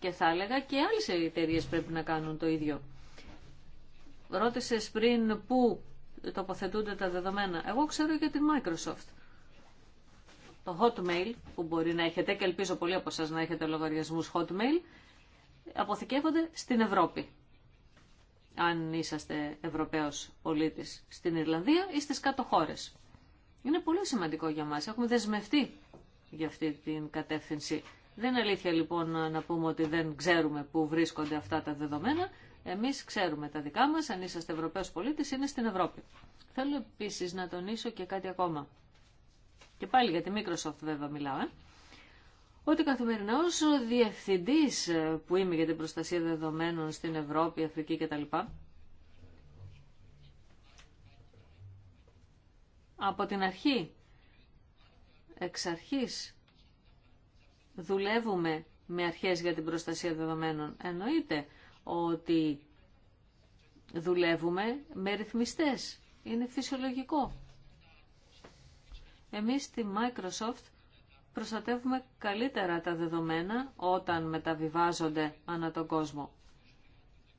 Και θα έλεγα και άλλες εταιρείε πρέπει να κάνουν το ίδιο. Ρώτησες πριν πού τοποθετούνται τα δεδομένα. Εγώ ξέρω για την Microsoft. Το Hotmail που μπορεί να έχετε και ελπίζω πολλοί από εσά να έχετε λογαριασμούς Hotmail αποθηκεύονται στην Ευρώπη. Αν είσαστε Ευρωπαίος πολίτης στην Ιρλανδία ή στις κάτω χώρες. Είναι πολύ σημαντικό για μας. Έχουμε δεσμευτεί για αυτή την κατεύθυνση. Δεν είναι αλήθεια λοιπόν να πούμε ότι δεν ξέρουμε πού βρίσκονται αυτά τα δεδομένα. Εμείς ξέρουμε τα δικά μας, αν είσαστε Ευρωπαίος πολίτης, είναι στην Ευρώπη. Θέλω επίσης να τονίσω και κάτι ακόμα. Και πάλι για τη Microsoft βέβαια μιλάω. Ε ότι καθημερινά, καθημερινός διευθυντής ε, που είμαι για την προστασία δεδομένων στην Ευρώπη, Αφρική κτλ. Από την αρχή, εξ αρχής, δουλεύουμε με αρχές για την προστασία δεδομένων. Εννοείται ότι δουλεύουμε με ρυθμιστές. Είναι φυσιολογικό. Εμείς στη Microsoft προστατεύουμε καλύτερα τα δεδομένα όταν μεταβιβάζονται ανά τον κόσμο.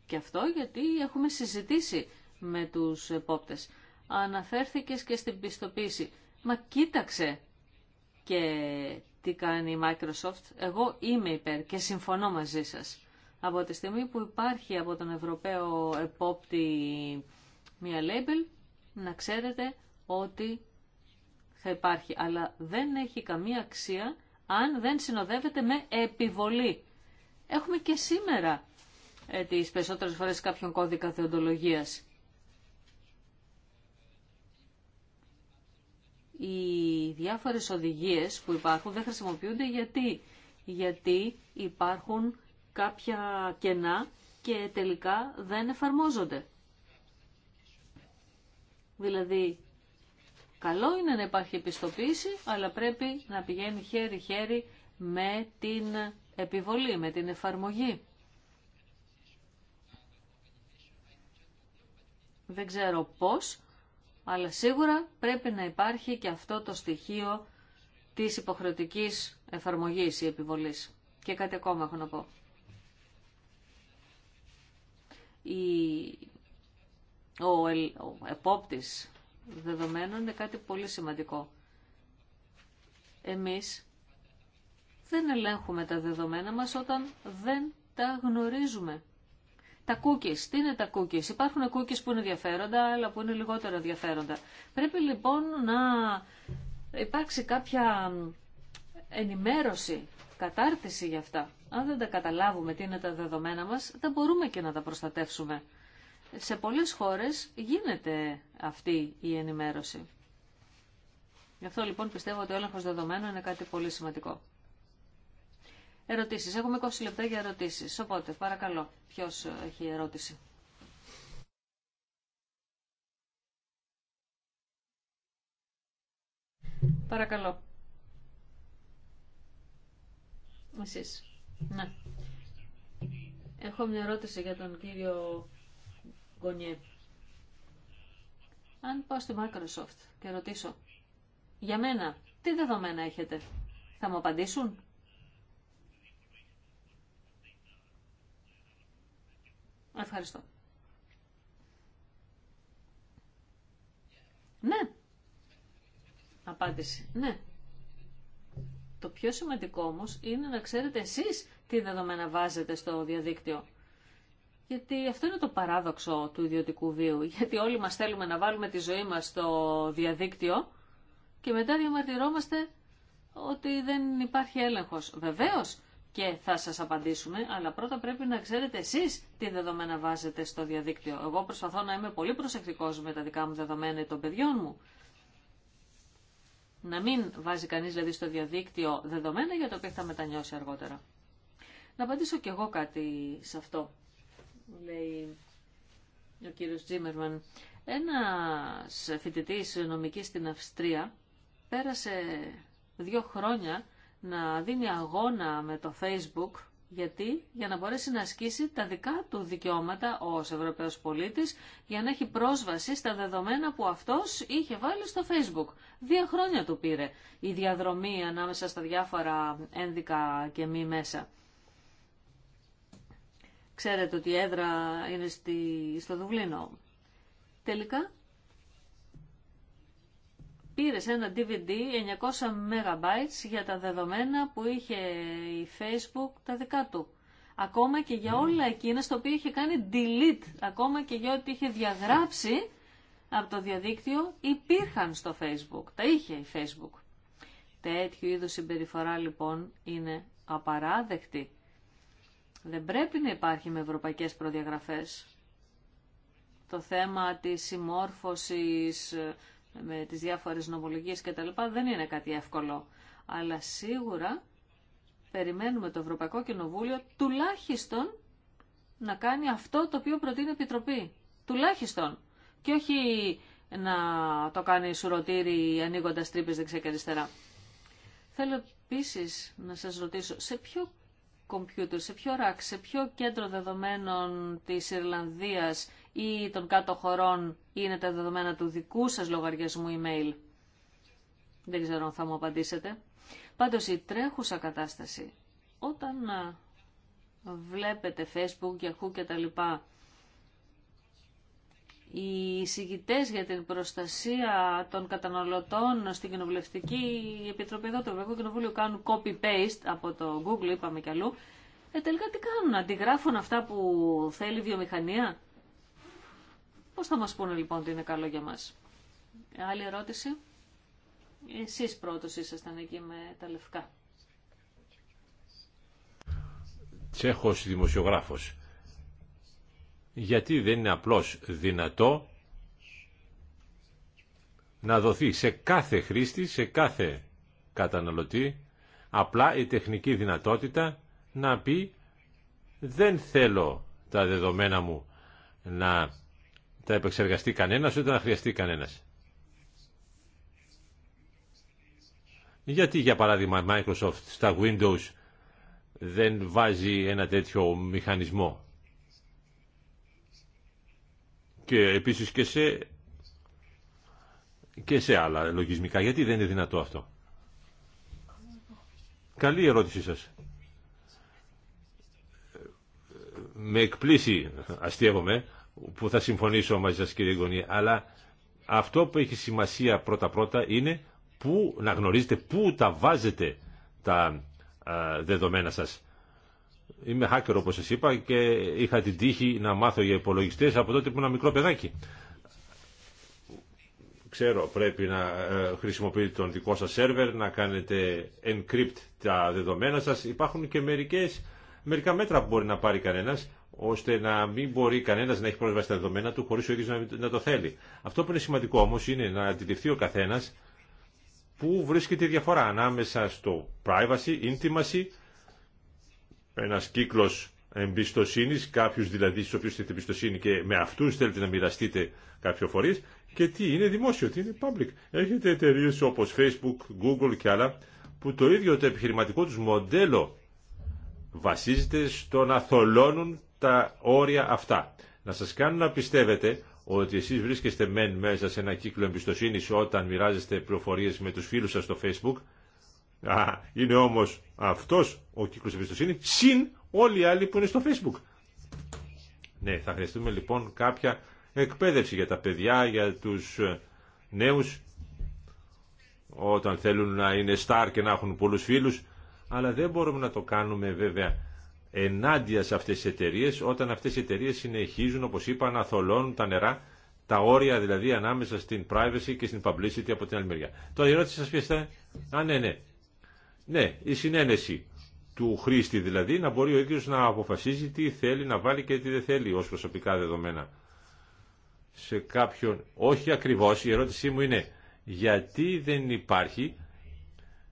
Και αυτό γιατί έχουμε συζητήσει με τους επόπτες. Αναφέρθηκες και στην πιστοποίηση. Μα κοίταξε και τι κάνει η Microsoft. Εγώ είμαι υπέρ και συμφωνώ μαζί σας. Από τη στιγμή που υπάρχει από τον Ευρωπαίο επόπτη μία label, να ξέρετε ότι θα υπάρχει, αλλά δεν έχει καμία αξία αν δεν συνοδεύεται με επιβολή. Έχουμε και σήμερα ε, τις περισσότερες φορές κάποιον κώδικα θεοντολογίας. Οι διάφορες οδηγίες που υπάρχουν δεν χρησιμοποιούνται γιατί, γιατί υπάρχουν κάποια κενά και τελικά δεν εφαρμόζονται. Δηλαδή Καλό είναι να υπάρχει επιστοποίηση, αλλά πρέπει να πηγαίνει χέρι-χέρι με την επιβολή, με την εφαρμογή. Δεν ξέρω πώς, αλλά σίγουρα πρέπει να υπάρχει και αυτό το στοιχείο της υποχρεωτικής εφαρμογής ή επιβολής. Και κάτι ακόμα έχω να πω. Ο, ο επόπτης δεδομένων είναι κάτι πολύ σημαντικό. Εμείς δεν ελέγχουμε τα δεδομένα μας όταν δεν τα γνωρίζουμε. Τα cookies. Τι είναι τα cookies. Υπάρχουν cookies που είναι ενδιαφέροντα, αλλά που είναι λιγότερο ενδιαφέροντα. Πρέπει λοιπόν να υπάρξει κάποια ενημέρωση, κατάρτιση για αυτά. Αν δεν τα καταλάβουμε τι είναι τα δεδομένα μας, δεν μπορούμε και να τα προστατεύσουμε σε πολλές χώρες γίνεται αυτή η ενημέρωση. Γι' αυτό λοιπόν πιστεύω ότι ο έλεγχος δεδομένων είναι κάτι πολύ σημαντικό. Ερωτήσεις. Έχουμε 20 λεπτά για ερωτήσεις. Οπότε παρακαλώ, ποιος ε, έχει ερώτηση. Παρακαλώ. Εσείς. Ναι. Έχω μια ερώτηση για τον κύριο αν πάω στη Microsoft και ρωτήσω, για μένα, τι δεδομένα έχετε, θα μου απαντήσουν. Ευχαριστώ. Ναι. Απάντηση. Ναι. Το πιο σημαντικό όμως είναι να ξέρετε εσείς τι δεδομένα βάζετε στο διαδίκτυο. Γιατί αυτό είναι το παράδοξο του ιδιωτικού βίου. Γιατί όλοι μας θέλουμε να βάλουμε τη ζωή μας στο διαδίκτυο και μετά διαμαρτυρόμαστε ότι δεν υπάρχει έλεγχος. Βεβαίως και θα σας απαντήσουμε, αλλά πρώτα πρέπει να ξέρετε εσείς τι δεδομένα βάζετε στο διαδίκτυο. Εγώ προσπαθώ να είμαι πολύ προσεκτικός με τα δικά μου δεδομένα ή των παιδιών μου. Να μην βάζει κανείς δηλαδή στο διαδίκτυο δεδομένα για το οποίο θα μετανιώσει αργότερα. Να απαντήσω κι εγώ κάτι σε αυτό λέει ο κύριος Τζίμερμαν. Ένας φοιτητής νομικής στην Αυστρία πέρασε δύο χρόνια να δίνει αγώνα με το Facebook γιατί για να μπορέσει να ασκήσει τα δικά του δικαιώματα ως Ευρωπαίος πολίτης για να έχει πρόσβαση στα δεδομένα που αυτός είχε βάλει στο Facebook. Δύο χρόνια του πήρε η διαδρομή ανάμεσα στα διάφορα ένδικα και μη μέσα. Ξέρετε ότι η έδρα είναι στη, στο Δουβλίνο. Τελικά πήρε ένα DVD 900 MB για τα δεδομένα που είχε η Facebook τα δικά του. Ακόμα και για όλα εκείνα στο οποίο είχε κάνει delete, ακόμα και για ό,τι είχε διαγράψει από το διαδίκτυο, υπήρχαν στο Facebook. Τα είχε η Facebook. Τέτοιου είδους συμπεριφορά λοιπόν είναι απαράδεκτη δεν πρέπει να υπάρχει με ευρωπαϊκές προδιαγραφές. Το θέμα της συμμόρφωσης ε, με τις διάφορες νομολογίες κτλ. δεν είναι κάτι εύκολο. Αλλά σίγουρα περιμένουμε το Ευρωπαϊκό Κοινοβούλιο τουλάχιστον να κάνει αυτό το οποίο προτείνει η Επιτροπή. Τουλάχιστον. Και όχι να το κάνει σουρωτήρι ανοίγοντας τρύπες δεξιά και αριστερά. Θέλω επίση να σας ρωτήσω, σε ποιο κομπιούτερ, σε ποιο ρακ, σε ποιο κέντρο δεδομένων της Ιρλανδίας ή των κάτω χωρών είναι τα δεδομένα του δικού σας λογαριασμού email. Δεν ξέρω αν θα μου απαντήσετε. Πάντως η τρέχουσα κατάσταση, όταν βλέπετε Facebook, Yahoo και τα λοιπά, οι εισηγητέ για την προστασία των καταναλωτών στην Κοινοβουλευτική Επιτροπή εδώ, το Ευρωπαϊκό Κοινοβούλιο, κάνουν copy-paste από το Google, είπαμε κι αλλού. Ε, τελικά τι κάνουν, αντιγράφουν αυτά που θέλει η βιομηχανία. Πώς θα μας πούνε λοιπόν ότι είναι καλό για μας. Άλλη ερώτηση. Εσείς πρώτος ήσασταν εκεί με τα λευκά. Τσέχος δημοσιογράφος γιατί δεν είναι απλώς δυνατό να δοθεί σε κάθε χρήστη, σε κάθε καταναλωτή, απλά η τεχνική δυνατότητα να πει δεν θέλω τα δεδομένα μου να τα επεξεργαστεί κανένας ούτε να χρειαστεί κανένας. Γιατί για παράδειγμα Microsoft στα Windows δεν βάζει ένα τέτοιο μηχανισμό και επίσης και σε, και σε άλλα λογισμικά. Γιατί δεν είναι δυνατό αυτό. Καλή ερώτησή σας. Με εκπλήσει, αστείευομαι, που θα συμφωνήσω μαζί σας κύριε Γκονή, αλλά αυτό που έχει σημασία πρώτα-πρώτα είναι που, να γνωρίζετε πού τα βάζετε τα δεδομένα σας είμαι hacker όπως σας είπα και είχα την τύχη να μάθω για υπολογιστές από τότε που ήμουν μικρό παιδάκι. Ξέρω, πρέπει να ε, χρησιμοποιείτε τον δικό σας σερβερ, να κάνετε encrypt τα δεδομένα σας. Υπάρχουν και μερικές, μερικά μέτρα που μπορεί να πάρει κανένας, ώστε να μην μπορεί κανένας να έχει πρόσβαση στα δεδομένα του χωρίς ο ίδιος να το θέλει. Αυτό που είναι σημαντικό όμως είναι να αντιληφθεί ο καθένας πού βρίσκεται η διαφορά ανάμεσα στο privacy, intimacy ένας κύκλος εμπιστοσύνης, κάποιου δηλαδή στου οποίου έχετε εμπιστοσύνη και με αυτούς θέλετε να μοιραστείτε κάποιο φορεί, και τι είναι δημόσιο, τι είναι public. Έχετε εταιρείε όπως Facebook, Google και άλλα που το ίδιο το επιχειρηματικό τους μοντέλο βασίζεται στο να θολώνουν τα όρια αυτά. Να σας κάνουν να πιστεύετε ότι εσεί βρίσκεστε μεν μέσα σε ένα κύκλο εμπιστοσύνη όταν μοιράζεστε πληροφορίε με του φίλου σα στο Facebook Α, είναι όμως αυτός ο κύκλος εμπιστοσύνη συν όλοι οι άλλοι που είναι στο facebook. Ναι, θα χρειαστούμε λοιπόν κάποια εκπαίδευση για τα παιδιά, για τους ε, νέους όταν θέλουν να είναι star και να έχουν πολλούς φίλους αλλά δεν μπορούμε να το κάνουμε βέβαια ενάντια σε αυτές τις εταιρείε, όταν αυτές οι εταιρείε συνεχίζουν όπω είπα να θολώνουν τα νερά τα όρια δηλαδή ανάμεσα στην privacy και στην publicity από την άλλη μεριά. Το ερώτηση σας Α, ναι, ναι. Ναι, η συνένεση του χρήστη δηλαδή να μπορεί ο ίδιο να αποφασίζει τι θέλει να βάλει και τι δεν θέλει ως προσωπικά δεδομένα. Σε κάποιον, όχι ακριβώς, η ερώτησή μου είναι γιατί δεν υπάρχει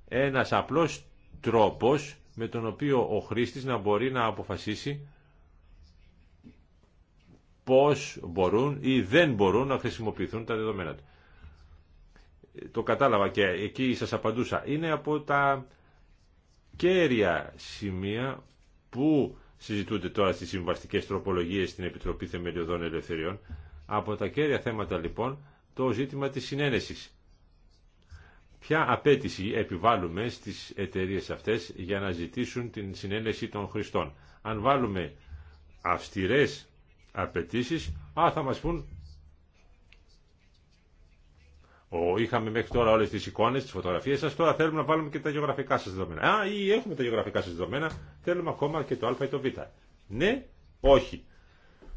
ένα απλός τρόπος με τον οποίο ο χρήστη να μπορεί να αποφασίσει πώς μπορούν ή δεν μπορούν να χρησιμοποιηθούν τα δεδομένα του. Το κατάλαβα και εκεί σας απαντούσα. Είναι από τα κέρια σημεία που συζητούνται τώρα στις συμβαστικές τροπολογίες στην Επιτροπή Θεμελιωδών Ελευθεριών. Από τα κέρια θέματα λοιπόν το ζήτημα της συνένεσης. Ποια απέτηση επιβάλλουμε στις εταιρείες αυτές για να ζητήσουν την συνένεση των χρηστών. Αν βάλουμε αυστηρές απαιτήσει, θα μας πούν Είχαμε μέχρι τώρα όλε τι εικόνε, τι φωτογραφίε σα. Τώρα θέλουμε να βάλουμε και τα γεωγραφικά σα δεδομένα. Α, ή έχουμε τα γεωγραφικά σα δεδομένα, θέλουμε ακόμα και το Α ή το Β. Ναι, όχι.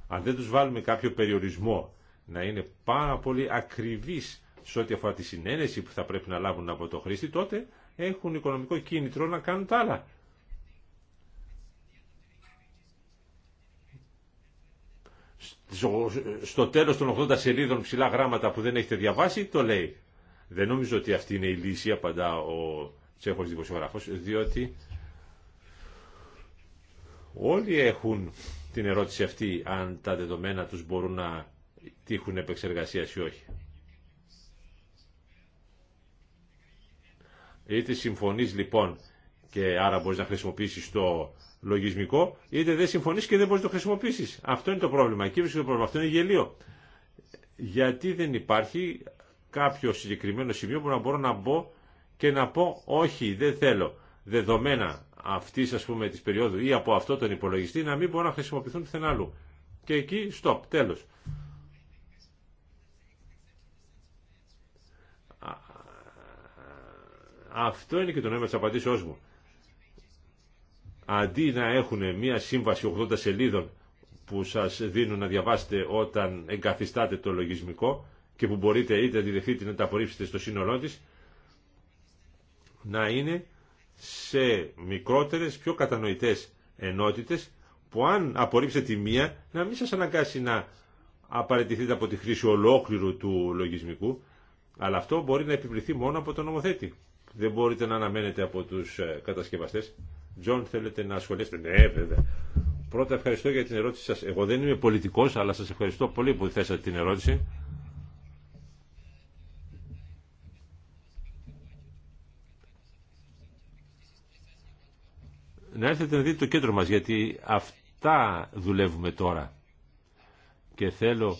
Αν δεν του βάλουμε κάποιο περιορισμό να είναι πάρα πολύ ακριβεί σε ό,τι αφορά τη συνένεση που θα πρέπει να λάβουν από το χρήστη, τότε έχουν οικονομικό κίνητρο να κάνουν τα άλλα. στο τέλος των 80 σελίδων ψηλά γράμματα που δεν έχετε διαβάσει, το λέει. Δεν νομίζω ότι αυτή είναι η λύση, απαντά ο Τσέχος δημοσιογράφος, διότι όλοι έχουν την ερώτηση αυτή αν τα δεδομένα τους μπορούν να τύχουν επεξεργασίας ή όχι. Είτε συμφωνείς λοιπόν και άρα μπορεί να χρησιμοποιήσεις το λογισμικό, είτε δεν συμφωνείς και δεν μπορεί να το χρησιμοποιήσεις. Αυτό είναι το πρόβλημα. Εκεί βρίσκεται το πρόβλημα. Αυτό είναι γελίο. Γιατί δεν υπάρχει κάποιο συγκεκριμένο σημείο που να μπορώ να μπω και να πω όχι, δεν θέλω δεδομένα αυτή α πούμε τη περίοδου ή από αυτό τον υπολογιστή να μην μπορούν να χρησιμοποιηθούν πουθενά άλλου. Και εκεί, stop, τέλο. Αυτό είναι και το νόημα τη απαντήσεώ μου αντί να έχουν μια σύμβαση 80 σελίδων που σας δίνουν να διαβάσετε όταν εγκαθιστάτε το λογισμικό και που μπορείτε είτε να τη δεχτείτε να τα απορρίψετε στο σύνολό της, να είναι σε μικρότερες, πιο κατανοητές ενότητες που αν απορρίψετε τη μία να μην σας αναγκάσει να απαρατηθείτε από τη χρήση ολόκληρου του λογισμικού αλλά αυτό μπορεί να επιβληθεί μόνο από τον νομοθέτη. Δεν μπορείτε να αναμένετε από τους ε, κατασκευαστές. Τζον, θέλετε να ασχολείστε. Ναι, βέβαια. Πρώτα ευχαριστώ για την ερώτηση σας. Εγώ δεν είμαι πολιτικός, αλλά σας ευχαριστώ πολύ που θέσατε την ερώτηση. Να έρθετε να δείτε το κέντρο μας, γιατί αυτά δουλεύουμε τώρα. Και θέλω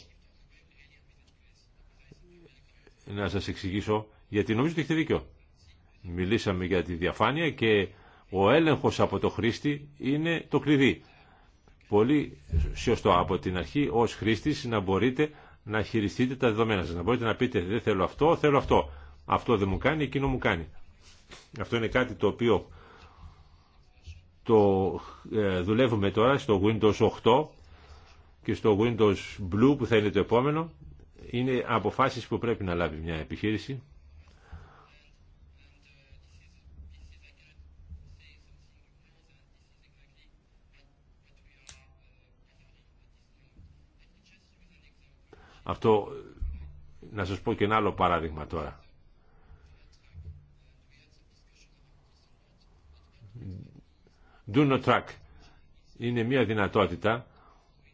να σας εξηγήσω, γιατί νομίζω ότι έχετε δίκιο. Μιλήσαμε για τη διαφάνεια και ο έλεγχος από το χρήστη είναι το κλειδί. Πολύ σωστό από την αρχή ως χρήστης να μπορείτε να χειριστείτε τα δεδομένα σας. Να μπορείτε να πείτε δεν θέλω αυτό, θέλω αυτό. Αυτό δεν μου κάνει, εκείνο μου κάνει. Αυτό είναι κάτι το οποίο το ε, δουλεύουμε τώρα στο Windows 8 και στο Windows Blue που θα είναι το επόμενο. Είναι αποφάσεις που πρέπει να λάβει μια επιχείρηση Αυτό να σας πω και ένα άλλο παράδειγμα τώρα. Do not track είναι μια δυνατότητα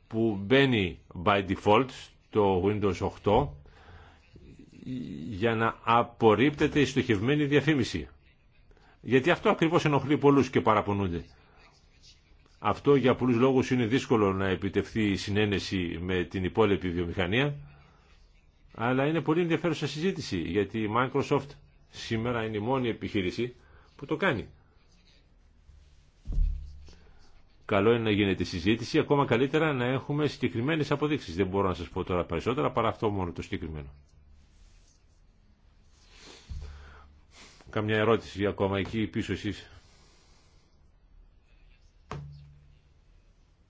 που μπαίνει by default στο Windows 8 για να απορρίπτεται η στοχευμένη διαφήμιση. Γιατί αυτό ακριβώς ενοχλεί πολλούς και παραπονούνται. Αυτό για πολλούς λόγους είναι δύσκολο να επιτευχθεί η συνένεση με την υπόλοιπη βιομηχανία, αλλά είναι πολύ ενδιαφέρουσα συζήτηση, γιατί η Microsoft σήμερα είναι η μόνη επιχείρηση που το κάνει. Καλό είναι να γίνεται συζήτηση, ακόμα καλύτερα να έχουμε συγκεκριμένε αποδείξεις. Δεν μπορώ να σας πω τώρα περισσότερα παρά αυτό μόνο το συγκεκριμένο. Καμιά ερώτηση ακόμα εκεί πίσω εσείς.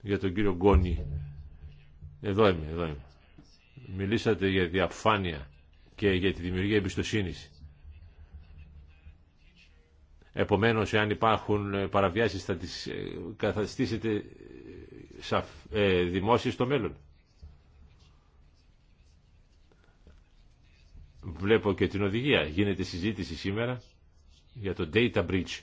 για τον κύριο Γκόνη. Εδώ είμαι, εδώ είμαι. Μιλήσατε για διαφάνεια και για τη δημιουργία εμπιστοσύνη. Επομένως, εάν υπάρχουν ε, παραβιάσεις θα τις ε, καθαστήσετε ε, δημόσιε στο μέλλον. Βλέπω και την οδηγία. Γίνεται συζήτηση σήμερα για το data breach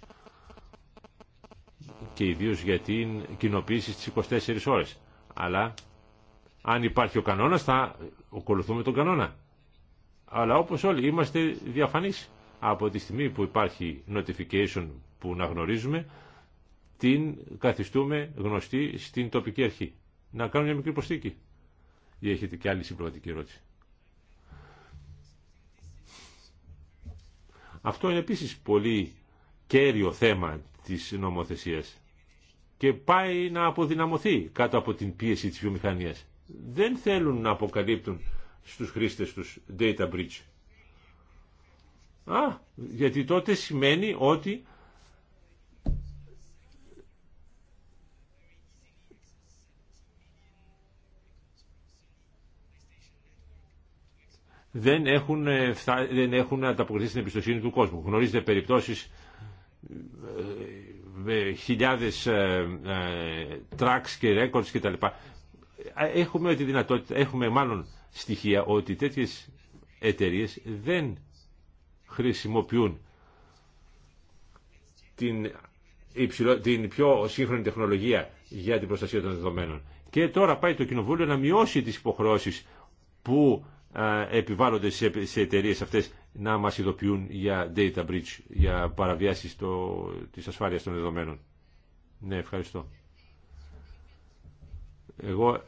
και ιδίω για την κοινοποίηση στι 24 ώρες. Αλλά αν υπάρχει ο κανόνας θα ακολουθούμε τον κανόνα. Αλλά όπως όλοι είμαστε διαφανεί. από τη στιγμή που υπάρχει notification που να γνωρίζουμε την καθιστούμε γνωστή στην τοπική αρχή. Να κάνω μια μικρή προστίκη. Ή έχετε και άλλη συμπληρωματική ερώτηση. Αυτό είναι επίσης πολύ κέριο θέμα της νομοθεσίας και πάει να αποδυναμωθεί κάτω από την πίεση της βιομηχανίας. Δεν θέλουν να αποκαλύπτουν στους χρήστες τους data breach. Α, γιατί τότε σημαίνει ότι δεν έχουν, ε, δεν έχουν ανταποκριθεί στην εμπιστοσύνη του κόσμου. Γνωρίζετε περιπτώσεις με χιλιάδες ε, ε, tracks και records κτλ. Έχουμε τη δυνατότητα, έχουμε μάλλον στοιχεία ότι τέτοιες εταιρείες δεν χρησιμοποιούν την, την πιο σύγχρονη τεχνολογία για την προστασία των δεδομένων. Και τώρα πάει το Κοινοβούλιο να μειώσει τις υποχρεώσεις που ε, επιβάλλονται σε εταιρείες αυτές να μας ειδοποιούν για data breach, για παραβιάσεις το, της ασφάλειας των δεδομένων. Ναι, ευχαριστώ. Εγώ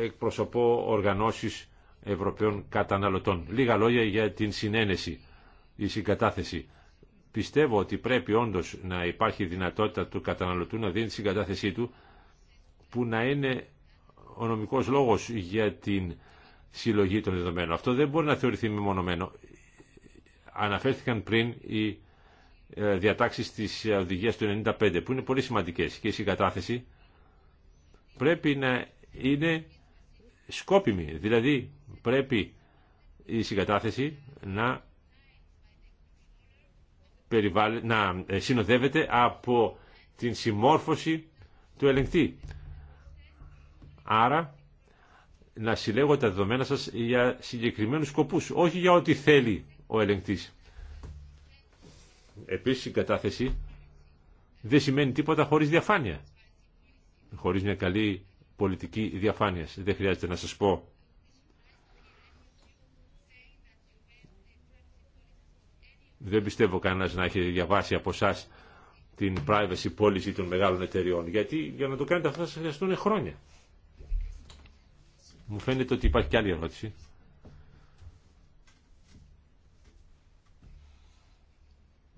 εκπροσωπώ οργανώσεις Ευρωπαίων καταναλωτών. Λίγα λόγια για την συνένεση, η συγκατάθεση. Πιστεύω ότι πρέπει όντως να υπάρχει δυνατότητα του καταναλωτού να δίνει τη συγκατάθεσή του που να είναι ο νομικός λόγος για την συλλογή των δεδομένων. Αυτό δεν μπορεί να θεωρηθεί μεμονωμένο. Αναφέρθηκαν πριν οι ε, διατάξει τη ε, οδηγία του 95 που είναι πολύ σημαντικές και η συγκατάθεση πρέπει να είναι σκόπιμη. Δηλαδή πρέπει η συγκατάθεση να, να ε, συνοδεύεται από την συμμόρφωση του ελεγκτή. Άρα να συλλέγω τα δεδομένα σας για συγκεκριμένους σκοπούς, όχι για ό,τι θέλει ο ελεγκτής. Επίσης η κατάθεση δεν σημαίνει τίποτα χωρίς διαφάνεια. Χωρίς μια καλή πολιτική διαφάνειας. Δεν χρειάζεται να σας πω Δεν πιστεύω κανένα να έχει διαβάσει από εσά την privacy policy των μεγάλων εταιριών. Γιατί για να το κάνετε αυτό θα σα χρειαστούν χρόνια. Μου φαίνεται ότι υπάρχει και άλλη ερώτηση.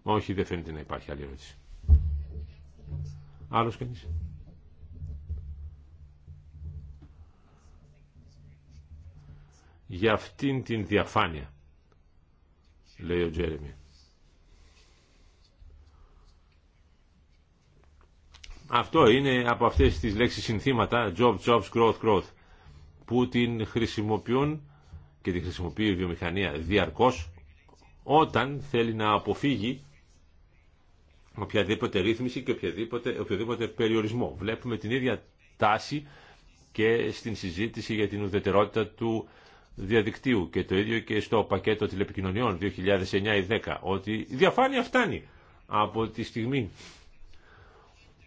Όχι, δεν φαίνεται να υπάρχει άλλη ερώτηση. Άλλος κανείς. Για αυτήν την διαφάνεια, λέει ο Τζέρεμι. Αυτό είναι από αυτές τις λέξεις συνθήματα, job, jobs, growth, growth, που την χρησιμοποιούν και τη χρησιμοποιεί η βιομηχανία διαρκώς όταν θέλει να αποφύγει οποιαδήποτε ρύθμιση και οποιαδήποτε, οποιοδήποτε περιορισμό. Βλέπουμε την ίδια τάση και στην συζήτηση για την ουδετερότητα του διαδικτύου και το ίδιο και στο πακέτο τηλεπικοινωνιών 2009-10 ότι η διαφάνεια φτάνει από τη στιγμή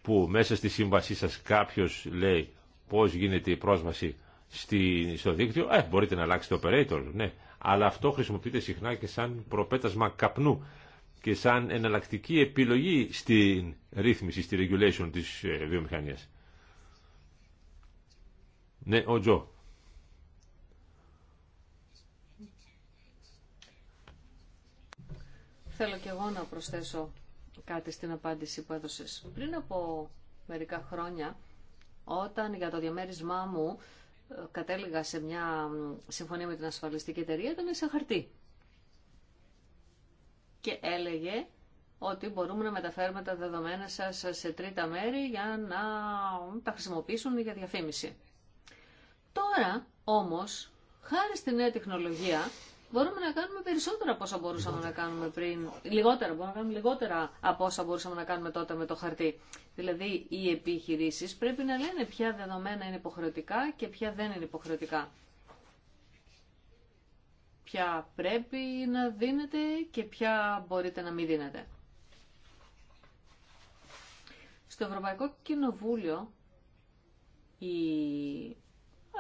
που μέσα στη σύμβασή σας κάποιος λέει πώς γίνεται η πρόσβαση στη, στο δίκτυο ε, μπορείτε να αλλάξετε operator ναι. αλλά αυτό χρησιμοποιείται συχνά και σαν προπέτασμα καπνού και σαν εναλλακτική επιλογή στην ρύθμιση, στη regulation της ε, βιομηχανίας. Ναι, ο Τζο. Θέλω και εγώ να προσθέσω κάτι στην απάντηση που έδωσες. Πριν από μερικά χρόνια, όταν για το διαμέρισμά μου ε, κατέληγα σε μια συμφωνία με την ασφαλιστική εταιρεία, ήταν σε χαρτί και έλεγε ότι μπορούμε να μεταφέρουμε τα δεδομένα σας σε τρίτα μέρη για να τα χρησιμοποιήσουν για διαφήμιση. Τώρα όμως, χάρη στη νέα τεχνολογία, μπορούμε να κάνουμε περισσότερα από όσα μπορούσαμε να κάνουμε πριν, λιγότερα, μπορούμε να κάνουμε λιγότερα από όσα μπορούσαμε να κάνουμε τότε με το χαρτί. Δηλαδή, οι επιχειρήσεις πρέπει να λένε ποια δεδομένα είναι υποχρεωτικά και ποια δεν είναι υποχρεωτικά ποια πρέπει να δίνετε και ποια μπορείτε να μην δίνετε. Στο Ευρωπαϊκό Κοινοβούλιο οι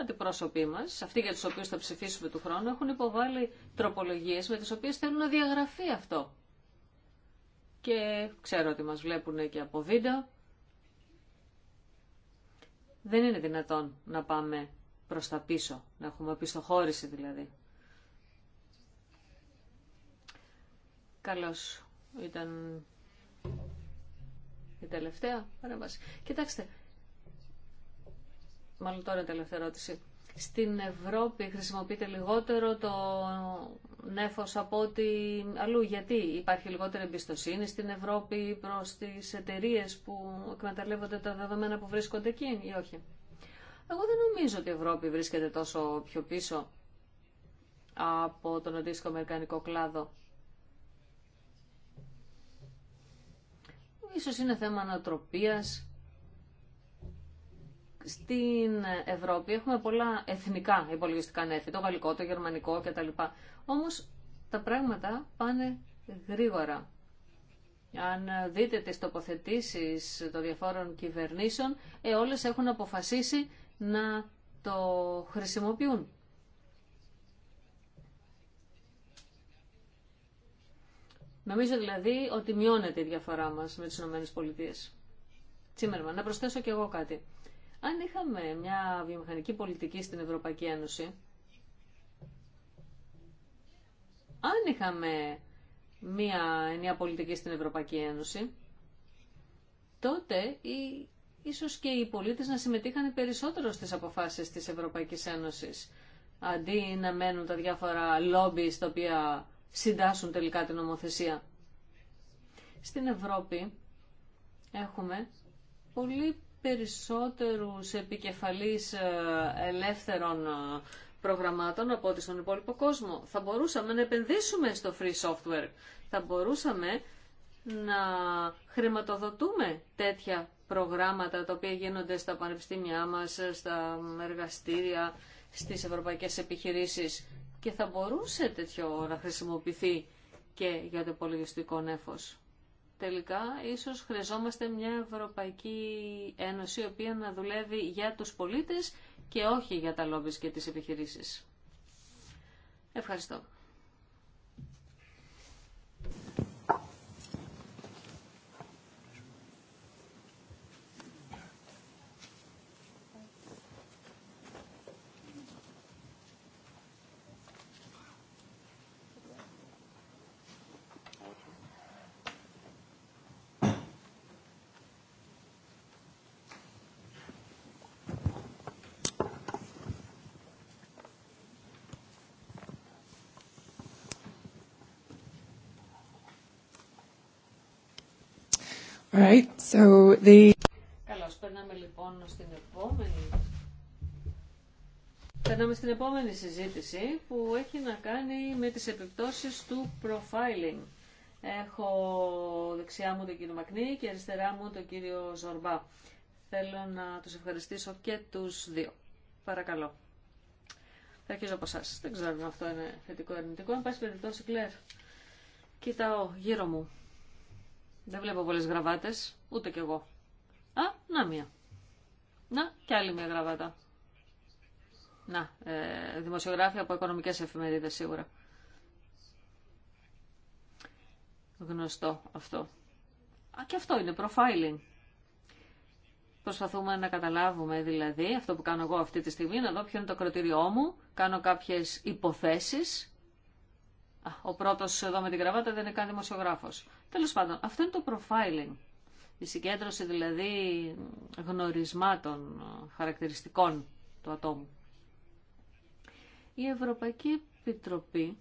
αντιπρόσωποι μας, αυτοί για τους οποίους θα ψηφίσουμε του χρόνου, έχουν υποβάλει τροπολογίες με τις οποίες θέλουν να διαγραφεί αυτό. Και ξέρω ότι μας βλέπουν και από βίντεο. Δεν είναι δυνατόν να πάμε προς τα πίσω, να έχουμε πιστοχώρηση δηλαδή. Καλώς ήταν η τελευταία παρέμβαση. Κοιτάξτε, μάλλον τώρα η τελευταία ερώτηση. Στην Ευρώπη χρησιμοποιείται λιγότερο το νέφος από ότι αλλού. Γιατί υπάρχει λιγότερη εμπιστοσύνη στην Ευρώπη προς τις εταιρείε που εκμεταλλεύονται τα δεδομένα που βρίσκονται εκεί ή όχι. Εγώ δεν νομίζω ότι η Ευρώπη βρίσκεται τόσο πιο πίσω από τον αντίστοιχο αμερικανικό κλάδο. Ίσως είναι θέμα ανατροπίας. Στην Ευρώπη έχουμε πολλά εθνικά υπολογιστικά νέφη, το γαλλικό, το γερμανικό κτλ. Όμως τα πράγματα πάνε γρήγορα. Αν δείτε τις τοποθετήσεις των διαφόρων κυβερνήσεων, ε, όλες έχουν αποφασίσει να το χρησιμοποιούν. Νομίζω δηλαδή ότι μειώνεται η διαφορά μας με τις ΗΠΑ. Τσίμερμα, να προσθέσω κι εγώ κάτι. Αν είχαμε μια βιομηχανική πολιτική στην Ευρωπαϊκή Ένωση, αν είχαμε μια ενιαία πολιτική στην Ευρωπαϊκή Ένωση, τότε οι, ίσως και οι πολίτες να συμμετείχαν περισσότερο στις αποφάσεις της Ευρωπαϊκής Ένωσης, αντί να μένουν τα διάφορα λόμπι στα οποία συντάσσουν τελικά την νομοθεσία. Στην Ευρώπη έχουμε πολύ περισσότερους επικεφαλής ε, ελεύθερων ε, προγραμμάτων από ό,τι στον υπόλοιπο κόσμο. Θα μπορούσαμε να επενδύσουμε στο free software. Θα μπορούσαμε να χρηματοδοτούμε τέτοια προγράμματα τα οποία γίνονται στα πανεπιστήμια μας, ε, στα εργαστήρια, στις ευρωπαϊκές επιχειρήσεις και θα μπορούσε τέτοιο να χρησιμοποιηθεί και για το υπολογιστικό νέφος. Τελικά, ίσως χρειαζόμαστε μια Ευρωπαϊκή Ένωση, η οποία να δουλεύει για τους πολίτες και όχι για τα λόμπις και τις επιχειρήσεις. Ευχαριστώ. Right, so Καλώς, περνάμε λοιπόν στην επόμενη. Περνάμε στην επόμενη συζήτηση που έχει να κάνει με τις επιπτώσεις του profiling. Έχω δεξιά μου τον κύριο Μακνή και αριστερά μου τον κύριο Ζορμπά. Θέλω να τους ευχαριστήσω και τους δύο. Παρακαλώ. Θα αρχίζω από εσάς. Δεν ξέρω αν αυτό είναι θετικό ή αρνητικό. πάει πάση περιπτώσει, Κλέρ, κοιτάω γύρω μου δεν βλέπω πολλέ γραβάτε ούτε κι εγώ. Α, να μία. Να, κι άλλη μία γραβάτα. Να, ε, από οικονομικέ εφημερίδες σίγουρα. Γνωστό αυτό. Α, και αυτό είναι profiling. Προσπαθούμε να καταλάβουμε δηλαδή αυτό που κάνω εγώ αυτή τη στιγμή, να δω ποιο είναι το κροτήριό μου, κάνω κάποιες υποθέσεις ο πρώτος εδώ με την κραβάτα δεν είναι καν δημοσιογράφο. Τέλο πάντων, αυτό είναι το profiling. Η συγκέντρωση δηλαδή γνωρισμάτων, χαρακτηριστικών του ατόμου. Η Ευρωπαϊκή Επιτροπή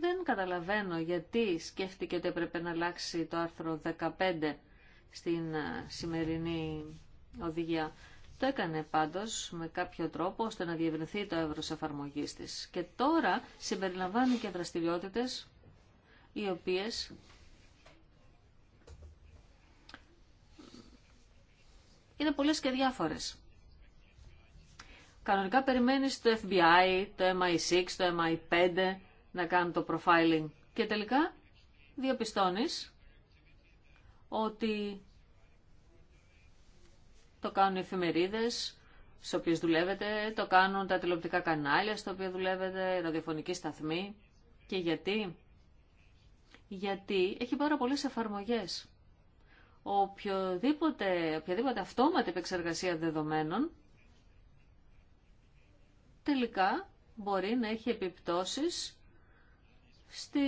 δεν καταλαβαίνω γιατί σκέφτηκε ότι έπρεπε να αλλάξει το άρθρο 15 στην ε, σημερινή οδηγία. Το έκανε πάντως με κάποιο τρόπο ώστε να διευρυνθεί το εύρος εφαρμογής της. Και τώρα συμπεριλαμβάνει και δραστηριότητες οι οποίες είναι πολλές και διάφορες. Κανονικά περιμένεις το FBI, το MI6, το MI5 να κάνουν το profiling και τελικά διαπιστώνεις ότι το κάνουν οι εφημερίδες, στι οποίες δουλεύετε, το κάνουν τα τηλεοπτικά κανάλια στα οποία δουλεύετε, ραδιοφωνική σταθμή. Και γιατί? Γιατί έχει πάρα πολλές εφαρμογές. Οποιοδήποτε, οποιαδήποτε αυτόματη επεξεργασία δεδομένων τελικά μπορεί να έχει επιπτώσεις στη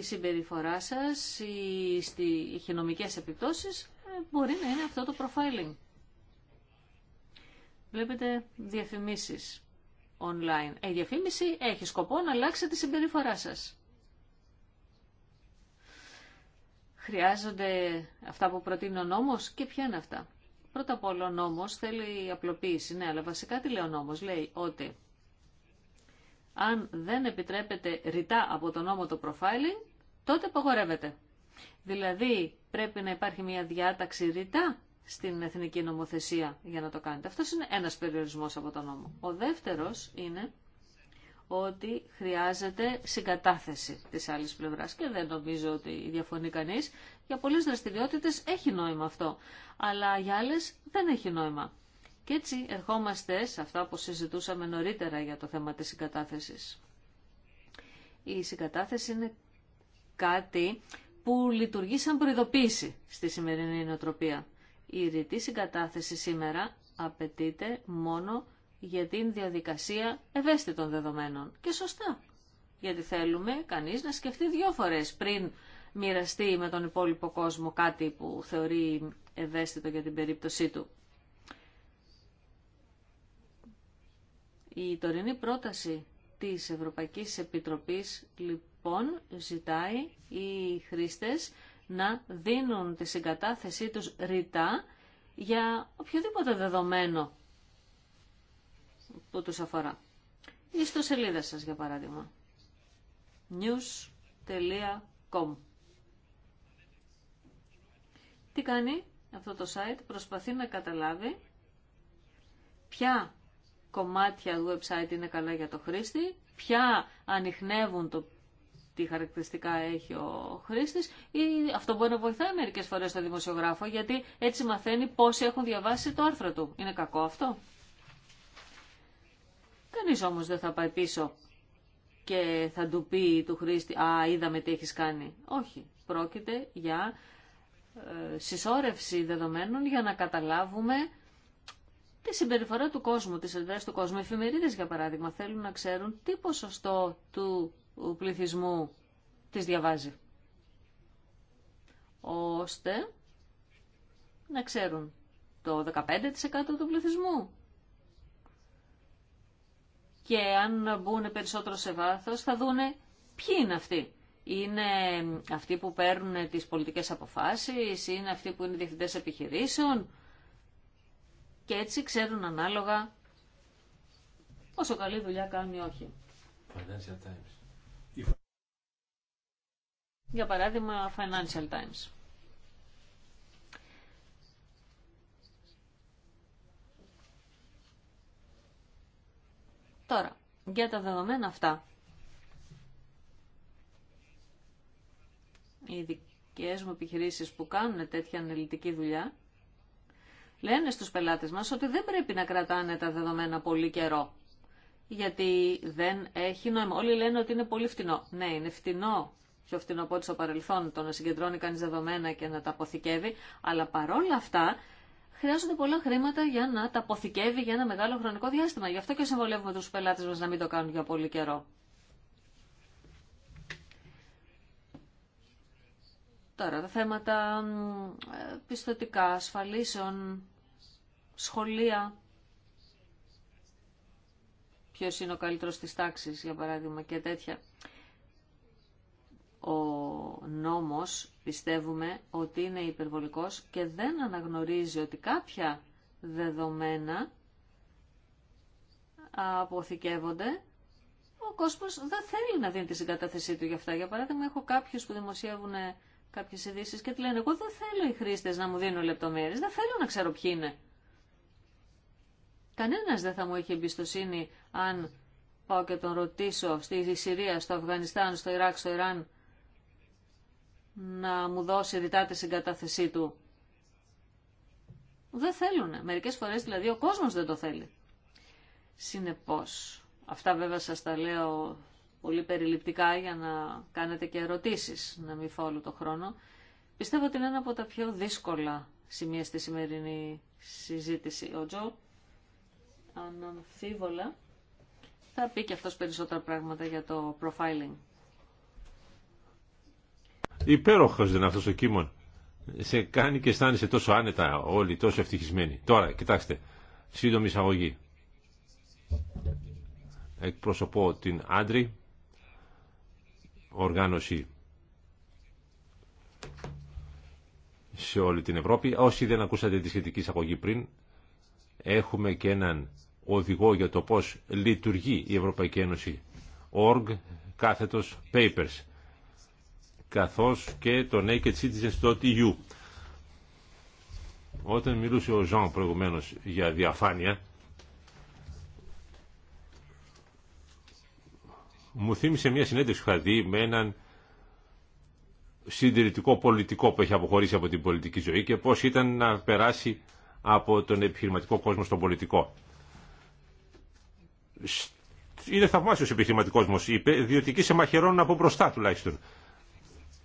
συμπεριφορά σας ή στις νομικές επιπτώσεις ε, μπορεί να είναι αυτό το profiling βλέπετε διαφημίσεις online. Ε, η διαφήμιση έχει σκοπό να αλλάξει τη συμπεριφορά σας. Χρειάζονται αυτά που προτείνει ο νόμος και ποια είναι αυτά. Πρώτα απ' όλα ο νόμος θέλει απλοποίηση, ναι, αλλά βασικά τι λέει ο νόμος. Λέει ότι αν δεν επιτρέπεται ρητά από τον νόμο το profiling, τότε απαγορεύεται. Δηλαδή πρέπει να υπάρχει μια διάταξη ρητά στην εθνική νομοθεσία για να το κάνετε. Αυτός είναι ένας περιορισμός από τον νόμο. Ο δεύτερος είναι ότι χρειάζεται συγκατάθεση της άλλης πλευράς και δεν νομίζω ότι διαφωνεί κανείς. Για πολλές δραστηριότητες έχει νόημα αυτό, αλλά για άλλες δεν έχει νόημα. Και έτσι ερχόμαστε σε αυτά που συζητούσαμε νωρίτερα για το θέμα της συγκατάθεσης. Η συγκατάθεση είναι κάτι που λειτουργεί σαν προειδοποίηση στη σημερινή νοοτροπία. Η ρητή συγκατάθεση σήμερα απαιτείται μόνο για την διαδικασία ευαίσθητων δεδομένων. Και σωστά. Γιατί θέλουμε κανείς να σκεφτεί δυο φορές πριν μοιραστεί με τον υπόλοιπο κόσμο κάτι που θεωρεί ευαίσθητο για την περίπτωσή του. Η τωρινή πρόταση της Ευρωπαϊκής Επιτροπής λοιπόν ζητάει οι χρήστες να δίνουν τη συγκατάθεσή τους ρητά για οποιοδήποτε δεδομένο που τους αφορά. Η σελίδα σας, για παράδειγμα. news.com Τι κάνει αυτό το site, προσπαθεί να καταλάβει ποια κομμάτια website είναι καλά για το χρήστη, ποια ανοιχνεύουν το τι χαρακτηριστικά έχει ο χρήστη, ή αυτό μπορεί να βοηθάει μερικέ φορέ τον δημοσιογράφο, γιατί έτσι μαθαίνει πόσοι έχουν διαβάσει το άρθρο του. Είναι κακό αυτό. Κανεί όμω δεν θα πάει πίσω και θα του πει του χρήστη Α, είδαμε τι έχει κάνει. Όχι. Πρόκειται για ε, συσσόρευση δεδομένων για να καταλάβουμε τη συμπεριφορά του κόσμου, τις αντιδράσεις του κόσμου. Οι εφημερίδες, για παράδειγμα, θέλουν να ξέρουν τι ποσοστό του πληθυσμού τις διαβάζει. Ώστε να ξέρουν το 15% του πληθυσμού. Και αν μπουν περισσότερο σε βάθος θα δούνε ποιοι είναι αυτοί. Είναι αυτοί που παίρνουν τις πολιτικές αποφάσεις, είναι αυτοί που είναι διευθυντές επιχειρήσεων και έτσι ξέρουν ανάλογα πόσο καλή δουλειά κάνουν ή όχι. Για παράδειγμα, Financial Times. Τώρα, για τα δεδομένα αυτά, οι δικέ μου επιχειρήσεις που κάνουν τέτοια αναλυτική δουλειά, λένε στους πελάτες μας ότι δεν πρέπει να κρατάνε τα δεδομένα πολύ καιρό, γιατί δεν έχει νόημα. Όλοι λένε ότι είναι πολύ φτηνό. Ναι, είναι φτηνό πιο φθηνό στο παρελθόν το να συγκεντρώνει κανεί δεδομένα και να τα αποθηκεύει, αλλά παρόλα αυτά χρειάζονται πολλά χρήματα για να τα αποθηκεύει για ένα μεγάλο χρονικό διάστημα. Γι' αυτό και συμβολεύουμε του πελάτες μας να μην το κάνουν για πολύ καιρό. Τώρα τα θέματα ε, πιστοτικά, ασφαλίσεων, σχολεία. Ποιος είναι ο καλύτερος της τάξης, για παράδειγμα, και τέτοια ο νόμος πιστεύουμε ότι είναι υπερβολικός και δεν αναγνωρίζει ότι κάποια δεδομένα αποθηκεύονται ο κόσμος δεν θέλει να δίνει τη συγκατάθεσή του για αυτά. Για παράδειγμα, έχω κάποιους που δημοσιεύουν ε, κάποιες ειδήσει και του λένε «Εγώ δεν θέλω οι χρήστες να μου δίνουν λεπτομέρειες, δεν θέλω να ξέρω ποιοι είναι». Κανένας δεν θα μου έχει εμπιστοσύνη αν πάω και τον ρωτήσω στη Συρία, στο Αφγανιστάν, στο Ιράκ, στο Ιράν να μου δώσει ρητά τη συγκατάθεσή του. Δεν θέλουν. Μερικές φορές δηλαδή ο κόσμος δεν το θέλει. Συνεπώς, αυτά βέβαια σας τα λέω πολύ περιληπτικά για να κάνετε και ερωτήσεις, να μην φάω όλο το χρόνο. Πιστεύω ότι είναι ένα από τα πιο δύσκολα σημεία στη σημερινή συζήτηση. Ο Τζο, αναμφίβολα, θα πει και αυτός περισσότερα πράγματα για το profiling. Υπέροχο δεν είναι αυτό ο Κίμων, Σε κάνει και αισθάνεσαι τόσο άνετα όλοι, τόσο ευτυχισμένοι. Τώρα, κοιτάξτε, σύντομη εισαγωγή. Εκπροσωπώ την Άντρη, οργάνωση σε όλη την Ευρώπη. Όσοι δεν ακούσατε τη σχετική εισαγωγή πριν, έχουμε και έναν οδηγό για το πώς λειτουργεί η Ευρωπαϊκή Ένωση. Org, κάθετος, papers καθώς και το Naked Citizens.eu. Όταν μιλούσε ο Ζαν προηγουμένως για διαφάνεια, μου θύμισε μια συνέντευξη που είχα δει με έναν συντηρητικό πολιτικό που έχει αποχωρήσει από την πολιτική ζωή και πώς ήταν να περάσει από τον επιχειρηματικό κόσμο στον πολιτικό. Είναι θαυμάσιος επιχειρηματικός μας, είπε, διότι εκεί σε μαχαιρώνουν από μπροστά τουλάχιστον.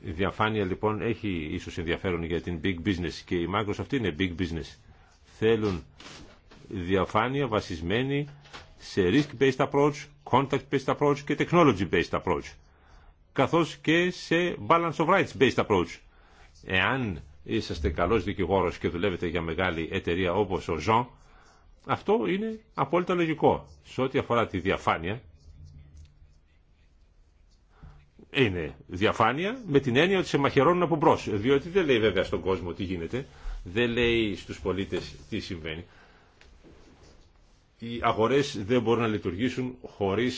Η διαφάνεια λοιπόν έχει ίσως ενδιαφέρον για την big business και η Microsoft αυτή είναι big business. Θέλουν διαφάνεια βασισμένη σε risk-based approach, contact-based approach και technology-based approach καθώς και σε balance of rights based approach. Εάν είσαστε καλός δικηγόρος και δουλεύετε για μεγάλη εταιρεία όπως ο Jean, αυτό είναι απόλυτα λογικό. Σε ό,τι αφορά τη διαφάνεια, είναι διαφάνεια με την έννοια ότι σε μαχαιρώνουν από μπρο. Διότι δεν λέει βέβαια στον κόσμο τι γίνεται, δεν λέει στου πολίτε τι συμβαίνει. Οι αγορέ δεν μπορούν να λειτουργήσουν χωρί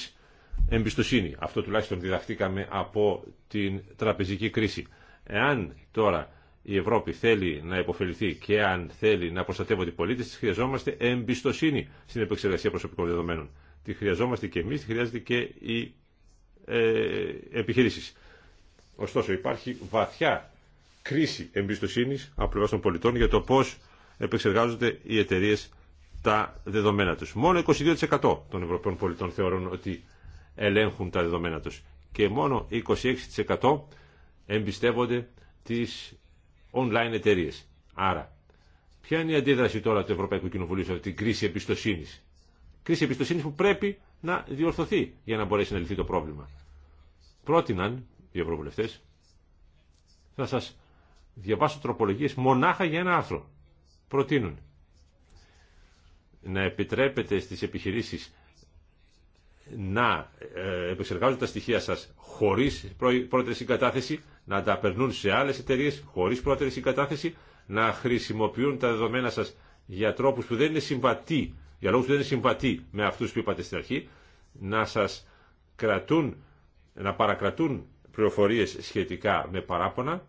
εμπιστοσύνη. Αυτό τουλάχιστον διδαχτήκαμε από την τραπεζική κρίση. Εάν τώρα η Ευρώπη θέλει να υποφεληθεί και αν θέλει να προστατεύονται οι πολίτες, χρειαζόμαστε εμπιστοσύνη στην επεξεργασία προσωπικών δεδομένων. Τη χρειαζόμαστε και εμεί, τη χρειάζεται και η ε, επιχειρήσεις. Ωστόσο υπάρχει βαθιά κρίση εμπιστοσύνης από των πολιτών για το πώς επεξεργάζονται οι εταιρείε τα δεδομένα τους. Μόνο 22% των Ευρωπαίων πολιτών θεωρούν ότι ελέγχουν τα δεδομένα τους και μόνο 26% εμπιστεύονται τις online εταιρείε. Άρα, ποια είναι η αντίδραση τώρα του Ευρωπαϊκού Κοινοβουλίου σε αυτή την κρίση εμπιστοσύνης. Κρίση εμπιστοσύνης που πρέπει να διορθωθεί για να μπορέσει να λυθεί το πρόβλημα. Πρότειναν οι ευρωβουλευτέ. Θα σα διαβάσω τροπολογίε μονάχα για ένα άρθρο. Προτείνουν να επιτρέπετε στις επιχειρήσεις να ε, επεξεργάζουν τα στοιχεία σας χωρίς πρώτερη συγκατάθεση, να τα περνούν σε άλλες εταιρείες χωρίς πρώτερη συγκατάθεση, να χρησιμοποιούν τα δεδομένα σας για τρόπους που δεν είναι συμβατοί για λόγους που δεν συμβατεί με αυτούς που είπατε στην αρχή, να σας κρατούν, να παρακρατούν πληροφορίες σχετικά με παράπονα,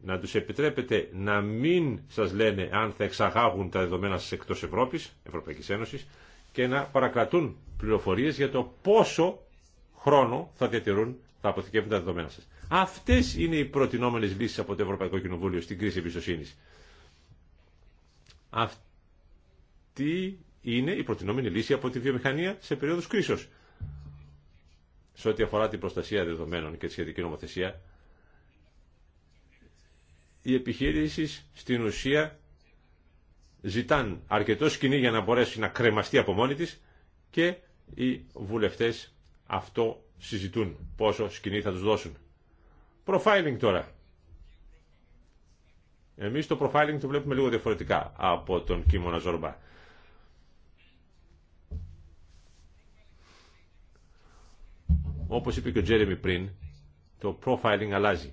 να τους επιτρέπετε να μην σας λένε αν θα εξαγάγουν τα δεδομένα σας εκτός Ευρώπης, Ευρωπαϊκής Ένωσης, και να παρακρατούν πληροφορίες για το πόσο χρόνο θα διατηρούν τα αποθηκεύουν τα δεδομένα σας. Αυτές είναι οι προτινόμενες λύσεις από το Ευρωπαϊκό Κοινοβούλιο στην κρίση εμπιστοσύνη. Αυτή είναι η προτινόμενη λύση από τη βιομηχανία σε περίοδους κρίσεως. Σε ό,τι αφορά την προστασία δεδομένων και τη σχετική νομοθεσία, οι επιχειρήσεις στην ουσία ζητάν αρκετό σκηνή για να μπορέσει να κρεμαστεί από μόνη της και οι βουλευτές αυτό συζητούν πόσο σκηνή θα τους δώσουν. Profiling τώρα. Εμείς το profiling το βλέπουμε λίγο διαφορετικά από τον Κίμωνα Ζόρμπα. Όπως είπε και ο Τζέρεμι πριν, το profiling αλλάζει.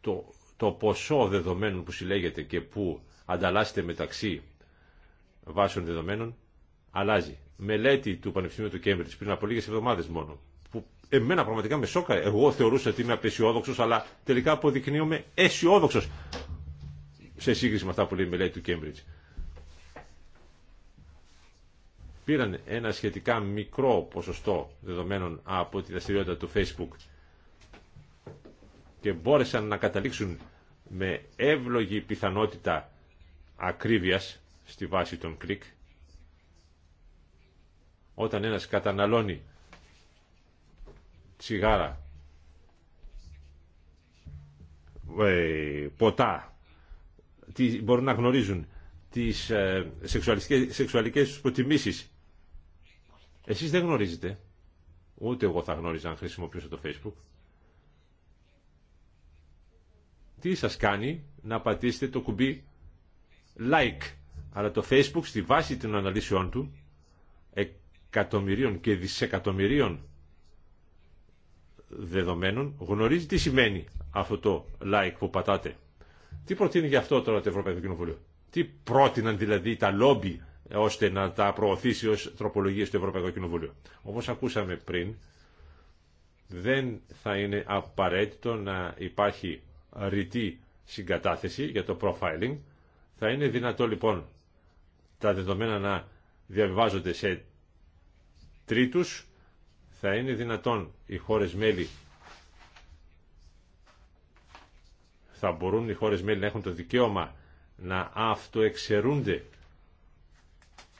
Το, το ποσό δεδομένων που συλλέγεται και που ανταλλάσσεται μεταξύ βάσεων δεδομένων αλλάζει. Μελέτη του Πανεπιστημίου του Κέμπριτς πριν από λίγες εβδομάδες μόνο, που εμένα πραγματικά με σόκα. Εγώ θεωρούσα ότι είμαι απεσιόδοξο, αλλά τελικά αποδεικνύομαι αισιόδοξο σε σύγκριση με αυτά που λέει η μελέτη του Κέμπριτς πήραν ένα σχετικά μικρό ποσοστό δεδομένων από τη δραστηριότητα του Facebook και μπόρεσαν να καταλήξουν με εύλογη πιθανότητα ακρίβειας στη βάση των κλικ όταν ένας καταναλώνει τσιγάρα ε, ποτά μπορούν να γνωρίζουν τις ε, σεξουαλικές, σεξουαλικές προτιμήσεις εσείς δεν γνωρίζετε, ούτε εγώ θα γνώριζα αν χρησιμοποιούσα το Facebook. Τι σας κάνει να πατήσετε το κουμπί like. Αλλά το Facebook στη βάση των αναλύσεών του εκατομμυρίων και δισεκατομμυρίων δεδομένων γνωρίζει τι σημαίνει αυτό το like που πατάτε. Τι προτείνει γι' αυτό τώρα το Ευρωπαϊκό Κοινοβούλιο. Τι πρότειναν δηλαδή τα λόμπι ώστε να τα προωθήσει ως τροπολογίες του Ευρωπαϊκού Κοινοβουλίου. Όπως ακούσαμε πριν, δεν θα είναι απαραίτητο να υπάρχει ρητή συγκατάθεση για το profiling. Θα είναι δυνατό λοιπόν τα δεδομένα να διαβιβάζονται σε τρίτους. Θα είναι δυνατόν οι χώρες μέλη θα μπορούν οι χώρες μέλη να έχουν το δικαίωμα να αυτοεξαιρούνται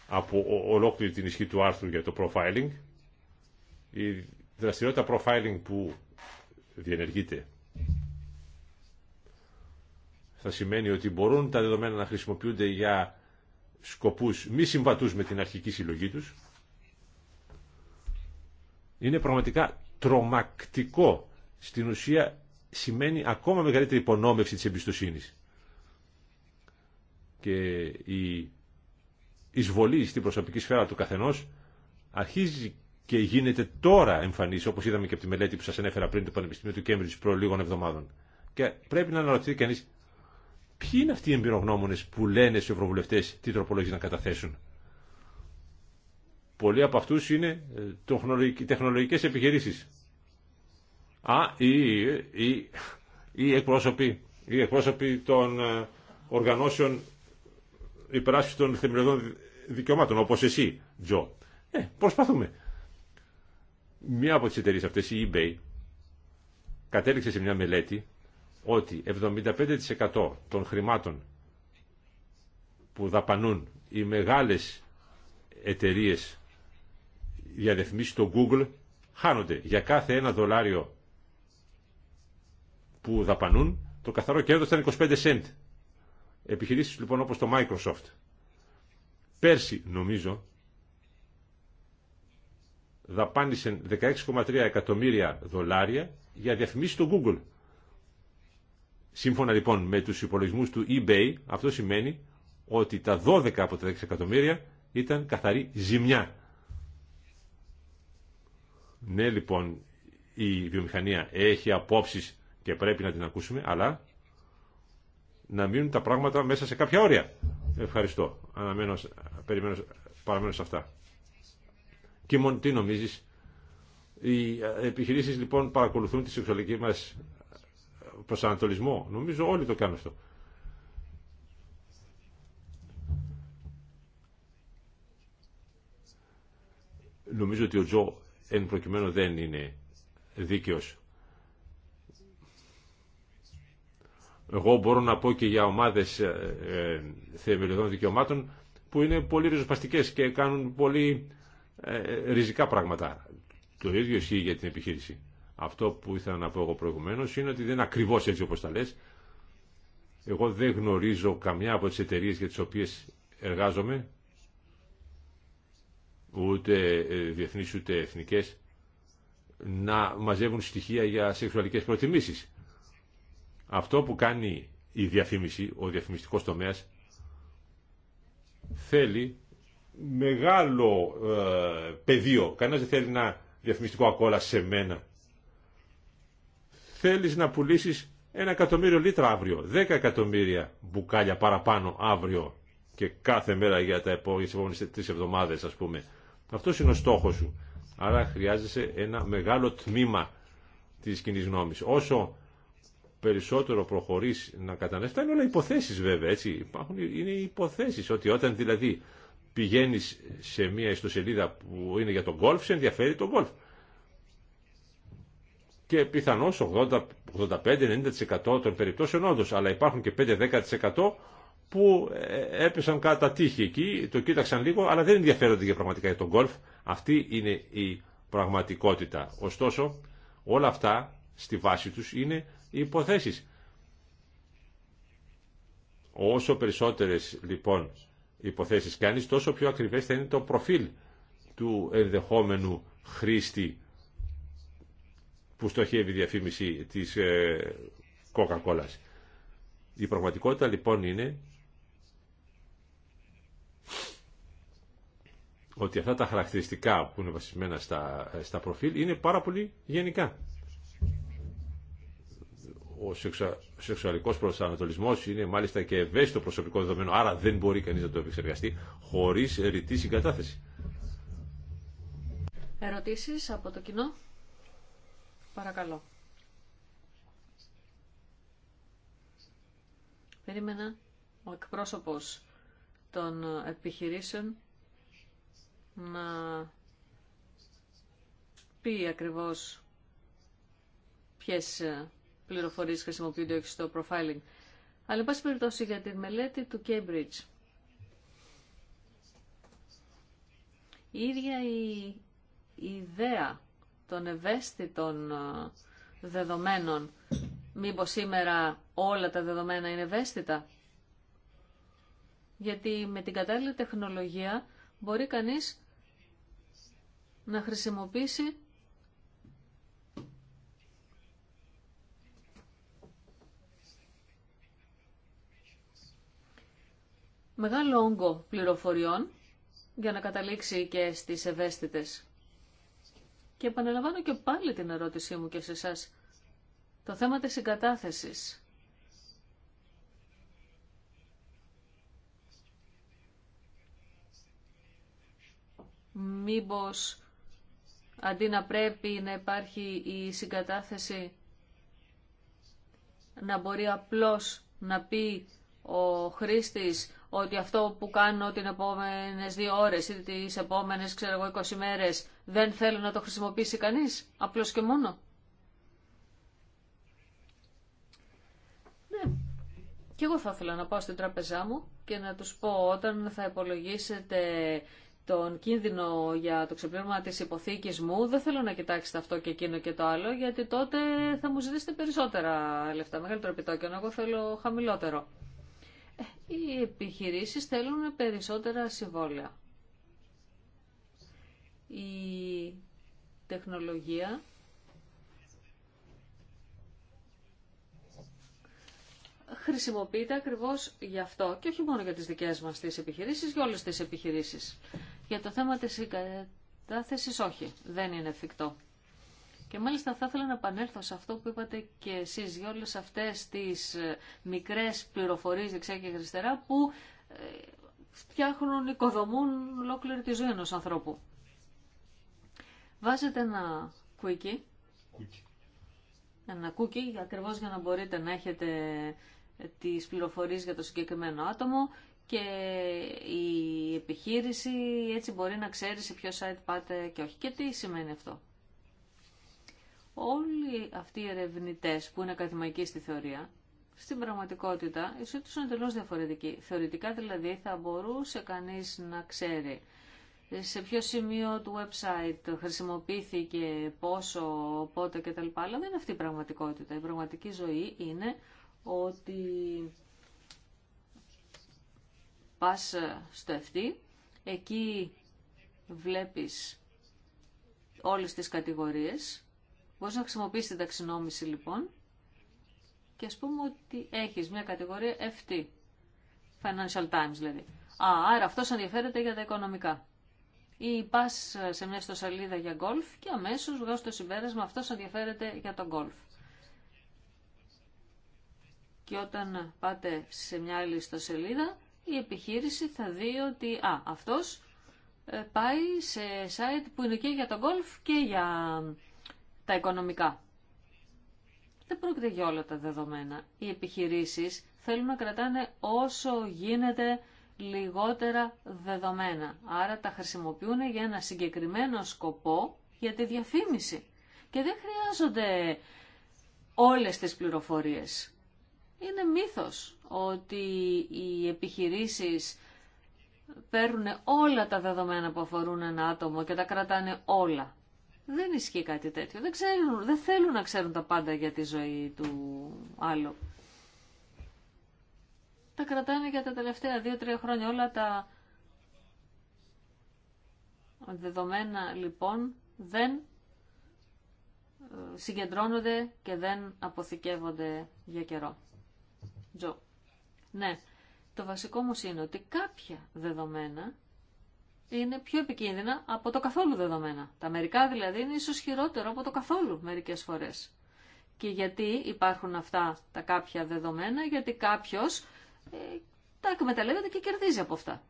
από ολόκληρη την ισχύ του άρθρου για το profiling. Η δραστηριότητα profiling που διενεργείται θα σημαίνει ότι μπορούν τα δεδομένα να χρησιμοποιούνται για σκοπούς μη συμβατούς με την αρχική συλλογή τους. Είναι πραγματικά τρομακτικό. Στην ουσία σημαίνει ακόμα μεγαλύτερη υπονόμευση της εμπιστοσύνης. Και η εισβολή στην προσωπική σφαίρα του καθενό, αρχίζει και γίνεται τώρα εμφανής, όπως είδαμε και από τη μελέτη που σας ανέφερα πριν του Πανεπιστημίου του Κέμπριτζ προ λίγων εβδομάδων. Και πρέπει να αναρωτηθεί κανείς ποιοι είναι αυτοί οι εμπειρογνώμονε που λένε στους ευρωβουλευτές τι τροπολογίε να καταθέσουν. Πολλοί από αυτού είναι ε, τεχνολογικέ επιχειρήσει. Α, ή, ή, ή εκπρόσωποι, ή των ε, οργανώσεων υπεράσπιση των θεμελιωδών δικαιωμάτων, όπως εσύ, Τζο. Ε, προσπαθούμε. Μία από τις εταιρείες αυτές, η eBay, κατέληξε σε μια μελέτη ότι 75% των χρημάτων που δαπανούν οι μεγάλες εταιρείες διαδεθμίσει στο Google χάνονται. Για κάθε ένα δολάριο που δαπανούν, το καθαρό κέρδος ήταν 25 cent. Επιχειρήσεις λοιπόν όπως το Microsoft Πέρσι, νομίζω, δαπάνησε 16,3 εκατομμύρια δολάρια για διαφημίσεις του Google. Σύμφωνα λοιπόν με τους υπολογισμούς του eBay, αυτό σημαίνει ότι τα 12 από τα 6 εκατομμύρια ήταν καθαρή ζημιά. Ναι λοιπόν η βιομηχανία έχει απόψεις και πρέπει να την ακούσουμε, αλλά να μείνουν τα πράγματα μέσα σε κάποια όρια. Ευχαριστώ. Αναμένω περιμένω, παραμένω σε αυτά. Κίμον, τι νομίζει, Οι ε, επιχειρήσει λοιπόν παρακολουθούν τη σεξουαλική μας προσανατολισμό. Νομίζω όλοι το κάνουν αυτό. Νομίζω ότι ο Τζο εν προκειμένου δεν είναι δίκαιος. Εγώ μπορώ να πω και για ομάδες ε, ε θεμελιωδών δικαιωμάτων που είναι πολύ ριζοσπαστικές και κάνουν πολύ ε, ριζικά πράγματα. Το ίδιο ισχύει για την επιχείρηση. Αυτό που ήθελα να πω εγώ προηγουμένω είναι ότι δεν είναι ακριβώς έτσι όπω τα λες. Εγώ δεν γνωρίζω καμιά από τι εταιρείε για τις οποίες εργάζομαι, ούτε ε, διεθνεί, ούτε εθνικές, να μαζεύουν στοιχεία για σεξουαλικέ προτιμήσει. Αυτό που κάνει η διαφήμιση, ο διαφημιστικό τομέα θέλει μεγάλο ε, πεδίο. Κανένας δεν θέλει ένα διαφημιστικό ακόλα σε μένα. Θέλεις να πουλήσεις ένα εκατομμύριο λίτρα αύριο, δέκα εκατομμύρια μπουκάλια παραπάνω αύριο και κάθε μέρα για τα επόμενες τρεις εβδομάδες ας πούμε. Αυτό είναι ο στόχος σου. Άρα χρειάζεσαι ένα μεγάλο τμήμα της κοινή γνώμης. Όσο περισσότερο προχωρήσει να καταλάβει. Αυτά είναι όλα υποθέσεις βέβαια, έτσι. Υπάρχουν, είναι υποθέσεις ότι όταν δηλαδή πηγαίνεις σε μια ιστοσελίδα που είναι για τον γκολφ, σε ενδιαφέρει τον γκολφ. Και πιθανώς 85-90% των περιπτώσεων όντως, αλλά υπάρχουν και 5-10% που ε, έπεσαν κατά τύχη εκεί, το κοίταξαν λίγο, αλλά δεν ενδιαφέρονται για πραγματικά για τον γκολφ. Αυτή είναι η πραγματικότητα. Ωστόσο, όλα αυτά στη βάση τους είναι υποθέσεις. Όσο περισσότερες λοιπόν υποθέσεις κάνεις, τόσο πιο ακριβές θα είναι το προφίλ του ενδεχόμενου χρήστη που στοχεύει η διαφήμιση της ε, Coca-Cola. Η πραγματικότητα λοιπόν είναι ότι αυτά τα χαρακτηριστικά που είναι βασισμένα στα, ε, στα προφίλ είναι πάρα πολύ γενικά ο σεξουαλικό σεξουαλικός προσανατολισμός είναι μάλιστα και ευαίσθητο προσωπικό δεδομένο, άρα δεν μπορεί κανεί να το επεξεργαστεί χωρίς ρητή συγκατάθεση. Ερωτήσεις από το κοινό. Παρακαλώ. Περίμενα ο εκπρόσωπος των επιχειρήσεων να πει ακριβώς ποιες πληροφορίες χρησιμοποιούνται όχι στο profiling. Αλλά εν πάση περιπτώσει για τη μελέτη του Cambridge. Η ίδια η ιδέα των ευαίσθητων ε, δεδομένων, μήπως σήμερα όλα τα δεδομένα είναι ευαίσθητα. Γιατί με την κατάλληλη τεχνολογία μπορεί κανείς να χρησιμοποιήσει μεγάλο όγκο πληροφοριών για να καταλήξει και στις ευαίσθητες. Και επαναλαμβάνω και πάλι την ερώτησή μου και σε εσά. Το θέμα της συγκατάθεσης. Μήπως αντί να πρέπει να υπάρχει η συγκατάθεση να μπορεί απλώς να πει ο χρήστης ότι αυτό που κάνω την επόμενε δύο ώρε ή τι επόμενε, ξέρω εγώ, 20 μέρε, δεν θέλω να το χρησιμοποιήσει κανεί. Απλώ και μόνο. Ναι, και εγώ θα ήθελα να πάω στην τράπεζά μου και να τους πω όταν θα υπολογίσετε τον κίνδυνο για το ξεπλήρωμα της υποθήκης μου, δεν θέλω να κοιτάξετε αυτό και εκείνο και το άλλο, γιατί τότε θα μου ζητήσετε περισσότερα λεφτά, μεγαλύτερο επιτόκιο, εγώ θέλω χαμηλότερο οι επιχειρήσεις θέλουν περισσότερα συμβόλαια. Η τεχνολογία χρησιμοποιείται ακριβώς γι' αυτό και όχι μόνο για τις δικές μας τις επιχειρήσεις, για όλες τις επιχειρήσεις. Για το θέμα της κατάθεσης όχι, δεν είναι εφικτό. Και μάλιστα θα ήθελα να επανέλθω σε αυτό που είπατε και εσείς για όλες αυτές τις ε, μικρές πληροφορίες δεξιά και αριστερά που ε, φτιάχνουν, οικοδομούν ολόκληρη τη ζωή ενός ανθρώπου. Βάζετε ένα κουκί, ένα κουκί ακριβώς για να μπορείτε να έχετε ε, τις πληροφορίες για το συγκεκριμένο άτομο και η επιχείρηση έτσι μπορεί να ξέρει σε ποιο site πάτε και όχι. Και τι σημαίνει αυτό όλοι αυτοί οι ερευνητές που είναι ακαδημαϊκοί στη θεωρία, στην πραγματικότητα η ζωή είναι τελώς διαφορετική. Θεωρητικά δηλαδή θα μπορούσε κανείς να ξέρει σε ποιο σημείο του website χρησιμοποιήθηκε, πόσο, πότε κτλ. Αλλά δεν είναι αυτή η πραγματικότητα. Η πραγματική ζωή είναι ότι πας στο ευθύ... εκεί βλέπεις όλες τις κατηγορίες Μπορείς να χρησιμοποιήσεις την ταξινόμηση λοιπόν και ας πούμε ότι έχεις μια κατηγορία FT, Financial Times δηλαδή. Α, άρα αυτός ενδιαφέρεται για τα οικονομικά. Ή πα σε μια ιστοσελίδα για γκολφ και αμέσως βγάζεις το συμπέρασμα αυτός ενδιαφέρεται για τον γκολφ. Και όταν πάτε σε μια άλλη ιστοσελίδα, η επιχείρηση θα δει ότι α, αυτός ε, πάει σε site που είναι και για τον γκολφ και για τα οικονομικά. Δεν πρόκειται για όλα τα δεδομένα. Οι επιχειρήσεις θέλουν να κρατάνε όσο γίνεται λιγότερα δεδομένα. Άρα τα χρησιμοποιούν για ένα συγκεκριμένο σκοπό για τη διαφήμιση. Και δεν χρειάζονται όλες τις πληροφορίες. Είναι μύθος ότι οι επιχειρήσεις παίρνουν όλα τα δεδομένα που αφορούν ένα άτομο και τα κρατάνε όλα δεν ισχύει κάτι τέτοιο. Δεν, ξέρουν, δεν θέλουν να ξέρουν τα πάντα για τη ζωή του άλλου. Τα κρατάνε για τα τελευταία δύο-τρία χρόνια όλα τα δεδομένα λοιπόν δεν ε, συγκεντρώνονται και δεν αποθηκεύονται για καιρό. Ναι, το βασικό όμως, είναι ότι κάποια δεδομένα είναι πιο επικίνδυνα από το καθόλου δεδομένα. Τα μερικά δηλαδή είναι ίσως χειρότερο από το καθόλου μερικές φορές. Και γιατί υπάρχουν αυτά τα κάποια δεδομένα, γιατί κάποιος ε, τα εκμεταλλεύεται και κερδίζει από αυτά.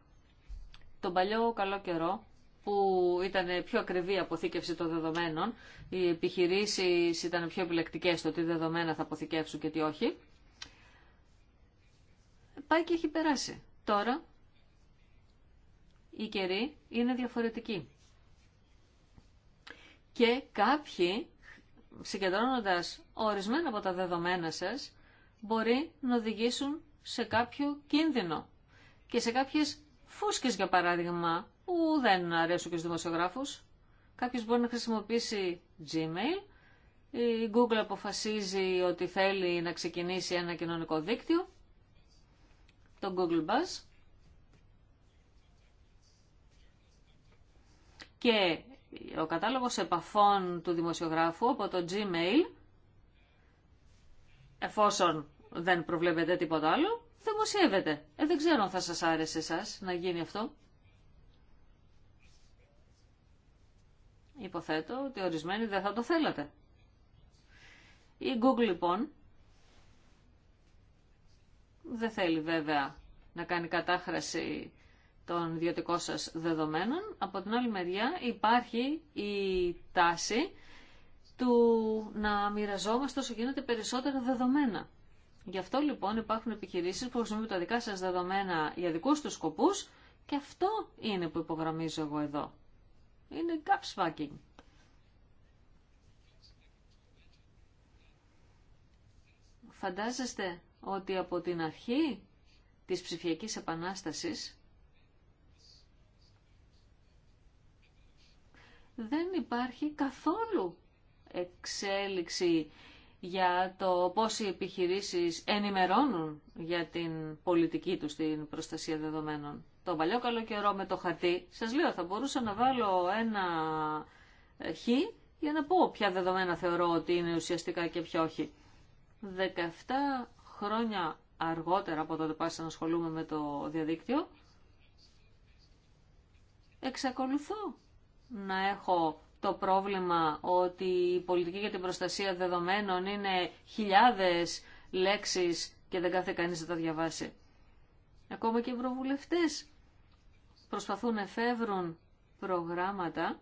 Τον παλιό καλό καιρό που ήταν πιο ακριβή αποθήκευση των δεδομένων, οι επιχειρήσεις ήταν πιο επιλεκτικές στο τι δεδομένα θα αποθηκεύσουν και τι όχι, πάει και έχει περάσει. Τώρα οι καιροί είναι διαφορετικοί. Και κάποιοι, συγκεντρώνοντας ορισμένα από τα δεδομένα σας, μπορεί να οδηγήσουν σε κάποιο κίνδυνο και σε κάποιες φούσκες, για παράδειγμα, που δεν αρέσουν και στους δημοσιογράφους. Κάποιος μπορεί να χρησιμοποιήσει Gmail, η Google αποφασίζει ότι θέλει να ξεκινήσει ένα κοινωνικό δίκτυο, το Google Buzz, και ο κατάλογος επαφών του δημοσιογράφου από το Gmail, εφόσον δεν προβλέπετε τίποτα άλλο, δημοσιεύεται. Ε, δεν ξέρω αν θα σας άρεσε εσάς να γίνει αυτό. Υποθέτω ότι ορισμένοι δεν θα το θέλατε. Η Google λοιπόν δεν θέλει βέβαια να κάνει κατάχραση των ιδιωτικών σας δεδομένων. Από την άλλη μεριά υπάρχει η τάση του να μοιραζόμαστε όσο γίνονται περισσότερα δεδομένα. Γι' αυτό λοιπόν υπάρχουν επιχειρήσεις που χρησιμοποιούν τα δικά σας δεδομένα για δικούς τους σκοπούς και αυτό είναι που υπογραμμίζω εγώ εδώ. Είναι Είναι Φαντάζεστε ότι από την αρχή της ψηφιακής επανάστασης δεν υπάρχει καθόλου εξέλιξη για το πώς οι επιχειρήσεις ενημερώνουν για την πολιτική του στην προστασία δεδομένων. Το παλιό καλό καιρό με το χαρτί, σας λέω, θα μπορούσα να βάλω ένα χ για να πω ποια δεδομένα θεωρώ ότι είναι ουσιαστικά και ποια όχι. 17 χρόνια αργότερα από τότε πάσα να ασχολούμαι με το διαδίκτυο, εξακολουθώ να έχω το πρόβλημα ότι η πολιτική για την προστασία δεδομένων είναι χιλιάδες λέξεις και δεν κάθε κανείς να τα διαβάσει. Ακόμα και οι προβουλευτές προσπαθούν να εφεύρουν προγράμματα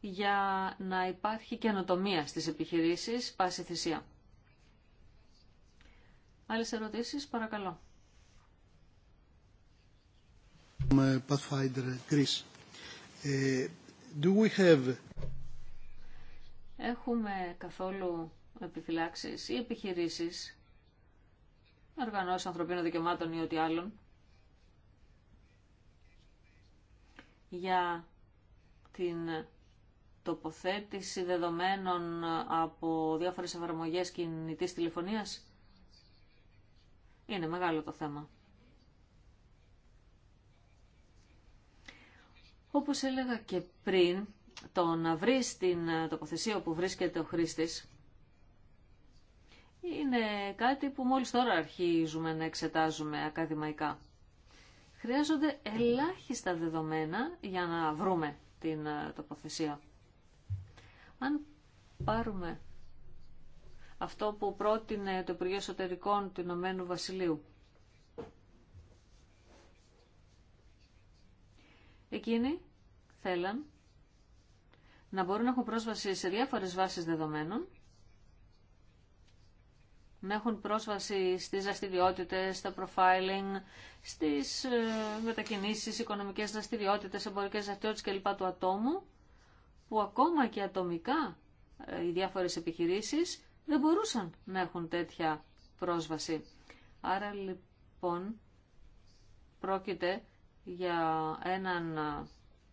για να υπάρχει καινοτομία στις επιχειρήσεις, πάση θυσία. Άλλες ερωτήσεις, παρακαλώ. Pathfinder do Έχουμε καθόλου επιφυλάξεις ή επιχειρήσεις οργανώσεις ανθρωπίνων δικαιωμάτων ή ό,τι άλλων για την τοποθέτηση δεδομένων από διάφορες εφαρμογές κινητής τηλεφωνίας. Είναι μεγάλο το θέμα. Όπως έλεγα και πριν, το να βρει την ε, τοποθεσία όπου βρίσκεται ο χρήστης είναι κάτι που μόλις τώρα αρχίζουμε να εξετάζουμε ακαδημαϊκά. Χρειάζονται ελάχιστα δεδομένα για να βρούμε την ε, τοποθεσία. Αν πάρουμε αυτό που πρότεινε το Υπουργείο Εσωτερικών του Ηνωμένου Βασιλείου, Εκείνοι θέλαν να μπορούν να έχουν πρόσβαση σε διάφορες βάσεις δεδομένων, να έχουν πρόσβαση στις δραστηριότητε, στα profiling, στις ε, μετακινήσεις, οικονομικές δραστηριότητε, εμπορικές δραστηριότητε κλπ. του ατόμου, που ακόμα και ατομικά ε, οι διάφορες επιχειρήσεις δεν μπορούσαν να έχουν τέτοια πρόσβαση. Άρα λοιπόν πρόκειται για έναν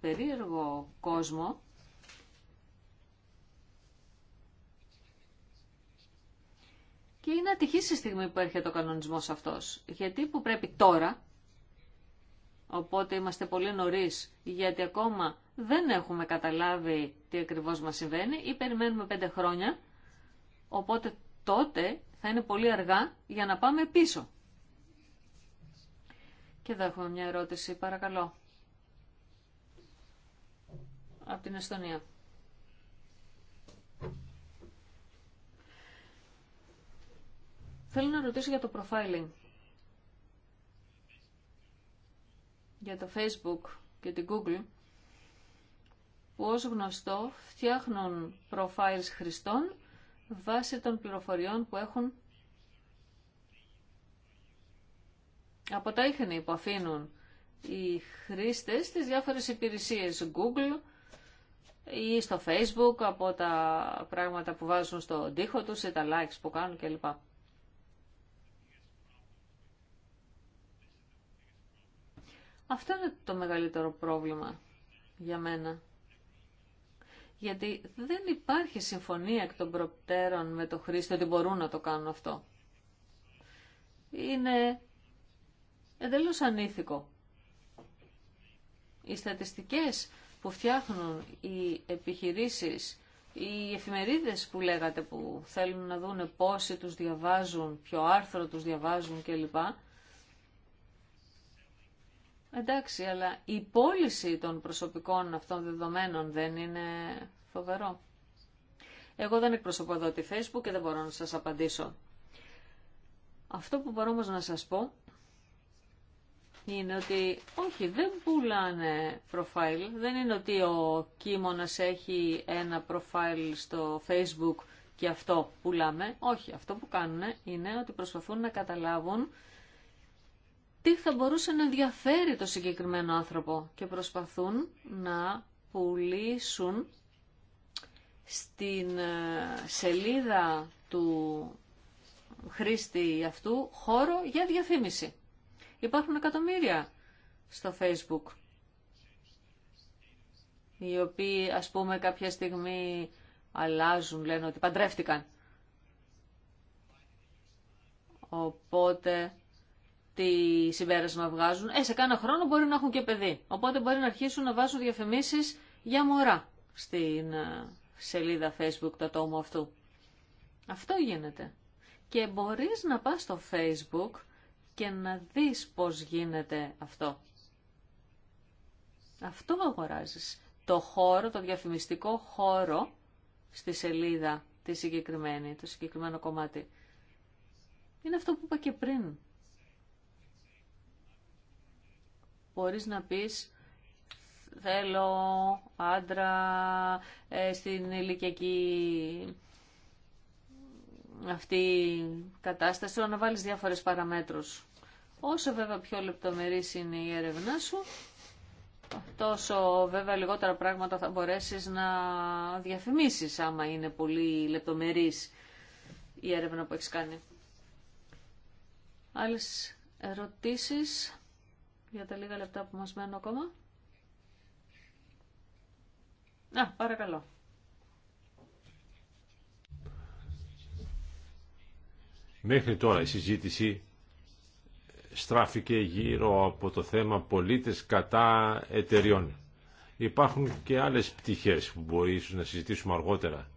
περίεργο κόσμο και είναι ατυχής η στιγμή που έρχεται ο κανονισμός αυτός. Γιατί που πρέπει τώρα, οπότε είμαστε πολύ νωρίς, γιατί ακόμα δεν έχουμε καταλάβει τι ακριβώς μας συμβαίνει ή περιμένουμε πέντε χρόνια, οπότε τότε θα είναι πολύ αργά για να πάμε πίσω. Και εδώ έχουμε μια ερώτηση, παρακαλώ. Από την Εστονία. Θέλω να ρωτήσω για το profiling. Για το Facebook και την Google, που ως γνωστό φτιάχνουν profiles χρηστών βάσει των πληροφοριών που έχουν από τα ίχνη που αφήνουν οι χρήστες στις διάφορες υπηρεσίες Google ή στο Facebook από τα πράγματα που βάζουν στο τοίχο τους ή τα likes που κάνουν κλπ. Αυτό είναι το μεγαλύτερο πρόβλημα για μένα. Γιατί δεν υπάρχει συμφωνία εκ των προπτέρων με το χρήστη ότι μπορούν να το κάνουν αυτό. Είναι ε, εντελώς ανήθικο. Οι στατιστικές που φτιάχνουν οι επιχειρήσεις, οι εφημερίδες που λέγατε που θέλουν να δούνε πόσοι τους διαβάζουν, ποιο άρθρο τους διαβάζουν κλπ. Εντάξει, αλλά η πώληση των προσωπικών αυτών δεδομένων δεν είναι φοβερό. Εγώ δεν εκπροσωπώ εδώ τη Facebook και δεν μπορώ να σας απαντήσω. Αυτό που μπορώ όμως να σας πω είναι ότι όχι, δεν πουλάνε προφάιλ. Δεν είναι ότι ο Κίμωνας έχει ένα προφάιλ στο facebook και αυτό πουλάμε. Όχι, αυτό που κάνουν είναι ότι προσπαθούν να καταλάβουν τι θα μπορούσε να ενδιαφέρει το συγκεκριμένο άνθρωπο και προσπαθούν να πουλήσουν στην ε, σελίδα του χρήστη αυτού χώρο για διαφήμιση. Υπάρχουν εκατομμύρια στο facebook οι οποίοι ας πούμε κάποια στιγμή αλλάζουν, λένε ότι παντρεύτηκαν. Οπότε τι συμπέρασμα βγάζουν. Ε, σε κάνα χρόνο μπορεί να έχουν και παιδί. Οπότε μπορεί να αρχίσουν να βάζουν διαφημίσεις για μωρά στην ε, σελίδα facebook του ατόμου αυτού. Αυτό γίνεται. Και μπορείς να πας στο facebook και να δεις πώς γίνεται αυτό. Αυτό αγοράζεις. Το χώρο, το διαφημιστικό χώρο στη σελίδα τη συγκεκριμένη, το συγκεκριμένο κομμάτι. Είναι αυτό που είπα και πριν. Μπορείς να πεις θέλω άντρα ε, στην ηλικιακή αυτή κατάσταση, να βάλεις διάφορες παραμέτρους. Όσο βέβαια πιο λεπτομερής είναι η έρευνά σου, τόσο βέβαια λιγότερα πράγματα θα μπορέσεις να διαφημίσεις άμα είναι πολύ λεπτομερής η έρευνα που έχει κάνει. Άλλες ερωτήσεις για τα λίγα λεπτά που μας μένουν ακόμα. Να, παρακαλώ. Μέχρι τώρα η συζήτηση στράφηκε γύρω από το θέμα πολίτες κατά εταιριών. Υπάρχουν και άλλες πτυχές που μπορεί να συζητήσουμε αργότερα.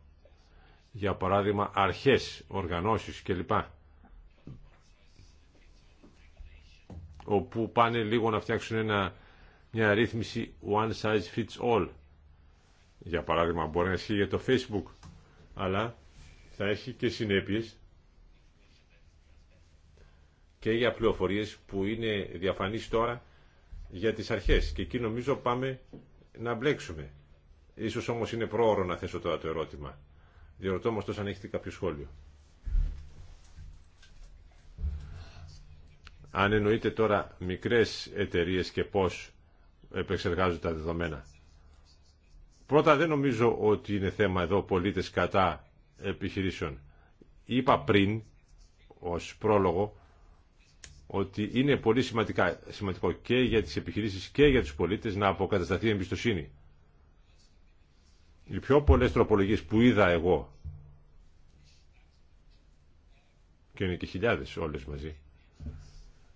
Για παράδειγμα αρχές, οργανώσεις κλπ. Όπου πάνε λίγο να φτιάξουν ένα, μια ρύθμιση one size fits all. Για παράδειγμα μπορεί να ισχύει για το facebook αλλά θα έχει και συνέπειες και για πληροφορίες που είναι διαφανείς τώρα για τις αρχές. Και εκεί νομίζω πάμε να μπλέξουμε. Ίσως όμως είναι πρόωρο να θέσω τώρα το ερώτημα. Διερωτώ όμως τόσο αν έχετε κάποιο σχόλιο. Αν εννοείτε τώρα μικρές εταιρείες και πώς επεξεργάζονται τα δεδομένα. Πρώτα δεν νομίζω ότι είναι θέμα εδώ πολίτες κατά επιχειρήσεων. Είπα πριν ως πρόλογο ότι είναι πολύ σημαντικό και για τις επιχειρήσεις και για τους πολίτες να αποκατασταθεί η εμπιστοσύνη. Οι πιο πολλές τροπολογίες που είδα εγώ και είναι και χιλιάδες όλες μαζί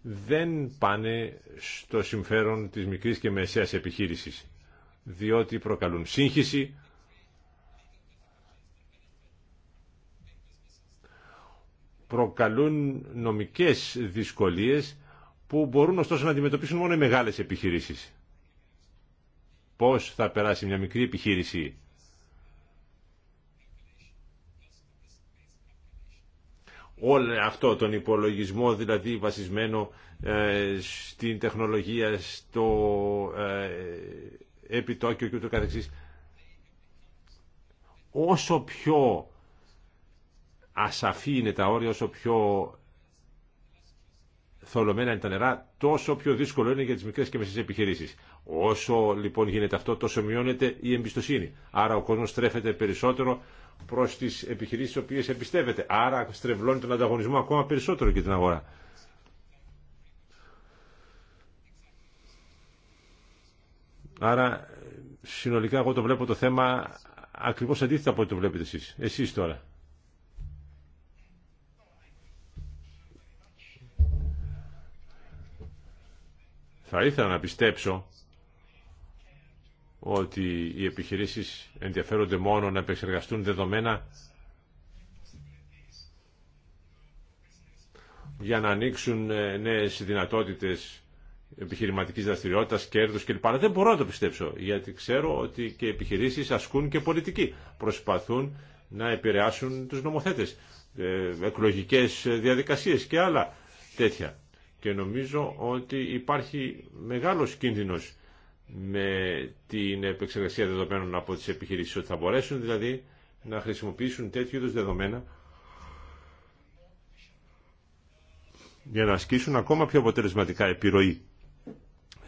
δεν πάνε στο συμφέρον της μικρής και μεσαίας επιχείρησης διότι προκαλούν σύγχυση, προκαλούν νομικές δυσκολίες που μπορούν ωστόσο να αντιμετωπίσουν μόνο οι μεγάλες επιχειρήσεις. Πώς θα περάσει μια μικρή επιχείρηση όλο αυτό τον υπολογισμό δηλαδή βασισμένο ε, στην τεχνολογία, στο ε, επιτόκιο και ούτω καθεξής. Όσο πιο ασαφή είναι τα όρια, όσο πιο θολωμένα είναι τα νερά, τόσο πιο δύσκολο είναι για τι μικρέ και μεσές επιχειρήσεις. Όσο λοιπόν γίνεται αυτό, τόσο μειώνεται η εμπιστοσύνη. Άρα ο κόσμος στρέφεται περισσότερο προς τις επιχειρήσεις τι οποίε εμπιστεύεται. Άρα στρεβλώνει τον ανταγωνισμό ακόμα περισσότερο και την αγορά. Άρα συνολικά εγώ το βλέπω το θέμα ακριβώς αντίθετα από ό,τι το βλέπετε εσείς. Εσείς τώρα. Θα ήθελα να πιστέψω ότι οι επιχειρήσεις ενδιαφέρονται μόνο να επεξεργαστούν δεδομένα για να ανοίξουν ε, νέες δυνατότητες επιχειρηματικής δραστηριότητας, κέρδους κλπ. Δεν μπορώ να το πιστέψω, γιατί ξέρω ότι και οι επιχειρήσεις ασκούν και πολιτική. Προσπαθούν να επηρεάσουν τους νομοθέτες, ε, εκλογικές διαδικασίες και άλλα τέτοια και νομίζω ότι υπάρχει μεγάλος κίνδυνος με την επεξεργασία δεδομένων από τις επιχειρήσεις ότι θα μπορέσουν δηλαδή να χρησιμοποιήσουν τέτοιου είδους δεδομένα για να ασκήσουν ακόμα πιο αποτελεσματικά επιρροή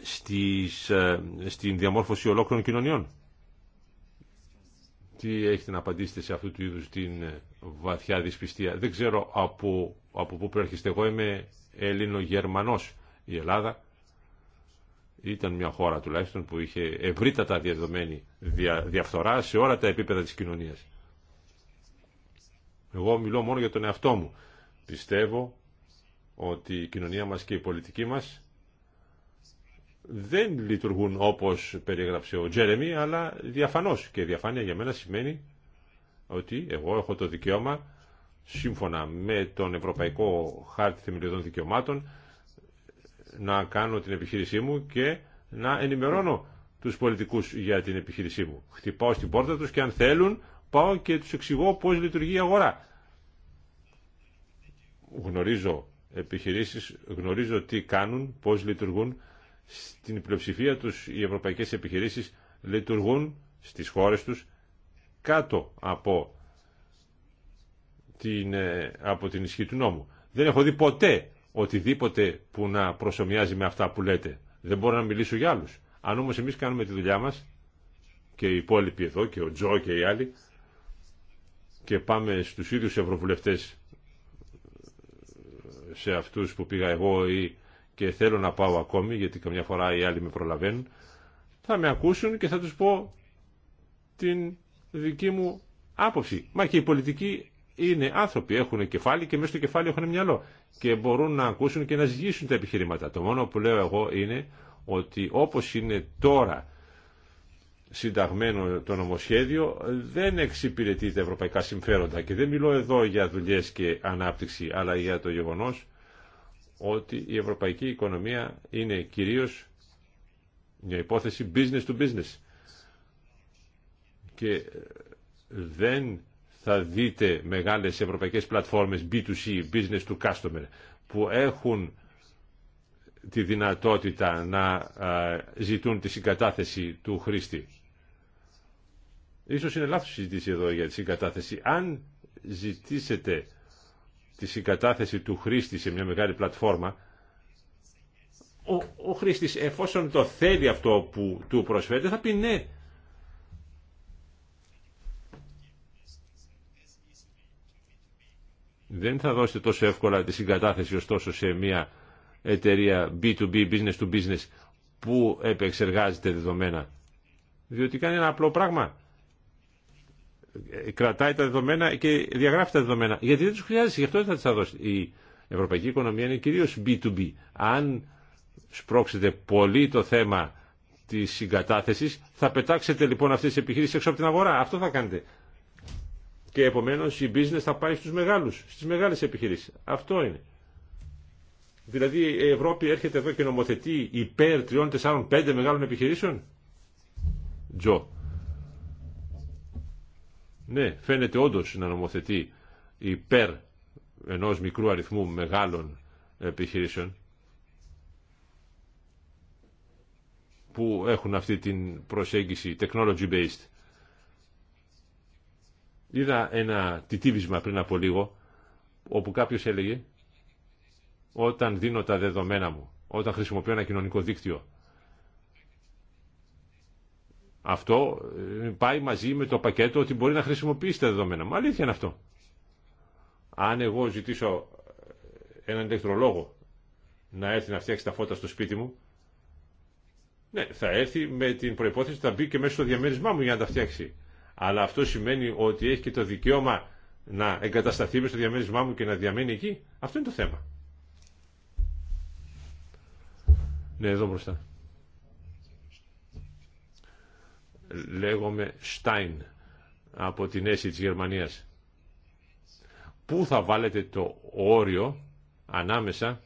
στις, ε, στην διαμόρφωση ολόκληρων κοινωνιών τι έχετε να απαντήσετε σε αυτού του είδους την ε, βαθιά δυσπιστία. Δεν ξέρω από, από πού προέρχεστε. Εγώ είμαι Έλληνο-Γερμανός. Η Ελλάδα ήταν μια χώρα τουλάχιστον που είχε ευρύτατα διαδεδομένη δια, διαφθορά σε όλα τα επίπεδα της κοινωνίας. Εγώ μιλώ μόνο για τον εαυτό μου. Πιστεύω ότι η κοινωνία μας και η πολιτική μας δεν λειτουργούν όπως περιέγραψε ο Τζέρεμι, αλλά διαφανώς. Και διαφάνεια για μένα σημαίνει ότι εγώ έχω το δικαίωμα, σύμφωνα με τον Ευρωπαϊκό Χάρτη Θεμελιωδών Δικαιωμάτων, να κάνω την επιχείρησή μου και να ενημερώνω τους πολιτικούς για την επιχείρησή μου. Χτυπάω στην πόρτα τους και αν θέλουν πάω και τους εξηγώ πώς λειτουργεί η αγορά. Γνωρίζω επιχειρήσεις, γνωρίζω τι κάνουν, πώς λειτουργούν στην πλειοψηφία τους οι ευρωπαϊκές επιχειρήσεις λειτουργούν στις χώρες τους κάτω από την, ε, από την ισχύ του νόμου. Δεν έχω δει ποτέ οτιδήποτε που να προσωμιάζει με αυτά που λέτε. Δεν μπορώ να μιλήσω για άλλους. Αν όμως εμείς κάνουμε τη δουλειά μας και οι υπόλοιποι εδώ και ο Τζο και οι άλλοι και πάμε στους ίδιους ευρωβουλευτές ε, σε αυτούς που πήγα εγώ ή και θέλω να πάω ακόμη γιατί καμιά φορά οι άλλοι με προλαβαίνουν θα με ακούσουν και θα τους πω την δική μου άποψη. Μα και οι πολιτικοί είναι άνθρωποι, έχουν κεφάλι και μέσα στο κεφάλι έχουν μυαλό και μπορούν να ακούσουν και να ζυγίσουν τα επιχειρήματα. Το μόνο που λέω εγώ είναι ότι όπως είναι τώρα συνταγμένο το νομοσχέδιο δεν εξυπηρετεί τα ευρωπαϊκά συμφέροντα και δεν μιλώ εδώ για δουλειές και ανάπτυξη αλλά για το γεγονός ότι η ευρωπαϊκή οικονομία είναι κυρίως μια υπόθεση business to business και δεν θα δείτε μεγάλες ευρωπαϊκές πλατφόρμες B2C, business to customer, που έχουν τη δυνατότητα να ζητούν τη συγκατάθεση του χρήστη. Ίσως είναι λάθος συζήτηση εδώ για τη συγκατάθεση. Αν ζητήσετε τη συγκατάθεση του χρήστη σε μια μεγάλη πλατφόρμα, ο, ο χρήστης εφόσον το θέλει αυτό που του προσφέρεται θα πει ναι. Δεν θα δώσετε τόσο εύκολα τη συγκατάθεση ωστόσο σε μια εταιρεία B2B, business to business που επεξεργάζεται δεδομένα. Διότι κάνει ένα απλό πράγμα κρατάει τα δεδομένα και διαγράφει τα δεδομένα. Γιατί δεν του χρειάζεται, γι' αυτό δεν θα τι θα δώσει. Η ευρωπαϊκή οικονομία είναι κυρίω B2B. Αν σπρώξετε πολύ το θέμα τη συγκατάθεση, θα πετάξετε λοιπόν αυτέ τι επιχειρήσει έξω από την αγορά. Αυτό θα κάνετε. Και επομένω η business θα πάει στου μεγάλου, στι μεγάλε επιχειρήσει. Αυτό είναι. Δηλαδή η Ευρώπη έρχεται εδώ και νομοθετεί υπέρ τριών, τεσσάρων, πέντε μεγάλων επιχειρήσεων. Τζο. Ναι, φαίνεται όντως να νομοθετεί υπέρ ενός μικρού αριθμού μεγάλων επιχειρήσεων που έχουν αυτή την προσέγγιση technology based. Είδα ένα τιτίβισμα πριν από λίγο όπου κάποιος έλεγε όταν δίνω τα δεδομένα μου, όταν χρησιμοποιώ ένα κοινωνικό δίκτυο αυτό ε, πάει μαζί με το πακέτο ότι μπορεί να χρησιμοποιήσει τα δεδομένα μου. Αλήθεια είναι αυτό. Αν εγώ ζητήσω ε, έναν ηλεκτρολόγο να έρθει να φτιάξει τα φώτα στο σπίτι μου, ναι, θα έρθει με την προπόθεση ότι θα μπει και μέσα στο διαμέρισμά μου για να τα φτιάξει. Αλλά αυτό σημαίνει ότι έχει και το δικαίωμα να εγκατασταθεί μέσα στο διαμέρισμά μου και να διαμένει εκεί. Αυτό είναι το θέμα. Ναι, εδώ μπροστά. Λέγομαι Stein από την αίση της Γερμανίας. Πού θα βάλετε το όριο ανάμεσα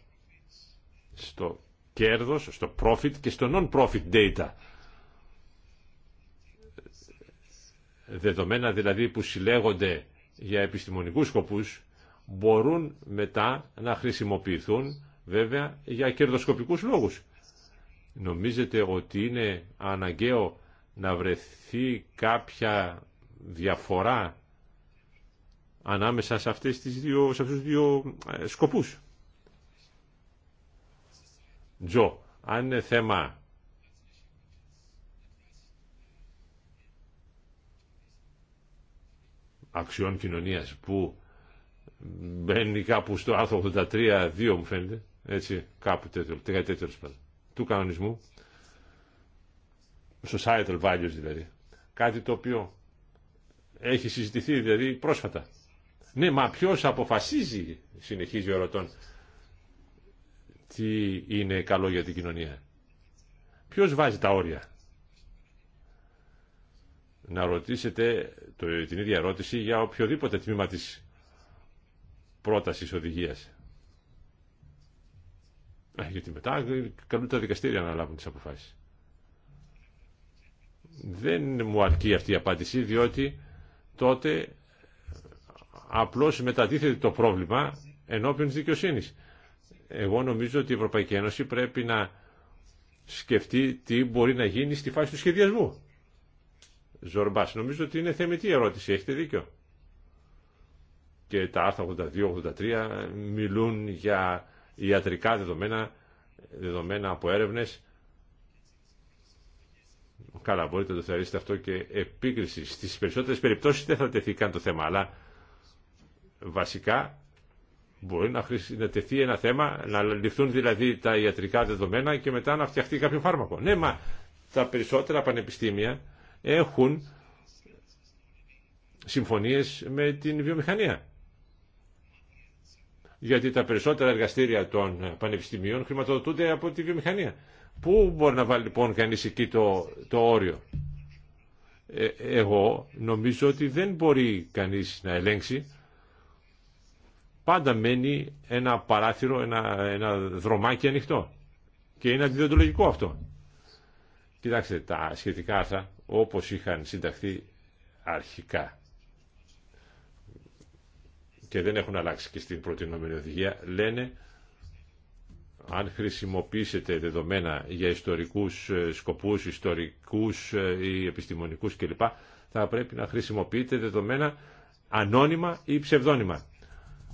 στο κέρδος, στο profit και στο non-profit data. Δεδομένα δηλαδή που συλλέγονται για επιστημονικούς σκοπούς μπορούν μετά να χρησιμοποιηθούν βέβαια για κερδοσκοπικούς λόγους. Νομίζετε ότι είναι αναγκαίο να βρεθεί κάποια διαφορά ανάμεσα σε, αυτές τις δύο, σε αυτούς τους δύο ε, σκοπούς. Τζο, αν είναι θέμα αξιών κοινωνίας που μπαίνει κάπου στο άρθρο 83, 2 μου φαίνεται, έτσι, κάπου τέτοιο, τέτοιο, τέτοιο, του κανονισμού, Societal values δηλαδή. Κάτι το οποίο έχει συζητηθεί δηλαδή πρόσφατα. Ναι, μα ποιο αποφασίζει, συνεχίζει ο ερωτών, τι είναι καλό για την κοινωνία. Ποιος βάζει τα όρια. Να ρωτήσετε την ίδια ερώτηση για οποιοδήποτε τμήμα της πρότασης οδηγίας. γιατί μετά καλούν τα δικαστήρια να λάβουν τις αποφάσεις. Δεν μου αρκεί αυτή η απάντηση, διότι τότε απλώς μετατίθεται το πρόβλημα ενώπιον της δικαιοσύνης. Εγώ νομίζω ότι η Ευρωπαϊκή Ένωση πρέπει να σκεφτεί τι μπορεί να γίνει στη φάση του σχεδιασμού. Ζορμπάς, νομίζω ότι είναι θεμητή ερώτηση, έχετε δίκιο. Και τα άρθρα 82-83 μιλούν για ιατρικά δεδομένα, δεδομένα από έρευνες, Καλά, μπορείτε να το θεωρήσετε αυτό και επίκριση. Στις περισσότερες περιπτώσεις δεν θα τεθεί καν το θέμα, αλλά βασικά μπορεί να, χρησι... τεθεί ένα θέμα, να ληφθούν δηλαδή τα ιατρικά δεδομένα και μετά να φτιαχτεί κάποιο φάρμακο. Ναι, μα τα περισσότερα πανεπιστήμια έχουν συμφωνίες με την βιομηχανία γιατί τα περισσότερα εργαστήρια των πανεπιστημίων χρηματοδοτούνται από τη βιομηχανία. Πού μπορεί να βάλει λοιπόν κανείς εκεί το, το όριο. Ε, εγώ νομίζω ότι δεν μπορεί κανείς να ελέγξει. Πάντα μένει ένα παράθυρο, ένα, ένα δρομάκι ανοιχτό. Και είναι αντιδιοντολογικό αυτό. Κοιτάξτε, τα σχετικά άρθρα όπως είχαν συνταχθεί αρχικά και δεν έχουν αλλάξει και στην προτινόμενη οδηγία, λένε αν χρησιμοποιήσετε δεδομένα για ιστορικούς ε, σκοπούς, ιστορικούς ε, ή επιστημονικούς κλπ, θα πρέπει να χρησιμοποιείτε δεδομένα ανώνυμα ή ψευδόνυμα.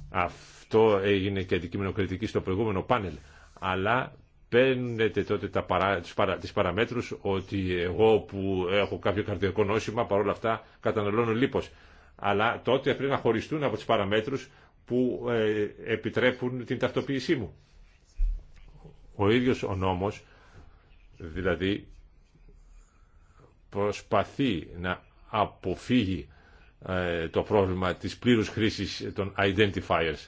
Αυτό έγινε και αντικείμενο κριτική στο προηγούμενο πάνελ. Αλλά παίρνετε τότε τα παρά, τις, παρα, τις παραμέτρους ότι εγώ που έχω κάποιο καρδιακό νόσημα παρόλα αυτά καταναλώνω λίπος αλλά τότε πρέπει να χωριστούν από τις παραμέτρους που ε, επιτρέπουν την ταυτοποίησή μου. Ο ίδιος ο νόμος, δηλαδή, προσπαθεί να αποφύγει ε, το πρόβλημα της πλήρους χρήσης των identifiers,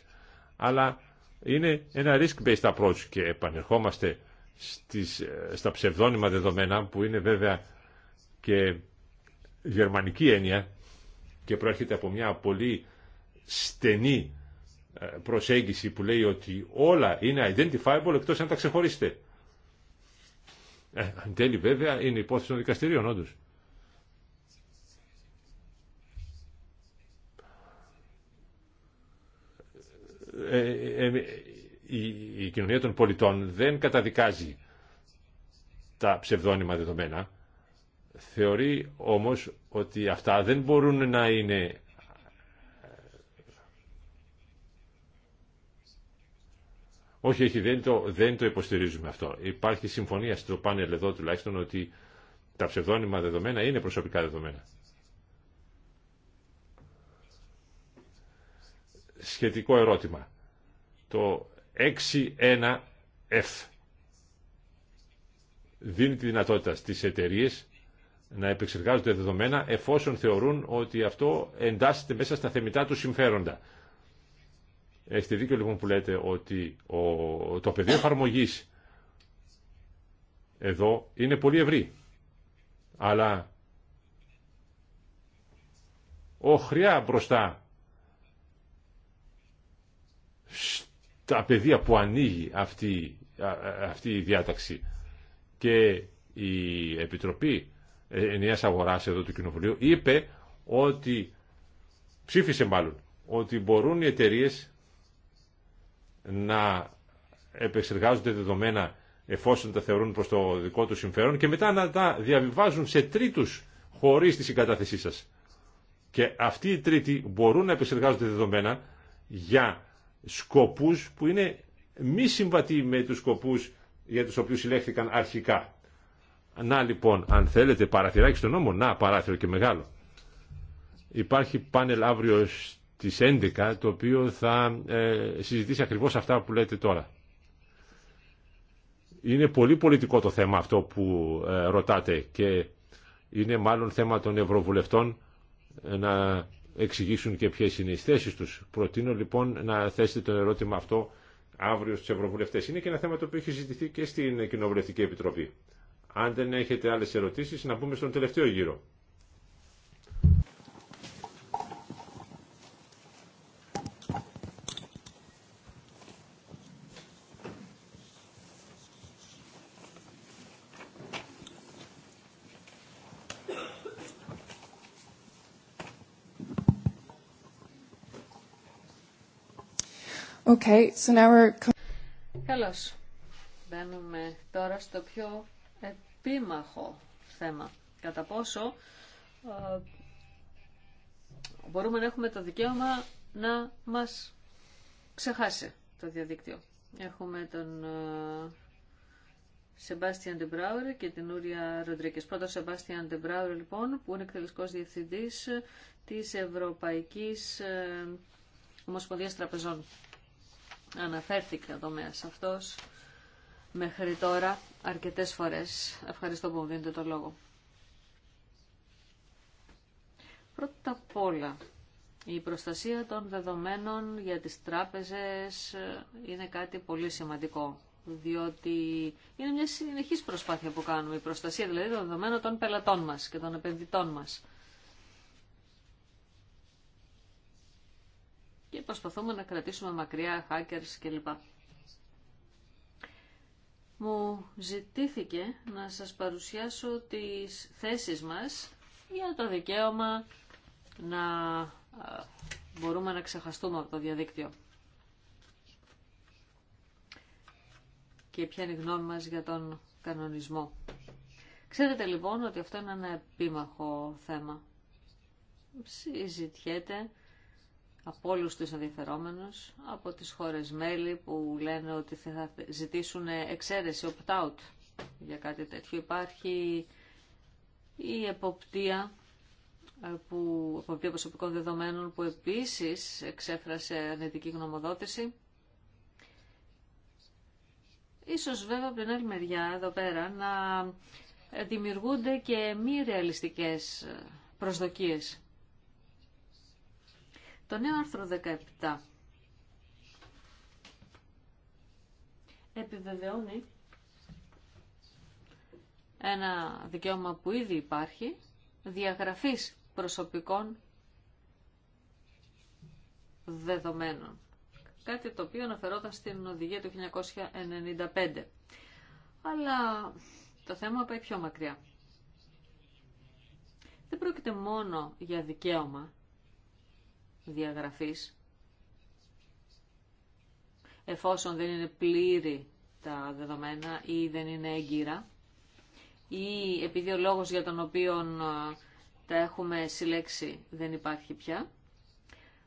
αλλά είναι ένα risk-based approach και επανερχόμαστε στις, ε, στα ψευδόνυμα δεδομένα που είναι βέβαια και γερμανική έννοια και προέρχεται από μια πολύ στενή ε, προσέγγιση που λέει ότι όλα είναι identifiable εκτός αν τα ξεχωρίσετε. Ε, εν τέλει βέβαια είναι υπόθεση των δικαστηρίων όντως. ε, ε, ε η, η κοινωνία των πολιτών δεν καταδικάζει τα ψευδόνυμα δεδομένα Θεωρεί όμως ότι αυτά δεν μπορούν να είναι Όχι, όχι, δεν το, δεν το υποστηρίζουμε αυτό. Υπάρχει συμφωνία στο πάνελ εδώ τουλάχιστον ότι τα ψευδόνυμα δεδομένα είναι προσωπικά δεδομένα. Σχετικό ερώτημα. Το 61F δίνει τη δυνατότητα στις εταιρείες να επεξεργάζονται δεδομένα εφόσον θεωρούν ότι αυτό εντάσσεται μέσα στα θεμητά του συμφέροντα. Έχετε δίκιο λοιπόν που λέτε ότι ο, το πεδίο εφαρμογή εδώ είναι πολύ ευρύ. Αλλά χρειά μπροστά στα πεδία που ανοίγει αυτή, αυτή η διάταξη και η Επιτροπή ε, ενιαίας αγοράς εδώ του Κοινοβουλίου είπε ότι ψήφισε μάλλον ότι μπορούν οι εταιρείε να επεξεργάζονται δεδομένα εφόσον τα θεωρούν προς το δικό του συμφέρον και μετά να τα διαβιβάζουν σε τρίτους χωρίς τη συγκατάθεσή σας. Και αυτοί οι τρίτοι μπορούν να επεξεργάζονται δεδομένα για σκοπούς που είναι μη συμβατοί με τους σκοπούς για τους οποίους συλλέχθηκαν αρχικά. Να λοιπόν, αν θέλετε παραθυράκι στον νόμο, να παράθυρο και μεγάλο. Υπάρχει πάνελ αύριο στις 11 το οποίο θα ε, συζητήσει ακριβώς αυτά που λέτε τώρα. Είναι πολύ πολιτικό το θέμα αυτό που ε, ρωτάτε και είναι μάλλον θέμα των Ευρωβουλευτών ε, να εξηγήσουν και ποιες είναι οι θέσεις τους. Προτείνω λοιπόν να θέσετε το ερώτημα αυτό αύριο στους Ευρωβουλευτές. Είναι και ένα θέμα το οποίο έχει συζητηθεί και στην Κοινοβουλευτική Επιτροπή. Αν δεν έχετε άλλες ερωτήσεις, να πούμε στον τελευταίο γύρο. Okay, so now we're... Καλώς. Μπαίνουμε τώρα στο πιο επίμαχο θέμα. Κατά πόσο ε, μπορούμε να έχουμε το δικαίωμα να μας ξεχάσει το διαδίκτυο. Έχουμε τον Σεμπάστιαν Ντεμπράουρ και την Ούρια Ροντρίκε. Πρώτα ο Σεμπάστιαν Ντεμπράουρ, λοιπόν, που είναι εκτελεστικό διευθυντή τη Ευρωπαϊκή ε, Ομοσπονδίας Τραπεζών. Αναφέρθηκε ο τομέα αυτό μέχρι τώρα αρκετές φορές. Ευχαριστώ που μου δίνετε το λόγο. Πρώτα απ' όλα, η προστασία των δεδομένων για τις τράπεζες είναι κάτι πολύ σημαντικό, διότι είναι μια συνεχής προσπάθεια που κάνουμε, η προστασία δηλαδή των δεδομένων των πελατών μας και των επενδυτών μας. Και προσπαθούμε να κρατήσουμε μακριά hackers κλπ μου ζητήθηκε να σας παρουσιάσω τις θέσεις μας για το δικαίωμα να μπορούμε να ξεχαστούμε από το διαδίκτυο. Και ποια είναι η γνώμη μας για τον κανονισμό. Ξέρετε λοιπόν ότι αυτό είναι ένα επίμαχο θέμα. Συζητιέται από όλου του ενδιαφερόμενου, από τις χώρε μέλη που λένε ότι θα ζητήσουν εξαίρεση, opt-out για κάτι τέτοιο. Υπάρχει η εποπτεία ε, που, εποπτεία προσωπικών δεδομένων που επίσης εξέφρασε αρνητική γνωμοδότηση. Ίσως βέβαια από την άλλη μεριά εδώ πέρα να δημιουργούνται και μη ρεαλιστικές προσδοκίες. Το νέο άρθρο 17 επιβεβαιώνει ένα δικαίωμα που ήδη υπάρχει, διαγραφής προσωπικών δεδομένων. Κάτι το οποίο αναφερόταν στην οδηγία του 1995. Αλλά το θέμα πάει πιο μακριά. Δεν πρόκειται μόνο για δικαίωμα, διαγραφής εφόσον δεν είναι πλήρη τα δεδομένα ή δεν είναι έγκυρα ή επειδή ο λόγος για τον οποίο ε, τα έχουμε συλλέξει δεν υπάρχει πια.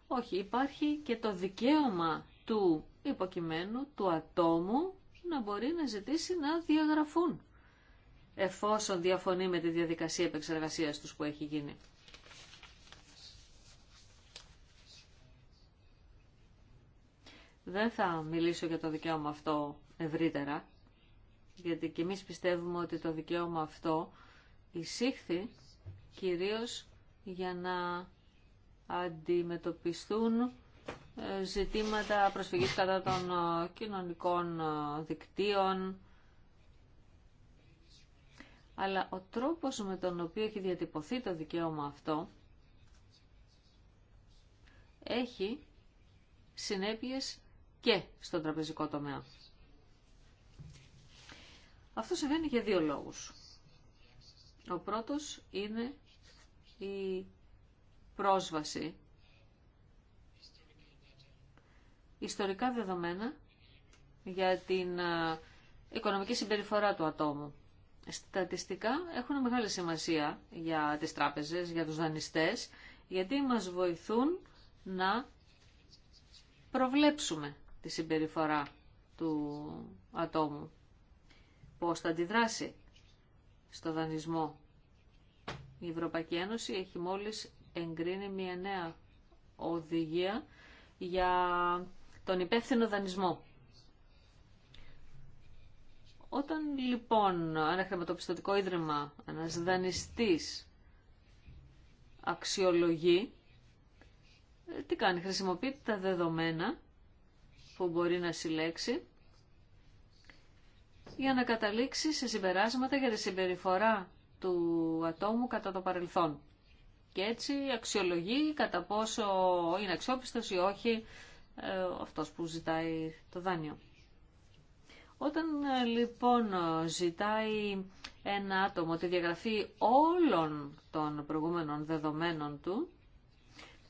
Όχι, υπάρχει και το δικαίωμα του υποκειμένου, του ατόμου, να μπορεί να ζητήσει να διαγραφούν, εφόσον διαφωνεί με τη διαδικασία επεξεργασίας τους που έχει γίνει. Δεν θα μιλήσω για το δικαίωμα αυτό ευρύτερα, γιατί και εμείς πιστεύουμε ότι το δικαίωμα αυτό εισήχθη κυρίως για να αντιμετωπιστούν ε, ζητήματα προσφυγής κατά των ε, κοινωνικών ε, δικτύων. Αλλά ο τρόπος με τον οποίο έχει διατυπωθεί το δικαίωμα αυτό έχει συνέπειες και στον τραπεζικό τομέα. Αυτό συμβαίνει για δύο λόγους. Ο πρώτος είναι η πρόσβαση ιστορικά δεδομένα για την ε, οικονομική συμπεριφορά του ατόμου. Στατιστικά έχουν μεγάλη σημασία για τις τράπεζες, για τους δανειστές, γιατί μας βοηθούν να προβλέψουμε τη συμπεριφορά του ατόμου. Πώς θα αντιδράσει στο δανεισμό. Η Ευρωπαϊκή Ένωση έχει μόλις εγκρίνει μια νέα οδηγία για τον υπεύθυνο δανεισμό. Όταν λοιπόν ένα χρηματοπιστωτικό ίδρυμα, ένας δανειστής αξιολογεί, ε, τι κάνει, χρησιμοποιεί τα δεδομένα που μπορεί να συλλέξει για να καταλήξει σε συμπεράσματα για τη συμπεριφορά του ατόμου κατά το παρελθόν. Και έτσι αξιολογεί κατά πόσο είναι αξιόπιστος ή όχι ε, αυτός που ζητάει το δάνειο. Όταν ε, λοιπόν ζητάει ένα άτομο τη διαγραφή όλων των προηγούμενων δεδομένων του,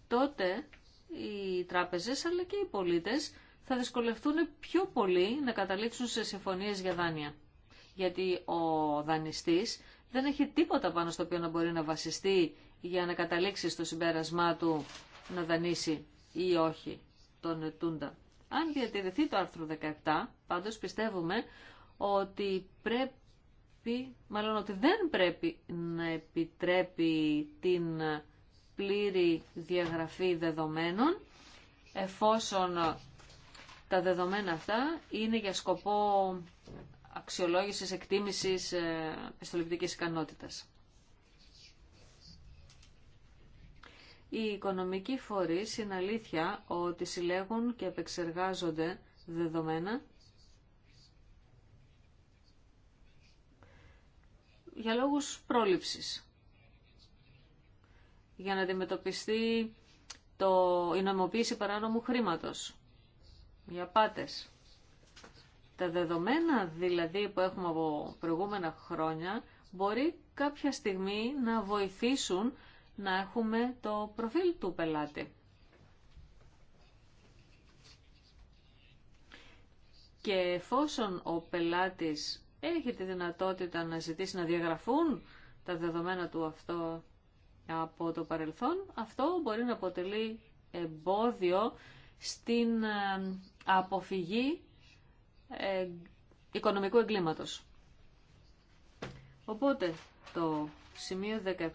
τότε οι τράπεζες αλλά και οι πολίτες θα δυσκολευτούν πιο πολύ να καταλήξουν σε συμφωνίες για δάνεια. Γιατί ο δανειστής δεν έχει τίποτα πάνω στο οποίο να μπορεί να βασιστεί για να καταλήξει στο συμπέρασμά του να δανείσει ή όχι τον ετούντα. Αν διατηρηθεί το άρθρο 17, πάντως πιστεύουμε ότι πρέπει, μάλλον ότι δεν πρέπει να επιτρέπει την πλήρη διαγραφή δεδομένων εφόσον τα δεδομένα αυτά είναι για σκοπό αξιολόγησης, εκτίμησης επιστοληπτικής ικανότητας. Οι οικονομικοί φορείς είναι αλήθεια ότι συλλέγουν και επεξεργάζονται δεδομένα για λόγους πρόληψης. Για να αντιμετωπιστεί το, η νομοποίηση παράνομου χρήματος οι πάτες Τα δεδομένα δηλαδή που έχουμε από προηγούμενα χρόνια μπορεί κάποια στιγμή να βοηθήσουν να έχουμε το προφίλ του πελάτη. Και εφόσον ο πελάτης έχει τη δυνατότητα να ζητήσει να διαγραφούν τα δεδομένα του αυτό από το παρελθόν, αυτό μπορεί να αποτελεί εμπόδιο στην ε, αποφυγή ε, οικονομικού εγκλήματος. Οπότε το σημείο 17,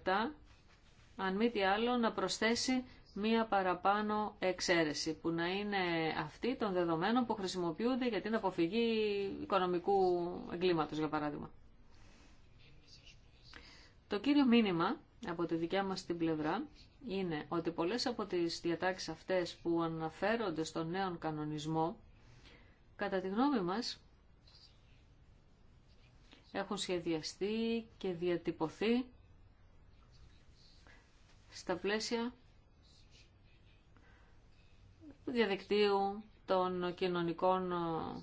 αν μη τι άλλο, να προσθέσει μία παραπάνω εξαίρεση, που να είναι αυτή των δεδομένων που χρησιμοποιούνται για την αποφυγή οικονομικού εγκλήματος, για παράδειγμα. Το κύριο μήνυμα από τη δικιά μας την πλευρά είναι ότι πολλές από τις διατάξεις αυτές που αναφέρονται στον νέο κανονισμό, κατά τη γνώμη μας, έχουν σχεδιαστεί και διατυπωθεί στα πλαίσια του διαδικτύου, των κοινωνικών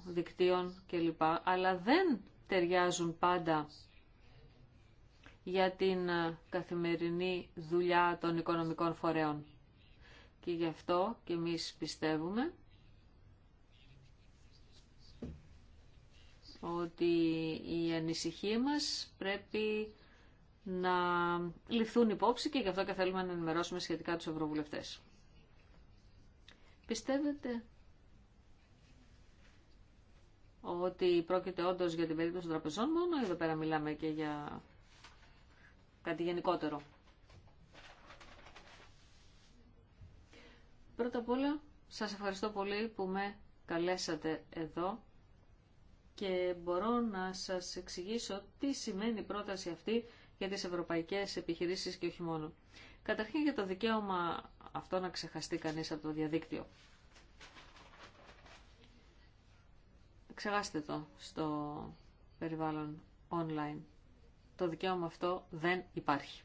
δικτύων κλπ. Αλλά δεν ταιριάζουν πάντα για την ε, καθημερινή δουλειά των οικονομικών φορέων. Και γι' αυτό και εμείς πιστεύουμε ότι η ανησυχία μας πρέπει να ληφθούν υπόψη και γι' αυτό και θέλουμε να ενημερώσουμε σχετικά τους ευρωβουλευτές. Πιστεύετε ότι πρόκειται όντω για την περίπτωση των τραπεζών μόνο, εδώ πέρα μιλάμε και για κάτι γενικότερο. Πρώτα απ' όλα, σας ευχαριστώ πολύ που με καλέσατε εδώ και μπορώ να σας εξηγήσω τι σημαίνει η πρόταση αυτή για τις ευρωπαϊκές επιχειρήσεις και όχι μόνο. Καταρχήν για το δικαίωμα αυτό να ξεχαστεί κανείς από το διαδίκτυο. Ξεχάστε το στο περιβάλλον online το δικαίωμα αυτό δεν υπάρχει.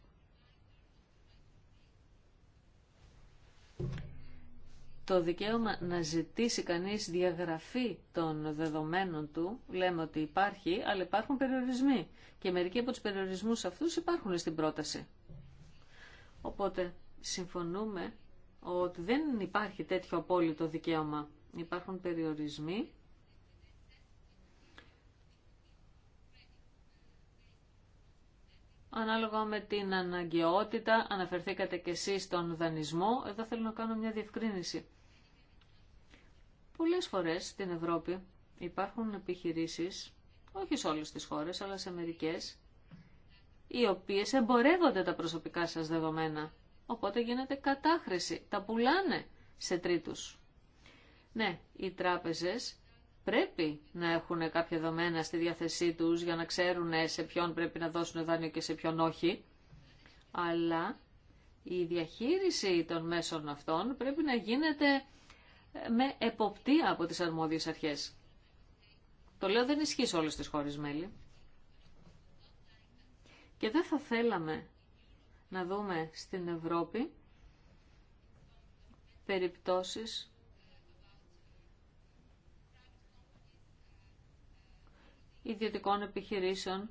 Το δικαίωμα να ζητήσει κανείς διαγραφή των δεδομένων του, λέμε ότι υπάρχει, αλλά υπάρχουν περιορισμοί. Και μερικοί από τους περιορισμούς αυτούς υπάρχουν στην πρόταση. Οπότε συμφωνούμε ότι δεν υπάρχει τέτοιο απόλυτο δικαίωμα. Υπάρχουν περιορισμοί Ανάλογα με την αναγκαιότητα, αναφερθήκατε και εσείς στον δανεισμό, εδώ θέλω να κάνω μια διευκρίνηση. Πολλές φορές στην Ευρώπη υπάρχουν επιχειρήσεις, όχι σε όλες τις χώρες, αλλά σε μερικές, οι οποίες εμπορεύονται τα προσωπικά σας δεδομένα. Οπότε γίνεται κατάχρηση. Τα πουλάνε σε τρίτους. Ναι, οι τράπεζες πρέπει να έχουν κάποια δεδομένα στη διάθεσή τους για να ξέρουν σε ποιον πρέπει να δώσουν δάνειο και σε ποιον όχι, αλλά η διαχείριση των μέσων αυτών πρέπει να γίνεται ε, με εποπτεία από τις αρμόδιες αρχές. Το λέω δεν ισχύει σε όλες τις χώρες μέλη. Και δεν θα θέλαμε να δούμε στην Ευρώπη περιπτώσεις ιδιωτικών επιχειρήσεων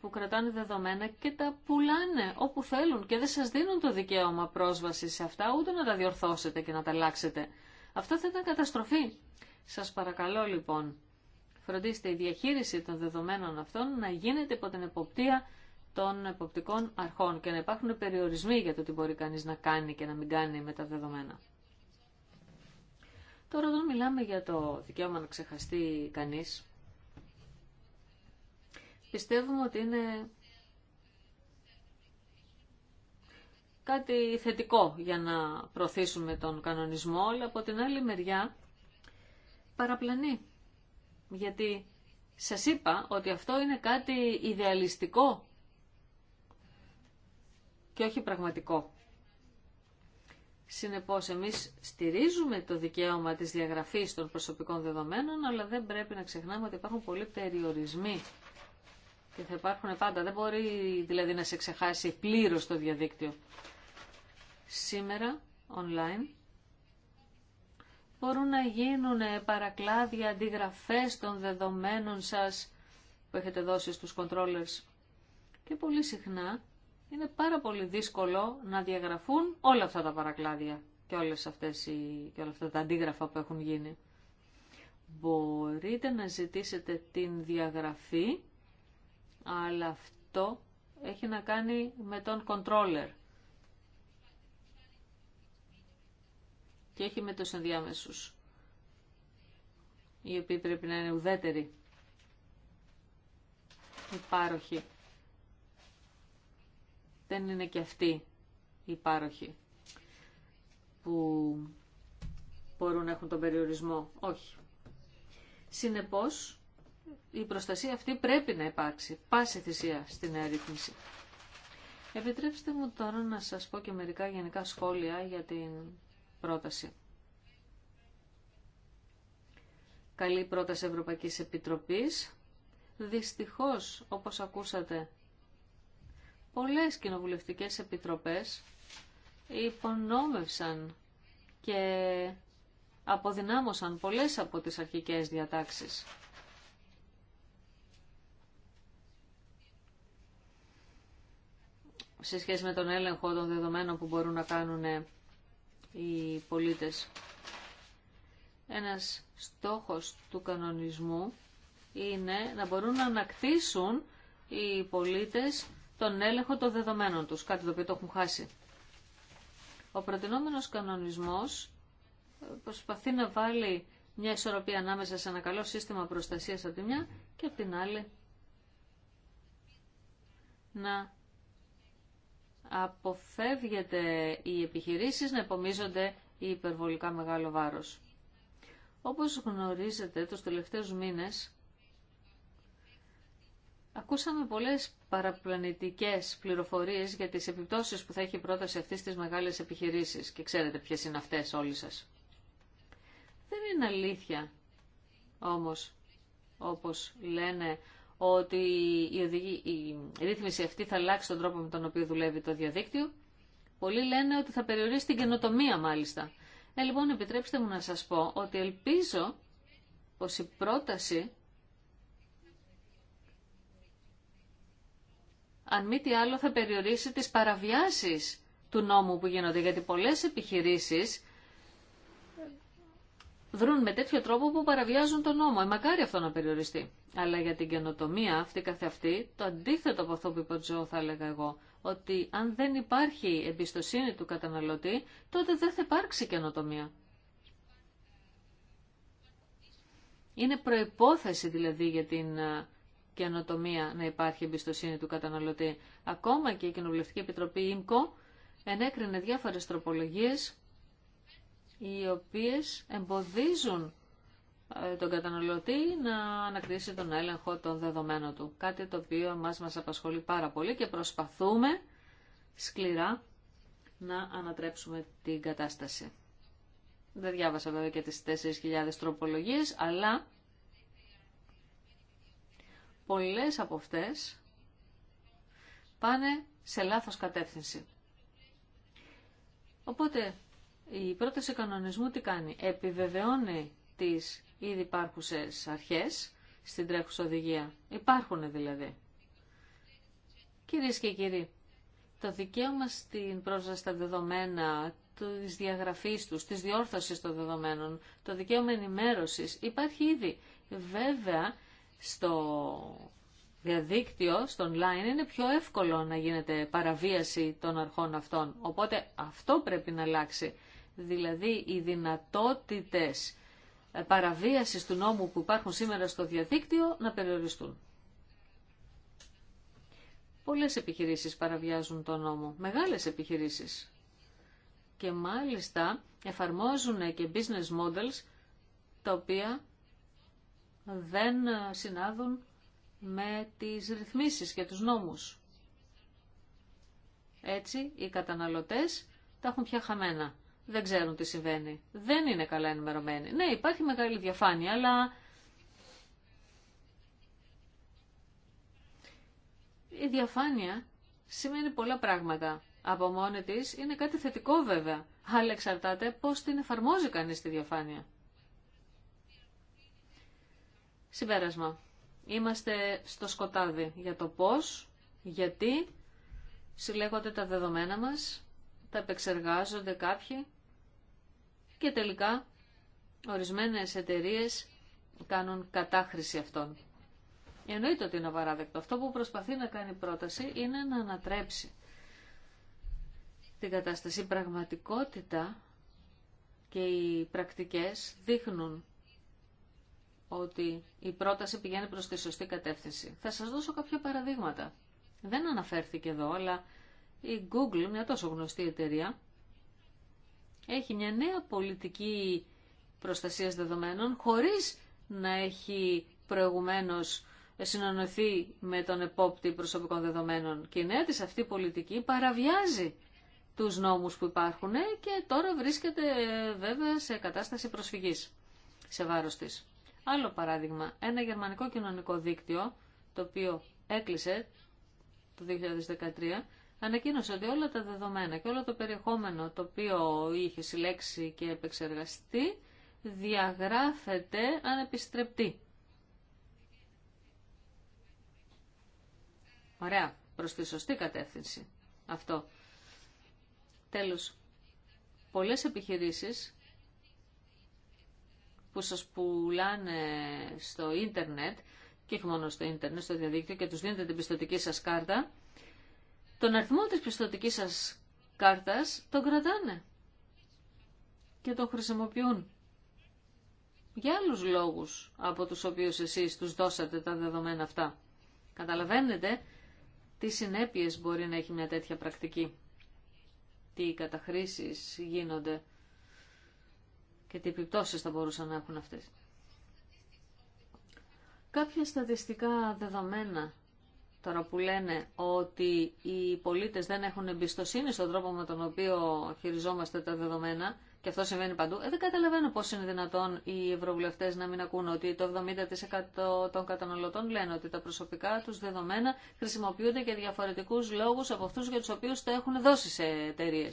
που κρατάνε δεδομένα και τα πουλάνε όπου θέλουν και δεν σας δίνουν το δικαίωμα πρόσβαση σε αυτά, ούτε να τα διορθώσετε και να τα αλλάξετε. Αυτό θα ήταν καταστροφή. Σας παρακαλώ λοιπόν, φροντίστε η διαχείριση των δεδομένων αυτών να γίνεται υπό την εποπτεία των εποπτικών αρχών και να υπάρχουν περιορισμοί για το τι μπορεί κανείς να κάνει και να μην κάνει με τα δεδομένα. Τώρα όταν μιλάμε για το δικαίωμα να ξεχαστεί κανείς, Πιστεύουμε ότι είναι κάτι θετικό για να προωθήσουμε τον κανονισμό, αλλά από την άλλη μεριά παραπλανεί. Γιατί σας είπα ότι αυτό είναι κάτι ιδεαλιστικό και όχι πραγματικό. Συνεπώς εμείς στηρίζουμε το δικαίωμα της διαγραφής των προσωπικών δεδομένων, αλλά δεν πρέπει να ξεχνάμε ότι υπάρχουν πολλοί περιορισμοί και θα υπάρχουν πάντα. Δεν μπορεί δηλαδή να σε ξεχάσει πλήρω το διαδίκτυο. Σήμερα, online, μπορούν να γίνουν παρακλάδια, αντιγραφές των δεδομένων σας που έχετε δώσει στους controllers. Και πολύ συχνά είναι πάρα πολύ δύσκολο να διαγραφούν όλα αυτά τα παρακλάδια και, όλες αυτές οι, και όλα αυτά τα αντίγραφα που έχουν γίνει. Μπορείτε να ζητήσετε την διαγραφή αλλά αυτό έχει να κάνει με τον controller και έχει με τους ενδιάμεσους οι οποίοι πρέπει να είναι ουδέτεροι υπάροχοι δεν είναι και αυτοί οι πάροχοι που μπορούν να έχουν τον περιορισμό. Όχι. Συνεπώς, η προστασία αυτή πρέπει να υπάρξει, πάση θυσία στην αρρύθμιση. Επιτρέψτε μου τώρα να σας πω και μερικά γενικά σχόλια για την πρόταση. Καλή πρόταση Ευρωπαϊκής Επιτροπής. Δυστυχώς, όπως ακούσατε, πολλές κοινοβουλευτικές επιτροπές υπονόμευσαν και αποδυνάμωσαν πολλές από τις αρχικές διατάξεις. σε σχέση με τον έλεγχο των δεδομένων που μπορούν να κάνουν οι πολίτες. Ένας στόχος του κανονισμού είναι να μπορούν να ανακτήσουν οι πολίτες τον έλεγχο των δεδομένων τους, κάτι το οποίο το έχουν χάσει. Ο προτινόμενος κανονισμός προσπαθεί να βάλει μια ισορροπία ανάμεσα σε ένα καλό σύστημα προστασίας από τη μια και από την άλλη να αποφεύγεται οι επιχειρήσεις να επομίζονται η υπερβολικά μεγάλο βάρος. Όπως γνωρίζετε, τους τελευταίους μήνες ακούσαμε πολλές παραπλανητικές πληροφορίες για τις επιπτώσεις που θα έχει πρόταση αυτής της μεγάλες επιχειρήσεις και ξέρετε ποιες είναι αυτές όλοι σας. Δεν είναι αλήθεια όμως, όπως λένε, ότι η, οδηγή, η ρύθμιση αυτή θα αλλάξει τον τρόπο με τον οποίο δουλεύει το διαδίκτυο. Πολλοί λένε ότι θα περιορίσει την καινοτομία μάλιστα. Ε, λοιπόν, επιτρέψτε μου να σας πω ότι ελπίζω πως η πρόταση, αν μη τι άλλο, θα περιορίσει τις παραβιάσεις του νόμου που γίνονται, γιατί πολλές επιχειρήσεις βρουν με τέτοιο τρόπο που παραβιάζουν τον νόμο. Ε, μακάρι αυτό να περιοριστεί. Αλλά για την καινοτομία αυτή καθεαυτή, το αντίθετο από αυτό που είπε ο Τζο θα έλεγα εγώ, ότι αν δεν υπάρχει εμπιστοσύνη του καταναλωτή, τότε δεν θα υπάρξει καινοτομία. Είναι προϋπόθεση δηλαδή για την ε, καινοτομία να υπάρχει εμπιστοσύνη του καταναλωτή. Ακόμα και η Κοινοβουλευτική Επιτροπή ΙΜΚΟ ενέκρινε διάφορες τροπολογίες οι οποίες εμποδίζουν ε, τον καταναλωτή να ανακτήσει τον έλεγχο των δεδομένων του. Κάτι το οποίο μας, μας απασχολεί πάρα πολύ και προσπαθούμε σκληρά να ανατρέψουμε την κατάσταση. Δεν διάβασα βέβαια και τις 4.000 τροπολογίες, αλλά πολλές από αυτές πάνε σε λάθος κατεύθυνση. Οπότε η πρόταση κανονισμού τι κάνει. Επιβεβαιώνει τις ήδη υπάρχουσες αρχές στην τρέχουσα οδηγία. Υπάρχουν δηλαδή. Κυρίες και κύριοι, το δικαίωμα στην πρόσβαση στα δεδομένα, της διαγραφής τους, της διόρθωσης των δεδομένων, το δικαίωμα ενημέρωσης υπάρχει ήδη. Βέβαια, στο διαδίκτυο, στο online, είναι πιο εύκολο να γίνεται παραβίαση των αρχών αυτών. Οπότε αυτό πρέπει να αλλάξει. Δηλαδή, οι δυνατότητες ε, Παραβίαση του νόμου που υπάρχουν σήμερα στο διαδίκτυο να περιοριστούν. Πολλές επιχειρήσεις παραβιάζουν τον νόμο, μεγάλες επιχειρήσεις. Και μάλιστα εφαρμόζουν και business models τα οποία δεν συνάδουν με τις ρυθμίσεις και τους νόμους. Έτσι οι καταναλωτές τα έχουν πια χαμένα δεν ξέρουν τι συμβαίνει. Δεν είναι καλά ενημερωμένοι. Ναι, υπάρχει μεγάλη διαφάνεια, αλλά η διαφάνεια σημαίνει πολλά πράγματα. Από μόνη τη είναι κάτι θετικό βέβαια, αλλά εξαρτάται πώς την εφαρμόζει κανείς τη διαφάνεια. Συμπέρασμα. Είμαστε στο σκοτάδι για το πώς, γιατί συλλέγονται τα δεδομένα μας, τα επεξεργάζονται κάποιοι και τελικά ορισμένες εταιρείες κάνουν κατάχρηση αυτών. Εννοείται ότι είναι απαράδεκτο. Αυτό που προσπαθεί να κάνει η πρόταση είναι να ανατρέψει την κατάσταση. Η πραγματικότητα και οι πρακτικές δείχνουν ότι η πρόταση πηγαίνει προς τη σωστή κατεύθυνση. Θα σας δώσω κάποια παραδείγματα. Δεν αναφέρθηκε εδώ, αλλά η Google, μια τόσο γνωστή εταιρεία, έχει μια νέα πολιτική προστασίας δεδομένων χωρίς να έχει προηγουμένως συνανωθεί με τον επόπτη προσωπικών δεδομένων. Και η νέα της αυτή πολιτική παραβιάζει τους νόμους που υπάρχουν και τώρα βρίσκεται βέβαια σε κατάσταση προσφυγής σε βάρος της. Άλλο παράδειγμα, ένα γερμανικό κοινωνικό δίκτυο, το οποίο έκλεισε το 2013, ανακοίνωσε ότι όλα τα δεδομένα και όλο το περιεχόμενο το οποίο είχε συλλέξει και επεξεργαστεί διαγράφεται ανεπιστρεπτή. Ωραία, προς τη σωστή κατεύθυνση αυτό. Τέλος, πολλές επιχειρήσεις που σας πουλάνε στο ίντερνετ και όχι μόνο στο ίντερνετ, στο διαδίκτυο και τους δίνετε την πιστοτική σας κάρτα, τον αριθμό της πιστοτικής σας κάρτας τον κρατάνε και τον χρησιμοποιούν για άλλους λόγους από τους οποίους εσείς τους δώσατε τα δεδομένα αυτά. Καταλαβαίνετε τι συνέπειες μπορεί να έχει μια τέτοια πρακτική, τι καταχρήσεις γίνονται και τι επιπτώσεις θα μπορούσαν να έχουν αυτές. Κάποια στατιστικά δεδομένα Τώρα που λένε ότι οι πολίτες δεν έχουν εμπιστοσύνη στον τρόπο με τον οποίο χειριζόμαστε τα δεδομένα, και αυτό συμβαίνει παντού, ε, δεν καταλαβαίνω πώς είναι δυνατόν οι ευρωβουλευτές να μην ακούν ότι το 70% των καταναλωτών λένε ότι τα προσωπικά τους δεδομένα χρησιμοποιούνται για διαφορετικούς λόγους από αυτούς για τους οποίους τα έχουν δώσει σε εταιρείε.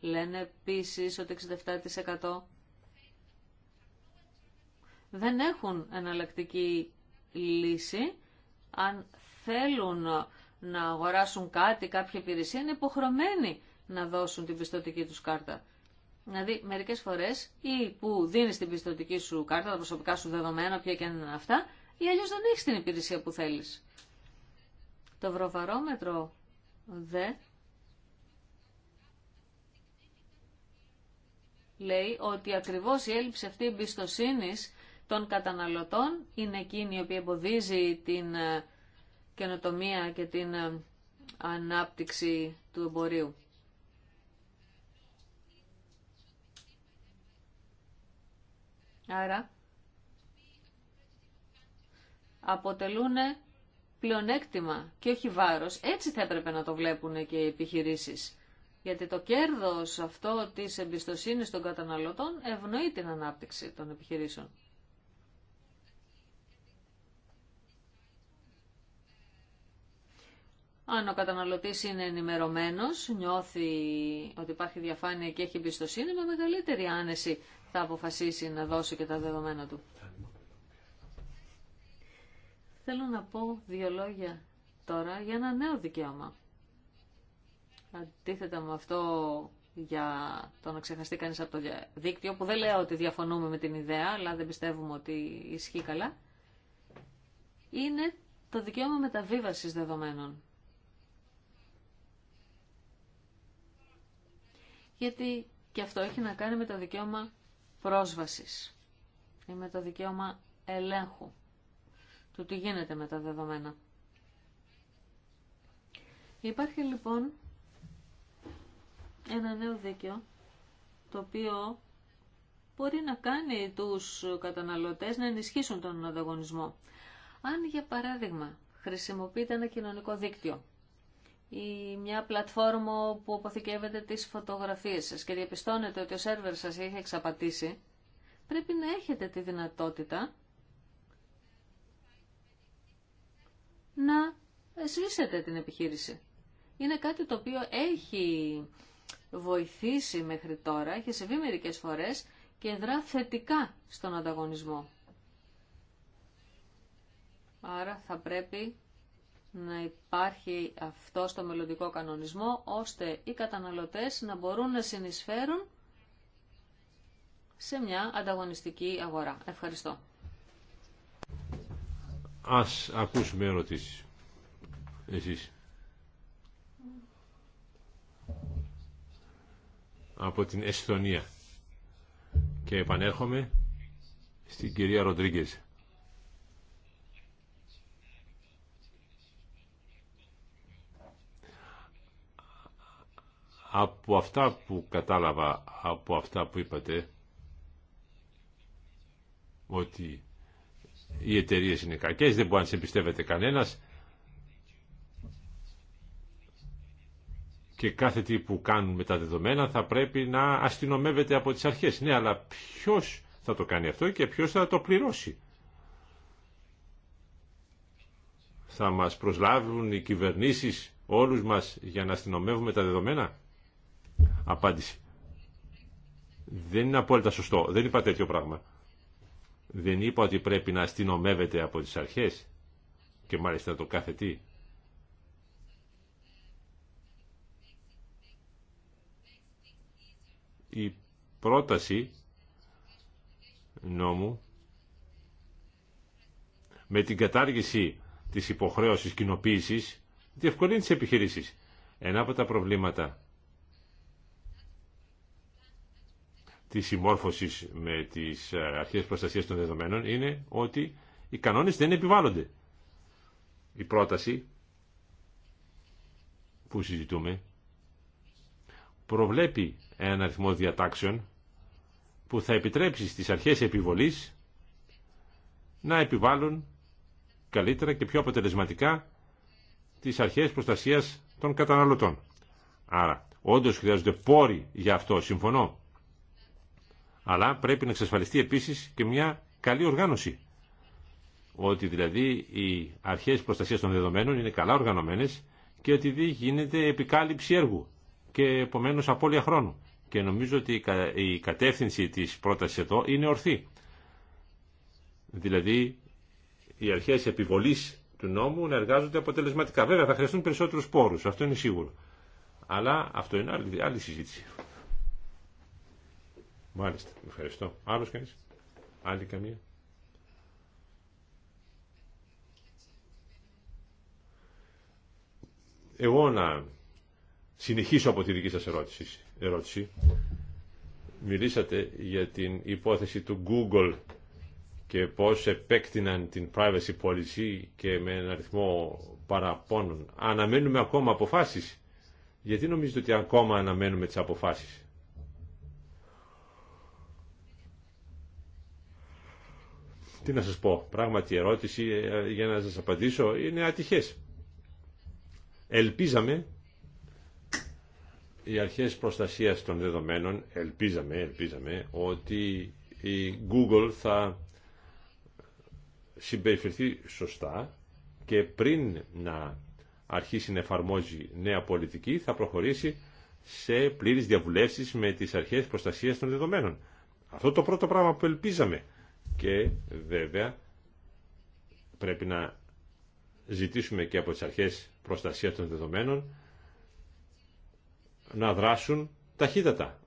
Λένε επίση ότι 67% δεν έχουν εναλλακτική λύση αν θέλουν να αγοράσουν κάτι, κάποια υπηρεσία, είναι υποχρεωμένοι να δώσουν την πιστοτική τους κάρτα. Δηλαδή, μερικές φορές ή που δίνεις την πιστοτική σου κάρτα, τα προσωπικά σου δεδομένα, ποια και αν είναι αυτά, ή αλλιώς δεν έχεις την υπηρεσία που θέλεις. Το βροβαρόμετρο δε λέει ότι ακριβώς η έλλειψη αυτή εμπιστοσύνη των καταναλωτών είναι εκείνη η οποία εμποδίζει την ε, καινοτομία και την ε, ανάπτυξη του εμπορίου. Άρα, αποτελούν πλεονέκτημα και όχι βάρος. Έτσι θα έπρεπε να το βλέπουν και οι επιχειρήσεις. Γιατί το κέρδος αυτό της εμπιστοσύνης των καταναλωτών ευνοεί την ανάπτυξη των επιχειρήσεων. Αν ο καταναλωτής είναι ενημερωμένο. νιώθει ότι υπάρχει διαφάνεια και έχει εμπιστοσύνη, με μεγαλύτερη άνεση θα αποφασίσει να δώσει και τα δεδομένα του. Θέλω να πω δύο λόγια τώρα για ένα νέο δικαίωμα. Αντίθετα με αυτό για το να ξεχαστεί κανείς από το δίκτυο, που δεν λέω ότι διαφωνούμε με την ιδέα, αλλά δεν πιστεύουμε ότι ισχύει καλά, είναι το δικαίωμα μεταβίβασης δεδομένων. γιατί και αυτό έχει να κάνει με το δικαίωμα πρόσβασης ή με το δικαίωμα ελέγχου του τι γίνεται με τα δεδομένα. Υπάρχει λοιπόν ένα νέο δίκαιο το οποίο μπορεί να κάνει τους καταναλωτές να ενισχύσουν τον ανταγωνισμό. Αν για παράδειγμα χρησιμοποιείται ένα κοινωνικό δίκτυο ή μια πλατφόρμα που αποθηκεύεται τις φωτογραφίες σας και διαπιστώνετε ότι ο σερβερ σας έχει εξαπατήσει, πρέπει να έχετε τη δυνατότητα να σβήσετε την επιχείρηση. Είναι κάτι το οποίο έχει βοηθήσει μέχρι τώρα, έχει συμβεί μερικέ φορές και δρά θετικά στον ανταγωνισμό. Άρα θα πρέπει να υπάρχει αυτό στο μελλοντικό κανονισμό, ώστε οι καταναλωτές να μπορούν να συνεισφέρουν σε μια ανταγωνιστική αγορά. Ευχαριστώ. Ας ακούσουμε ερωτήσεις. Εσείς. Από την Εσθονία. Και επανέρχομαι στην κυρία Ροντρίγκεζ. Από αυτά που κατάλαβα, από αυτά που είπατε, ότι οι εταιρείε είναι κακές, δεν μπορεί να σε εμπιστεύεται κανένας και κάθε τι που κάνουν με τα δεδομένα θα πρέπει να αστυνομεύεται από τις αρχές. Ναι, αλλά ποιος θα το κάνει αυτό και ποιος θα το πληρώσει. Θα μας προσλάβουν οι κυβερνήσεις όλους μας για να αστυνομεύουμε τα δεδομένα. Απάντηση. Δεν είναι απόλυτα σωστό. Δεν είπα τέτοιο πράγμα. Δεν είπα ότι πρέπει να αστυνομεύεται από τις αρχές και μάλιστα το κάθε τι. Η πρόταση νόμου με την κατάργηση της υποχρέωσης κοινοποίησης διευκολύνει τις επιχειρήσεις. Ένα από τα προβλήματα Τη συμμόρφωση με τις ε, αρχές προστασίας των δεδομένων είναι ότι οι κανόνες δεν επιβάλλονται. Η πρόταση που συζητούμε προβλέπει ένα αριθμό διατάξεων που θα επιτρέψει στις αρχές επιβολής να επιβάλλουν καλύτερα και πιο αποτελεσματικά τις αρχές προστασίας των καταναλωτών. Άρα, όντως χρειάζονται πόροι για αυτό, συμφωνώ αλλά πρέπει να εξασφαλιστεί επίσης και μια καλή οργάνωση. Ότι δηλαδή οι αρχές προστασίας των δεδομένων είναι καλά οργανωμένες και ότι δι γίνεται επικάλυψη έργου και επομένως απώλεια χρόνου. Και νομίζω ότι η κατεύθυνση της πρότασης εδώ είναι ορθή. Δηλαδή οι αρχές επιβολής του νόμου να εργάζονται αποτελεσματικά. Βέβαια θα χρειαστούν περισσότερους πόρους, αυτό είναι σίγουρο. Αλλά αυτό είναι άλλη συζήτηση. Μάλιστα, ευχαριστώ. Άλλος κανείς, άλλη καμία. Εγώ να συνεχίσω από τη δική σας ερώτηση. ερώτηση. Μιλήσατε για την υπόθεση του Google και πώς επέκτηναν την privacy policy και με ένα αριθμό παραπώνων. Αναμένουμε ακόμα αποφάσεις. Γιατί νομίζετε ότι ακόμα αναμένουμε τις αποφάσεις. Τι να σας πω, πράγματι η ερώτηση ε, για να σας απαντήσω είναι ατυχές. Ελπίζαμε οι αρχές προστασίας των δεδομένων, ελπίζαμε, ελπίζαμε ότι η Google θα συμπεριφερθεί σωστά και πριν να αρχίσει να εφαρμόζει νέα πολιτική θα προχωρήσει σε πλήρης διαβουλεύσεις με τις αρχές προστασίας των δεδομένων. Αυτό το πρώτο πράγμα που ελπίζαμε και βέβαια πρέπει να ζητήσουμε και από τις αρχές προστασία των δεδομένων να δράσουν ταχύτατα.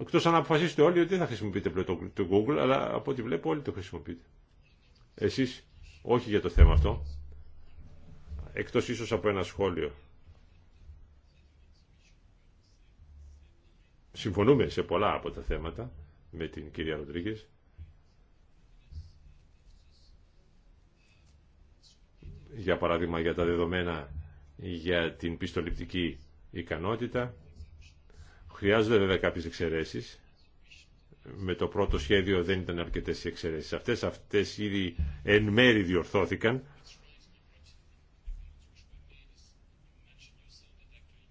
Εκτός αν αποφασίσετε όλοι ότι δεν θα χρησιμοποιείτε πλέον το Google, αλλά από ό,τι βλέπω όλοι το χρησιμοποιείτε. Εσείς όχι για το θέμα αυτό, εκτός ίσως από ένα σχόλιο συμφωνούμε σε πολλά από τα θέματα με την κυρία Ροντρίγκε. Για παράδειγμα για τα δεδομένα για την πιστοληπτική ικανότητα. Χρειάζονται βέβαια κάποιες εξαιρέσεις. Με το πρώτο σχέδιο δεν ήταν αρκετές οι εξαιρέσεις αυτές. Αυτές ήδη εν μέρη διορθώθηκαν.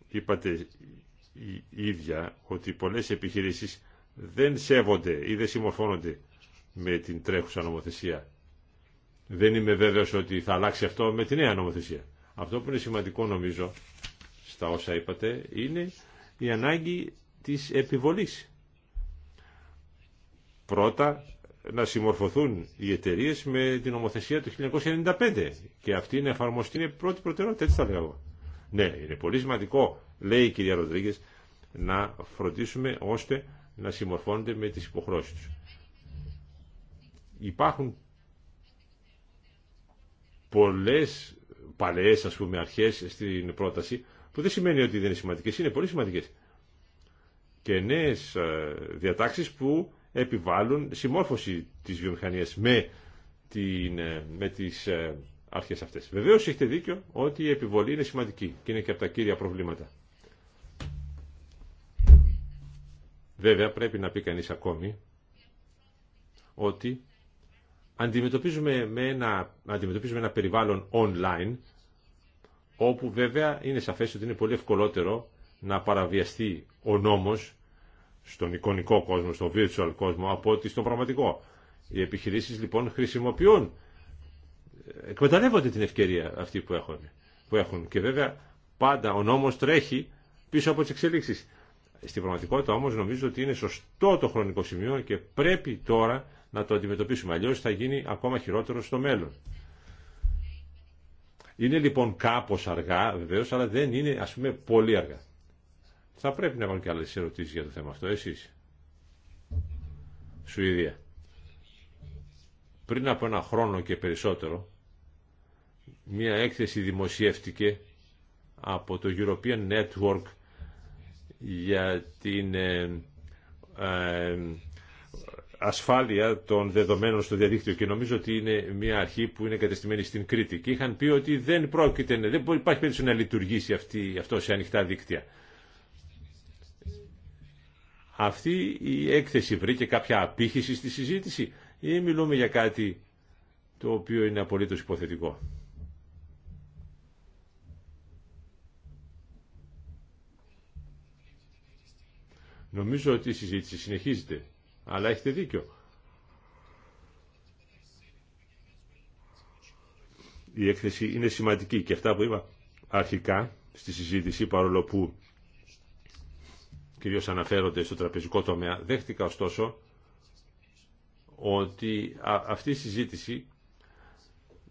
Είπατε η ίδια ότι πολλές επιχειρήσεις δεν σέβονται ή δεν συμμορφώνονται με την τρέχουσα νομοθεσία. Δεν είμαι βέβαιος ότι θα αλλάξει αυτό με τη νέα νομοθεσία. Αυτό που είναι σημαντικό νομίζω στα όσα είπατε είναι η ανάγκη της επιβολής. Πρώτα να συμμορφωθούν οι εταιρείε με την νομοθεσία του 1995 και αυτή είναι εφαρμοστή, είναι πρώτη προτεραιότητα, έτσι θα Ναι, είναι πολύ σημαντικό, λέει η κυρία Ροντρίγκε, να φροντίσουμε ώστε να συμμορφώνονται με τις υποχρώσεις τους. Υπάρχουν πολλές παλαιές ας πούμε αρχές στην πρόταση που δεν σημαίνει ότι δεν είναι σημαντικές, είναι πολύ σημαντικές. Και νέες ε, διατάξεις που επιβάλλουν συμμόρφωση της βιομηχανίας με, την, ε, με τις ε, αρχές αυτές. Βεβαίως έχετε δίκιο ότι η επιβολή είναι σημαντική και είναι και από τα κύρια προβλήματα. Βέβαια πρέπει να πει κανείς ακόμη ότι αντιμετωπίζουμε, με ένα, αντιμετωπίζουμε ένα περιβάλλον online όπου βέβαια είναι σαφές ότι είναι πολύ ευκολότερο να παραβιαστεί ο νόμος στον εικονικό κόσμο, στον virtual κόσμο από ότι στον πραγματικό. Οι επιχειρήσεις λοιπόν χρησιμοποιούν, εκμεταλλεύονται την ευκαιρία αυτή που έχουν. Που έχουν. Και βέβαια πάντα ο νόμος τρέχει πίσω από τις εξελίξεις. Στην πραγματικότητα όμως νομίζω ότι είναι σωστό το χρονικό σημείο και πρέπει τώρα να το αντιμετωπίσουμε. Αλλιώς θα γίνει ακόμα χειρότερο στο μέλλον. Είναι λοιπόν κάπως αργά βεβαίω, αλλά δεν είναι ας πούμε πολύ αργά. Θα πρέπει να έχουν και άλλες ερωτήσεις για το θέμα αυτό. Εσείς. Σουηδία. Πριν από ένα χρόνο και περισσότερο, μια έκθεση δημοσιεύτηκε από το European Network για την ε, ε, ασφάλεια των δεδομένων στο διαδίκτυο και νομίζω ότι είναι μια αρχή που είναι κατεστημένη στην Κρήτη και είχαν πει ότι δεν πρόκειται, δεν υπάρχει περίπτωση να λειτουργήσει αυτή, αυτό σε ανοιχτά δίκτυα. Αυτή η έκθεση βρήκε κάποια απήχηση στη συζήτηση ή μιλούμε για κάτι το οποίο είναι απολύτως υποθετικό. Νομίζω ότι η συζήτηση συνεχίζεται, αλλά έχετε δίκιο. Η έκθεση είναι σημαντική και αυτά που είπα αρχικά στη συζήτηση, παρόλο που κυρίως αναφέρονται στο τραπεζικό τομέα, δέχτηκα ωστόσο ότι αυτή η συζήτηση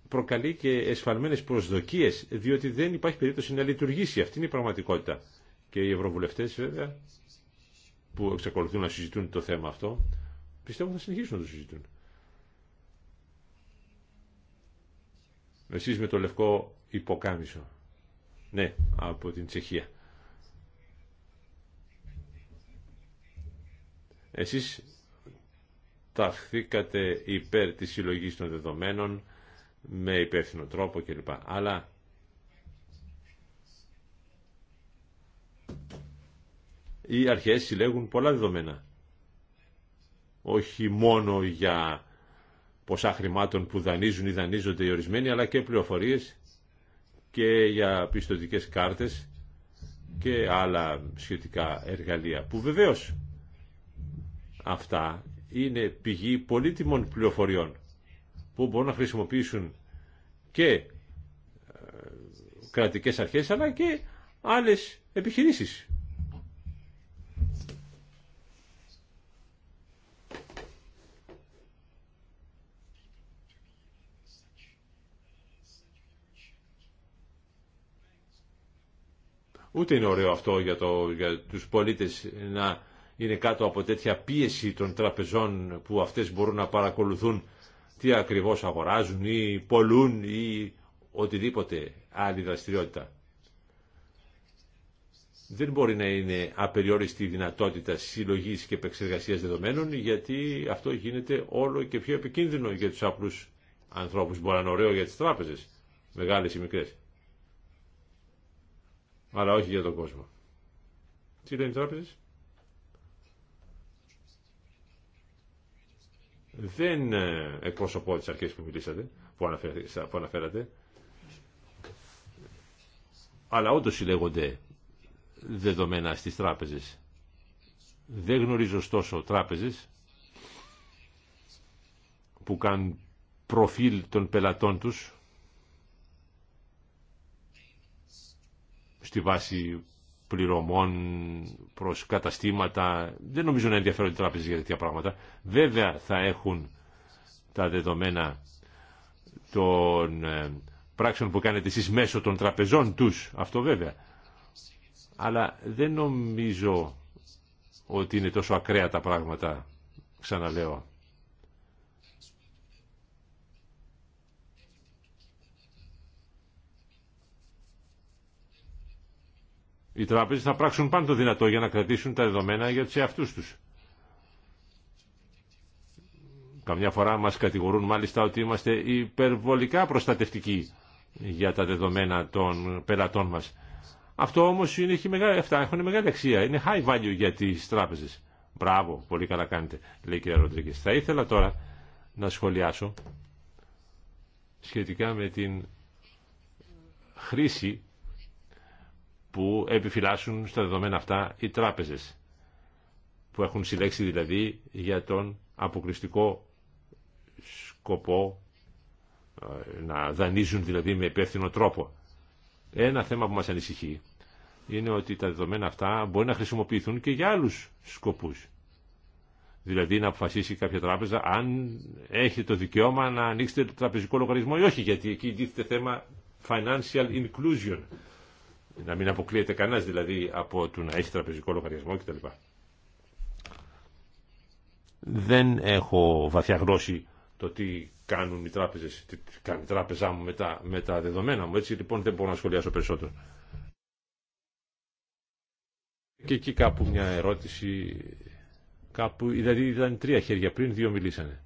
προκαλεί και εσφαλμένες προσδοκίες, διότι δεν υπάρχει περίπτωση να λειτουργήσει. Αυτή είναι η πραγματικότητα. Και οι ευρωβουλευτές βέβαια που εξακολουθούν να συζητούν το θέμα αυτό, πιστεύω θα συνεχίσουν να το συζητούν. Εσείς με το λευκό υποκάμισο. Ναι, από την Τσεχία. Εσείς ταχθήκατε υπέρ της συλλογής των δεδομένων με υπεύθυνο τρόπο κλπ. Αλλά οι αρχές συλλέγουν πολλά δεδομένα. Όχι μόνο για ποσά χρημάτων που δανείζουν ή δανείζονται οι ορισμένοι, αλλά και πληροφορίες και για πιστοτικές κάρτες και άλλα σχετικά εργαλεία, που βεβαίως αυτά είναι πηγή πολύτιμων πληροφοριών που μπορούν να χρησιμοποιήσουν και ε, κρατικές αρχές αλλά και άλλες επιχειρήσεις Ούτε είναι ωραίο αυτό για, το, για τους πολίτες να είναι κάτω από τέτοια πίεση των τραπεζών που αυτές μπορούν να παρακολουθούν τι ακριβώς αγοράζουν ή πολλούν ή οτιδήποτε άλλη δραστηριότητα. Δεν μπορεί να είναι απεριόριστη η δυνατότητα συλλογής και επεξεργασίας δεδομένων γιατί αυτό γίνεται όλο και πιο επικίνδυνο για τους απλούς ανθρώπους. Μπορεί να είναι ωραίο για τις τράπεζες, μεγάλες ή μικρές αλλά όχι για τον κόσμο. Τι λένε οι Δεν ε, εκπροσωπώ τις αρχέ που μιλήσατε, που, που αναφέρατε, αλλά όντως συλλέγονται δεδομένα στις τράπεζες. Δεν γνωρίζω ωστόσο τράπεζες που κάνουν προφίλ των πελατών τους στη βάση πληρωμών προς καταστήματα. Δεν νομίζω να ενδιαφέρονται οι τράπεζες για τέτοια πράγματα. Βέβαια θα έχουν τα δεδομένα των ε, πράξεων που κάνετε εσεί μέσω των τραπεζών τους. Αυτό βέβαια. Αλλά δεν νομίζω ότι είναι τόσο ακραία τα πράγματα, ξαναλέω. οι τράπεζες θα πράξουν πάντο δυνατό για να κρατήσουν τα δεδομένα για τους εαυτούς τους. Καμιά φορά μας κατηγορούν μάλιστα ότι είμαστε υπερβολικά προστατευτικοί για τα δεδομένα των πελατών μας. Αυτό όμως είναι, έχει μεγάλη, αυτά έχουν μεγάλη αξία. Είναι high value για τις τράπεζες. Μπράβο, πολύ καλά κάνετε, λέει κ. Θα ήθελα τώρα να σχολιάσω σχετικά με την χρήση που επιφυλάσσουν στα δεδομένα αυτά οι τράπεζες που έχουν συλλέξει δηλαδή για τον αποκλειστικό σκοπό ε, να δανείζουν δηλαδή με υπεύθυνο τρόπο. Ένα θέμα που μας ανησυχεί είναι ότι τα δεδομένα αυτά μπορεί να χρησιμοποιηθούν και για άλλους σκοπούς. Δηλαδή να αποφασίσει κάποια τράπεζα αν έχει το δικαίωμα να ανοίξετε το τραπεζικό λογαριασμό ή όχι, γιατί εκεί δίθεται θέμα financial inclusion, να μην αποκλείεται κανένας δηλαδή από το να έχει τραπεζικό λογαριασμό κτλ. Δεν έχω βαθιά γνώση το τι κάνουν οι τράπεζες, τι κάνει η τράπεζά μου με τα, δεδομένα μου. Έτσι λοιπόν δεν μπορώ να σχολιάσω περισσότερο. Και εκεί κάπου μια ερώτηση, κάπου, δηλαδή ήταν τρία χέρια πριν, δύο μιλήσανε.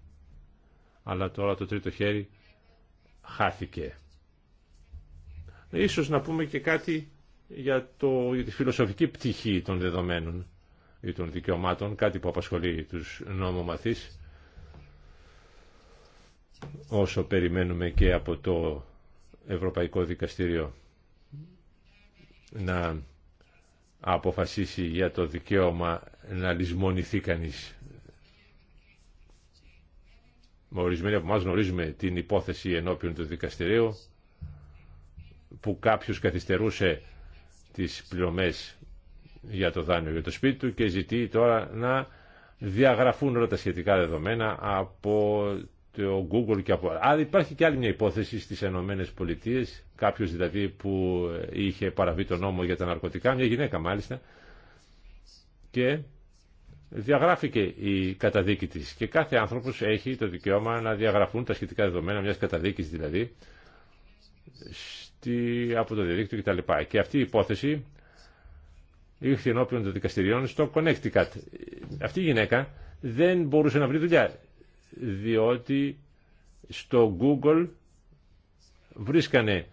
Αλλά τώρα το τρίτο χέρι χάθηκε. Ίσως να πούμε και κάτι για, το, για τη φιλοσοφική πτυχή των δεδομένων ή των δικαιωμάτων, κάτι που απασχολεί τους νόμομαθείς όσο περιμένουμε και από το Ευρωπαϊκό Δικαστήριο να αποφασίσει για το δικαίωμα να λησμονηθεί κανείς. Ορισμένοι από εμάς γνωρίζουμε την υπόθεση ενώπιον του δικαστηρίου που κάποιος καθυστερούσε τις πληρωμές για το δάνειο για το σπίτι του και ζητεί τώρα να διαγραφούν όλα τα σχετικά δεδομένα από το Google και από άλλα. Υπάρχει και άλλη μια υπόθεση στις Ενωμένες Πολιτείες, κάποιος δηλαδή που είχε παραβεί τον νόμο για τα ναρκωτικά, μια γυναίκα μάλιστα, και διαγράφηκε η καταδίκη της. Και κάθε άνθρωπος έχει το δικαίωμα να διαγραφούν τα σχετικά δεδομένα μιας καταδίκης δηλαδή, στη, από το διαδίκτυο κτλ. Και αυτή η υπόθεση ήρθε ενώπιον των δικαστηριών στο Connecticut. Αυτή η γυναίκα δεν μπορούσε να βρει δουλειά, διότι στο Google βρίσκανε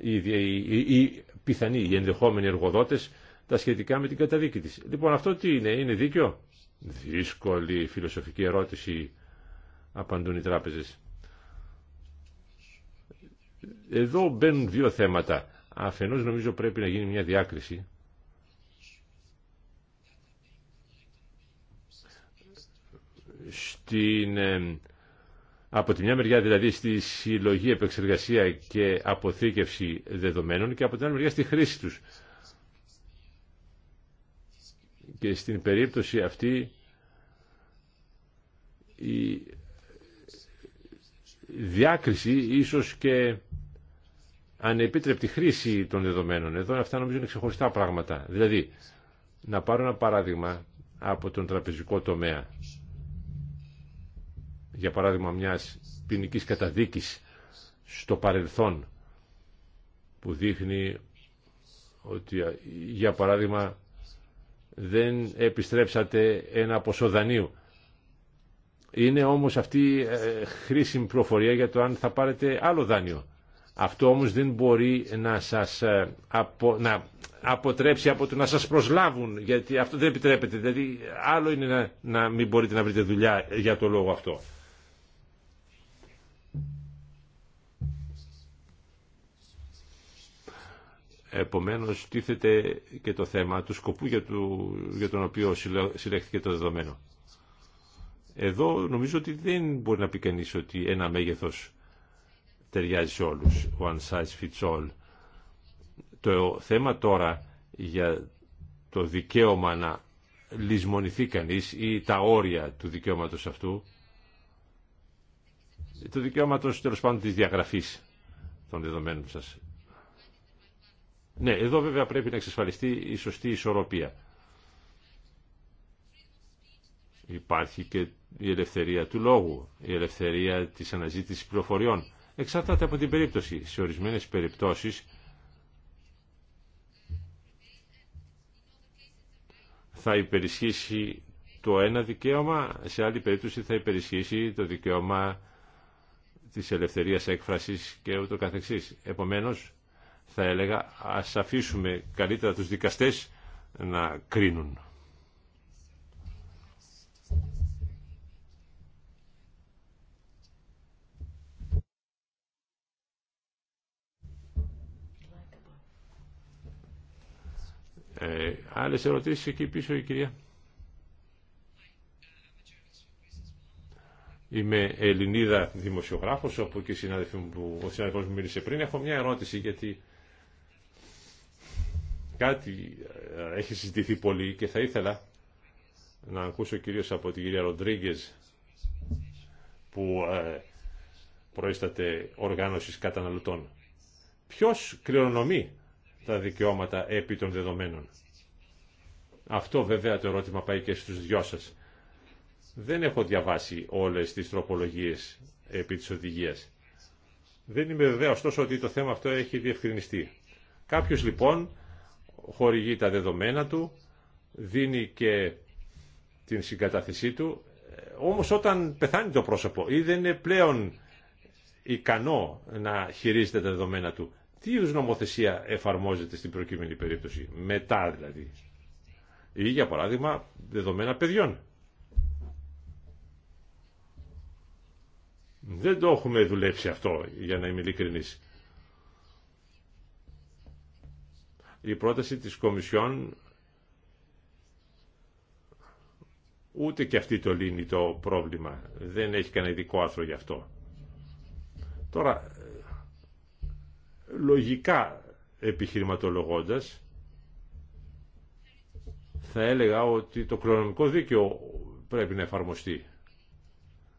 οι, πιθανοί, οι ενδεχόμενοι εργοδότες τα σχετικά με την καταδίκη της. Λοιπόν, αυτό τι είναι, είναι δίκιο Δύσκολη φιλοσοφική ερώτηση απαντούν οι τράπεζες. Εδώ μπαίνουν δύο θέματα. Αφενός νομίζω πρέπει να γίνει μια διάκριση στην, ε, από τη μια μεριά δηλαδή στη συλλογή, επεξεργασία και αποθήκευση δεδομένων και από την άλλη μεριά στη χρήση τους. Και στην περίπτωση αυτή η διάκριση, ίσως και ανεπίτρεπτη χρήση των δεδομένων. Εδώ αυτά νομίζω είναι ξεχωριστά πράγματα. Δηλαδή, να πάρω ένα παράδειγμα από τον τραπεζικό τομέα. Για παράδειγμα μιας ποινική καταδίκης στο παρελθόν που δείχνει ότι για παράδειγμα δεν επιστρέψατε ένα ποσό είναι όμως αυτή ε, χρήσιμη προφορία για το αν θα πάρετε άλλο δάνειο. Αυτό όμως δεν μπορεί να σας ε, να αποτρέψει από το να σας προσλάβουν, γιατί αυτό δεν επιτρέπεται. Δηλαδή άλλο είναι να, μην μπορείτε να βρείτε δουλειά για το λόγο αυτό. Επομένως, τίθεται και το θέμα του σκοπού για, του, για τον οποίο συλλέχθηκε το δεδομένο. Εδώ νομίζω ότι δεν μπορεί να πει κανεί ότι ένα μέγεθος ταιριάζει σε όλους, one size fits all. Το θέμα τώρα για το δικαίωμα να λησμονηθεί κανείς ή τα όρια του δικαιώματος αυτού, το δικαιώματο τέλο πάντων της διαγραφής των δεδομένων σας. Ναι, εδώ βέβαια πρέπει να εξασφαλιστεί η σωστή ισορροπία. Υπάρχει και η ελευθερία του λόγου, η ελευθερία της αναζήτησης πληροφοριών. Εξαρτάται από την περίπτωση. Σε ορισμένες περιπτώσεις θα υπερισχύσει το ένα δικαίωμα, σε άλλη περίπτωση θα υπερισχύσει το δικαίωμα της ελευθερίας έκφρασης και ούτω καθεξής. Επομένως, θα έλεγα, ας αφήσουμε καλύτερα τους δικαστές να κρίνουν. Ε, άλλες ερωτήσεις εκεί πίσω η κυρία. Είμαι Ελληνίδα δημοσιογράφος, όπου και συνάδελφοι που, ο συνάδελφος μου μίλησε πριν. Έχω μια ερώτηση, γιατί κάτι ε, έχει συζητηθεί πολύ και θα ήθελα να ακούσω κυρίως από την κυρία Ροντρίγκες, που ε, προέσταται οργάνωσης καταναλωτών. Ποιος κληρονομεί τα δικαιώματα επί των δεδομένων. Αυτό βέβαια το ερώτημα πάει και στους δυο σας. Δεν έχω διαβάσει όλες τις τροπολογίες επί της οδηγίας. Δεν είμαι βέβαια ωστόσο ότι το θέμα αυτό έχει διευκρινιστεί. Κάποιο λοιπόν χορηγεί τα δεδομένα του, δίνει και την συγκατάθεσή του, όμως όταν πεθάνει το πρόσωπο ή δεν είναι πλέον ικανό να χειρίζεται τα δεδομένα του, τι είδου νομοθεσία εφαρμόζεται στην προκείμενη περίπτωση, μετά δηλαδή. Ή για παράδειγμα δεδομένα παιδιών. Δεν το έχουμε δουλέψει αυτό, για να είμαι ειλικρινής. Η πρόταση της Κομισιόν ούτε και αυτή το λύνει το πρόβλημα. Δεν έχει κανένα ειδικό άρθρο γι' αυτό. Τώρα, λογικά επιχειρηματολογώντας θα έλεγα ότι το κληρονομικό δίκαιο πρέπει να εφαρμοστεί.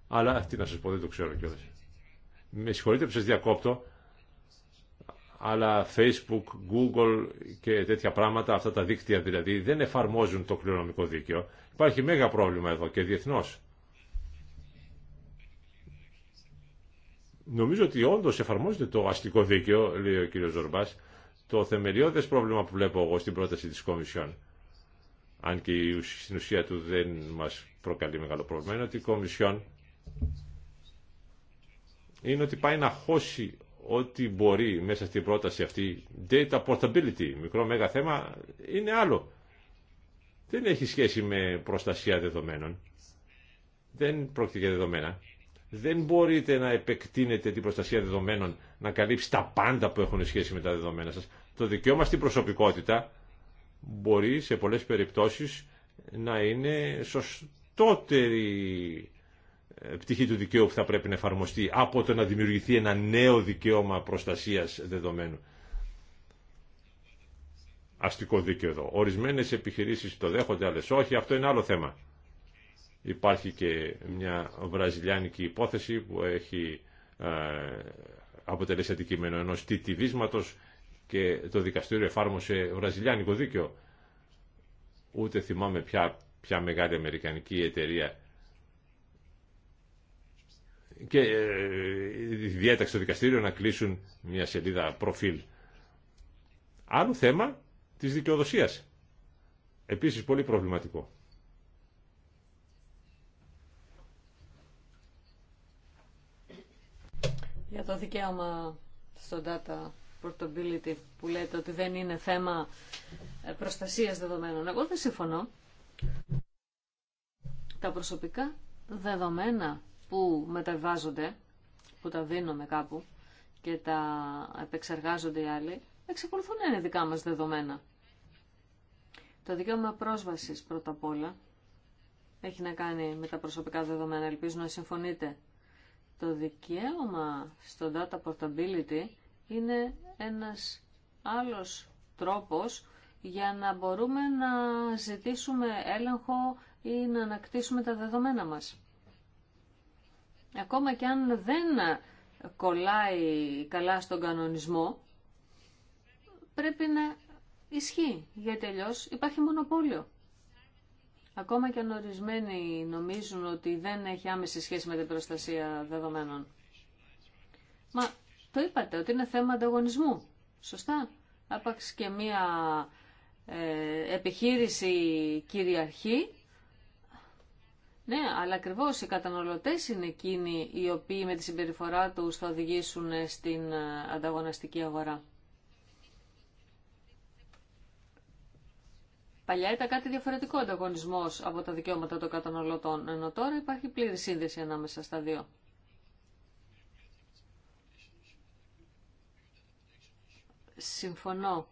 Αλλά τι να σας πω, δεν το ξέρω κιόλα. Με συγχωρείτε που σας διακόπτω, αλλά Facebook, Google και τέτοια πράγματα, αυτά τα δίκτυα δηλαδή, δεν εφαρμόζουν το κληρονομικό δίκαιο. Υπάρχει μέγα πρόβλημα εδώ και διεθνώς. Νομίζω ότι όντω εφαρμόζεται το αστικό δίκαιο, λέει ο κ. Ζορμπά, το θεμελιώδε πρόβλημα που βλέπω εγώ στην πρόταση τη Κομισιόν. Αν και στην ουσία του δεν μα προκαλεί μεγάλο πρόβλημα, είναι ότι η Κομισιόν είναι ότι πάει να χώσει ό,τι μπορεί μέσα στην πρόταση αυτή. Data portability, μικρό μέγα θέμα, είναι άλλο. Δεν έχει σχέση με προστασία δεδομένων. Δεν πρόκειται για δεδομένα δεν μπορείτε να επεκτείνετε την προστασία δεδομένων, να καλύψει τα πάντα που έχουν σχέση με τα δεδομένα σας. Το δικαίωμα στην προσωπικότητα μπορεί σε πολλές περιπτώσεις να είναι σωστότερη ε, πτυχή του δικαίου που θα πρέπει να εφαρμοστεί από το να δημιουργηθεί ένα νέο δικαίωμα προστασίας δεδομένου. Αστικό δίκαιο εδώ. Ορισμένες επιχειρήσεις το δέχονται, άλλες όχι. Αυτό είναι άλλο θέμα. Υπάρχει και μια βραζιλιάνικη υπόθεση που έχει ε, αποτελέσει αντικείμενο ενός τιτιβίσματος και το δικαστήριο εφάρμοσε βραζιλιάνικο δίκαιο. Ούτε θυμάμαι ποια, ποια μεγάλη αμερικανική εταιρεία και ε, διέταξε το δικαστήριο να κλείσουν μια σελίδα προφίλ. Άλλο θέμα της δικαιοδοσίας. Επίσης πολύ προβληματικό. το δικαίωμα στο data portability που λέτε ότι δεν είναι θέμα ε, προστασίας δεδομένων. Εγώ δεν συμφωνώ. Τα προσωπικά δεδομένα που μεταβάζονται, που τα δίνουμε κάπου και τα επεξεργάζονται οι άλλοι, εξακολουθούν να είναι δικά μας δεδομένα. Το δικαίωμα πρόσβασης πρώτα απ' όλα έχει να κάνει με τα προσωπικά δεδομένα. Ελπίζω να συμφωνείτε το δικαίωμα στο data portability είναι ένας άλλος τρόπος για να μπορούμε να ζητήσουμε έλεγχο ή να ανακτήσουμε τα δεδομένα μας. Ακόμα και αν δεν κολλάει καλά στον κανονισμό, πρέπει να ισχύει, γιατί αλλιώ υπάρχει μονοπόλιο. Ακόμα και αν ορισμένοι νομίζουν ότι δεν έχει άμεση σχέση με την προστασία δεδομένων. Μα το είπατε ότι είναι θέμα ανταγωνισμού. Σωστά. Άπαξ και μία ε, επιχείρηση κυριαρχή. Ναι, αλλά ακριβώ οι καταναλωτέ είναι εκείνοι οι οποίοι με τη συμπεριφορά του θα οδηγήσουν στην ε, ανταγωνιστική αγορά. Παλιά ήταν κάτι διαφορετικό ανταγωνισμό από τα δικαιώματα των καταναλωτών, ενώ τώρα υπάρχει πλήρη σύνδεση ανάμεσα στα δύο. Συμφωνώ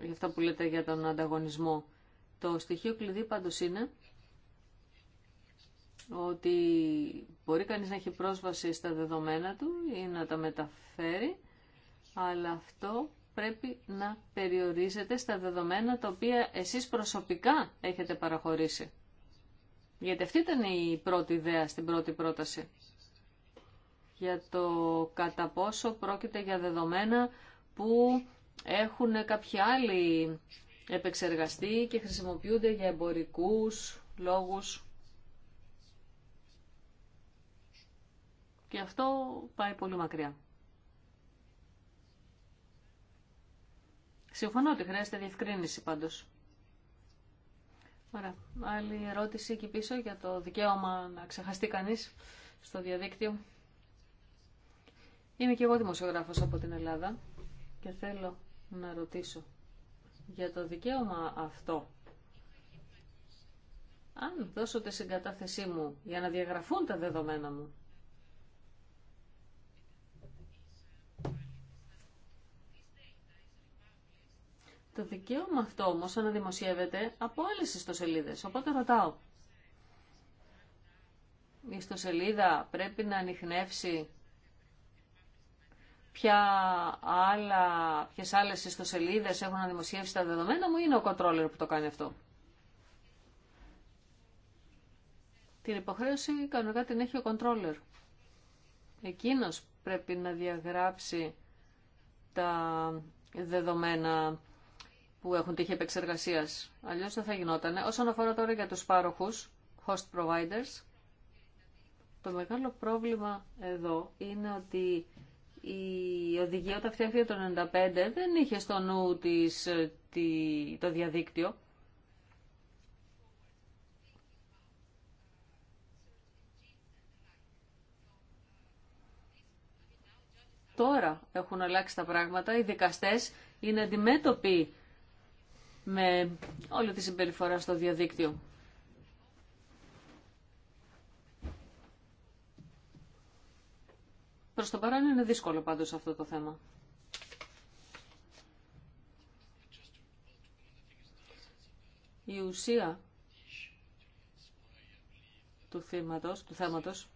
για αυτά που λέτε για τον ανταγωνισμό. Το στοιχείο κλειδί πάντως είναι ότι μπορεί κανείς να έχει πρόσβαση στα δεδομένα του ή να τα μεταφέρει, αλλά αυτό πρέπει να περιορίζεται στα δεδομένα τα οποία εσείς προσωπικά έχετε παραχωρήσει. Γιατί αυτή ήταν η πρώτη ιδέα στην πρώτη πρόταση. Για το κατά πόσο πρόκειται για δεδομένα που έχουν κάποιοι άλλοι επεξεργαστεί και χρησιμοποιούνται για εμπορικούς λόγους. Και αυτό πάει πολύ μακριά. Συμφωνώ ότι χρειάζεται διευκρίνηση πάντως. Ωραία. Άλλη ερώτηση εκεί πίσω για το δικαίωμα να ξεχαστεί κανείς στο διαδίκτυο. Είμαι και εγώ δημοσιογράφος από την Ελλάδα και θέλω να ρωτήσω για το δικαίωμα αυτό. Αν δώσω τη συγκατάθεσή μου για να διαγραφούν τα δεδομένα μου, Το δικαίωμα αυτό όμως αναδημοσιεύεται από άλλες ιστοσελίδες. Οπότε ρωτάω, η ιστοσελίδα πρέπει να ανοιχνεύσει ποια άλλα, ποιες άλλες ιστοσελίδες έχουν αναδημοσιεύσει τα δεδομένα μου ή είναι ο κοντρόλερ που το κάνει αυτό. Την υποχρέωση κανονικά την έχει ο κοντρόλερ. Εκείνος πρέπει να διαγράψει τα δεδομένα που έχουν τύχει επεξεργασία. Αλλιώ δεν θα γινόταν. Όσον αφορά τώρα για του πάροχου, host providers, το μεγάλο πρόβλημα εδώ είναι ότι η οδηγία όταν φτιάχθηκε το 1995 δεν είχε στο νου τη, το διαδίκτυο. Τώρα έχουν αλλάξει τα πράγματα. Οι δικαστές είναι αντιμέτωποι με όλη τη συμπεριφορά στο διαδίκτυο. Προς το παρόν είναι δύσκολο πάντως αυτό το θέμα. Η ουσία του θέματος, του θέματος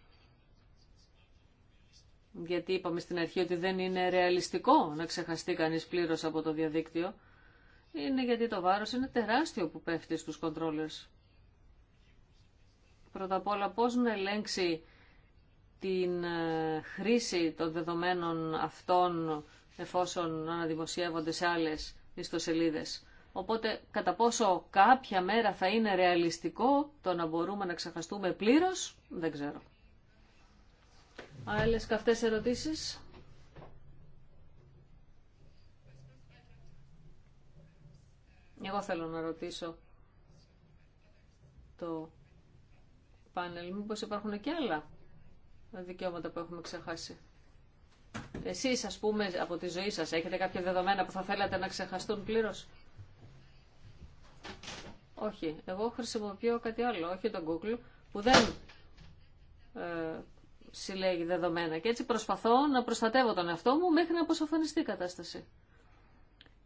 γιατί είπαμε στην αρχή ότι δεν είναι ρεαλιστικό να ξεχαστεί κανείς πλήρως από το διαδίκτυο, είναι γιατί το βάρος είναι τεράστιο που πέφτει στους κοντρόλες. Πρώτα απ' όλα πώς να ελέγξει την ε, χρήση των δεδομένων αυτών εφόσον αναδημοσιεύονται σε άλλες ιστοσελίδες. Οπότε κατά πόσο κάποια μέρα θα είναι ρεαλιστικό το να μπορούμε να ξεχαστούμε πλήρως, δεν ξέρω. Άλλες καυτές ερωτήσεις. Εγώ θέλω να ρωτήσω το πάνελ μου πως υπάρχουν και άλλα δικαιώματα που έχουμε ξεχάσει. Εσείς, ας πούμε, από τη ζωή σας, έχετε κάποια δεδομένα που θα θέλατε να ξεχαστούν πλήρως. Όχι. Εγώ χρησιμοποιώ κάτι άλλο, όχι τον Google, που δεν ε, συλλέγει δεδομένα. Και έτσι προσπαθώ να προστατεύω τον εαυτό μου μέχρι να αποσαφανιστεί η κατάσταση.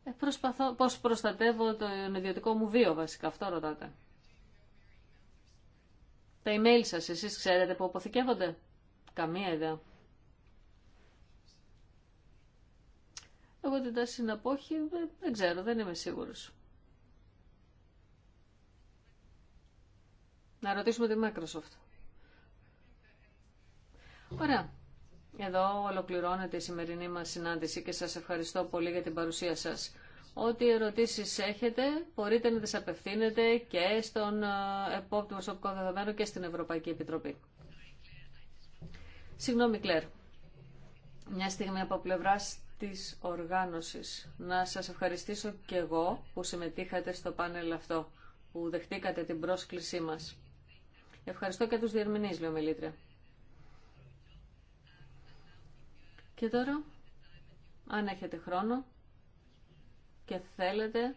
Ε, προσπαθώ, πώς προστατεύω τον ιδιωτικό μου βίο βασικά, αυτό ρωτάτε. Τα email σας, εσείς ξέρετε που αποθηκεύονται. Καμία ιδέα. Εγώ την τάση να πω όχι, δεν, δεν ξέρω, δεν είμαι σίγουρος. Να ρωτήσουμε τη Microsoft. Ωραία. Εδώ ολοκληρώνεται η σημερινή μας συνάντηση και σας ευχαριστώ πολύ για την παρουσία σας. Ό,τι ερωτήσεις έχετε, μπορείτε να τις απευθύνετε και στον ε, επόπτη προσωπικό δεδομένο και στην Ευρωπαϊκή Επιτροπή. Συγγνώμη, Κλέρ. Μια στιγμή από πλευρά της οργάνωσης. Να σας ευχαριστήσω και εγώ που συμμετείχατε στο πάνελ αυτό, που δεχτήκατε την πρόσκλησή μας. Ευχαριστώ και τους διερμηνείς, Και τώρα, αν έχετε χρόνο και θέλετε,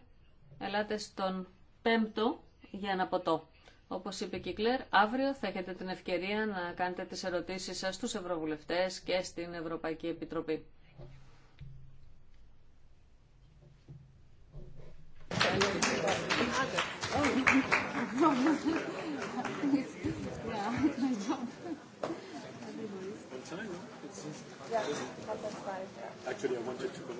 ελάτε στον πέμπτο για ένα ποτό. Όπως είπε και η Κλέρ, αύριο θα έχετε την ευκαιρία να κάνετε τις ερωτήσεις σας στους Ευρωβουλευτές και στην Ευρωπαϊκή Επιτροπή. Yeah, half past five. Actually, I wanted to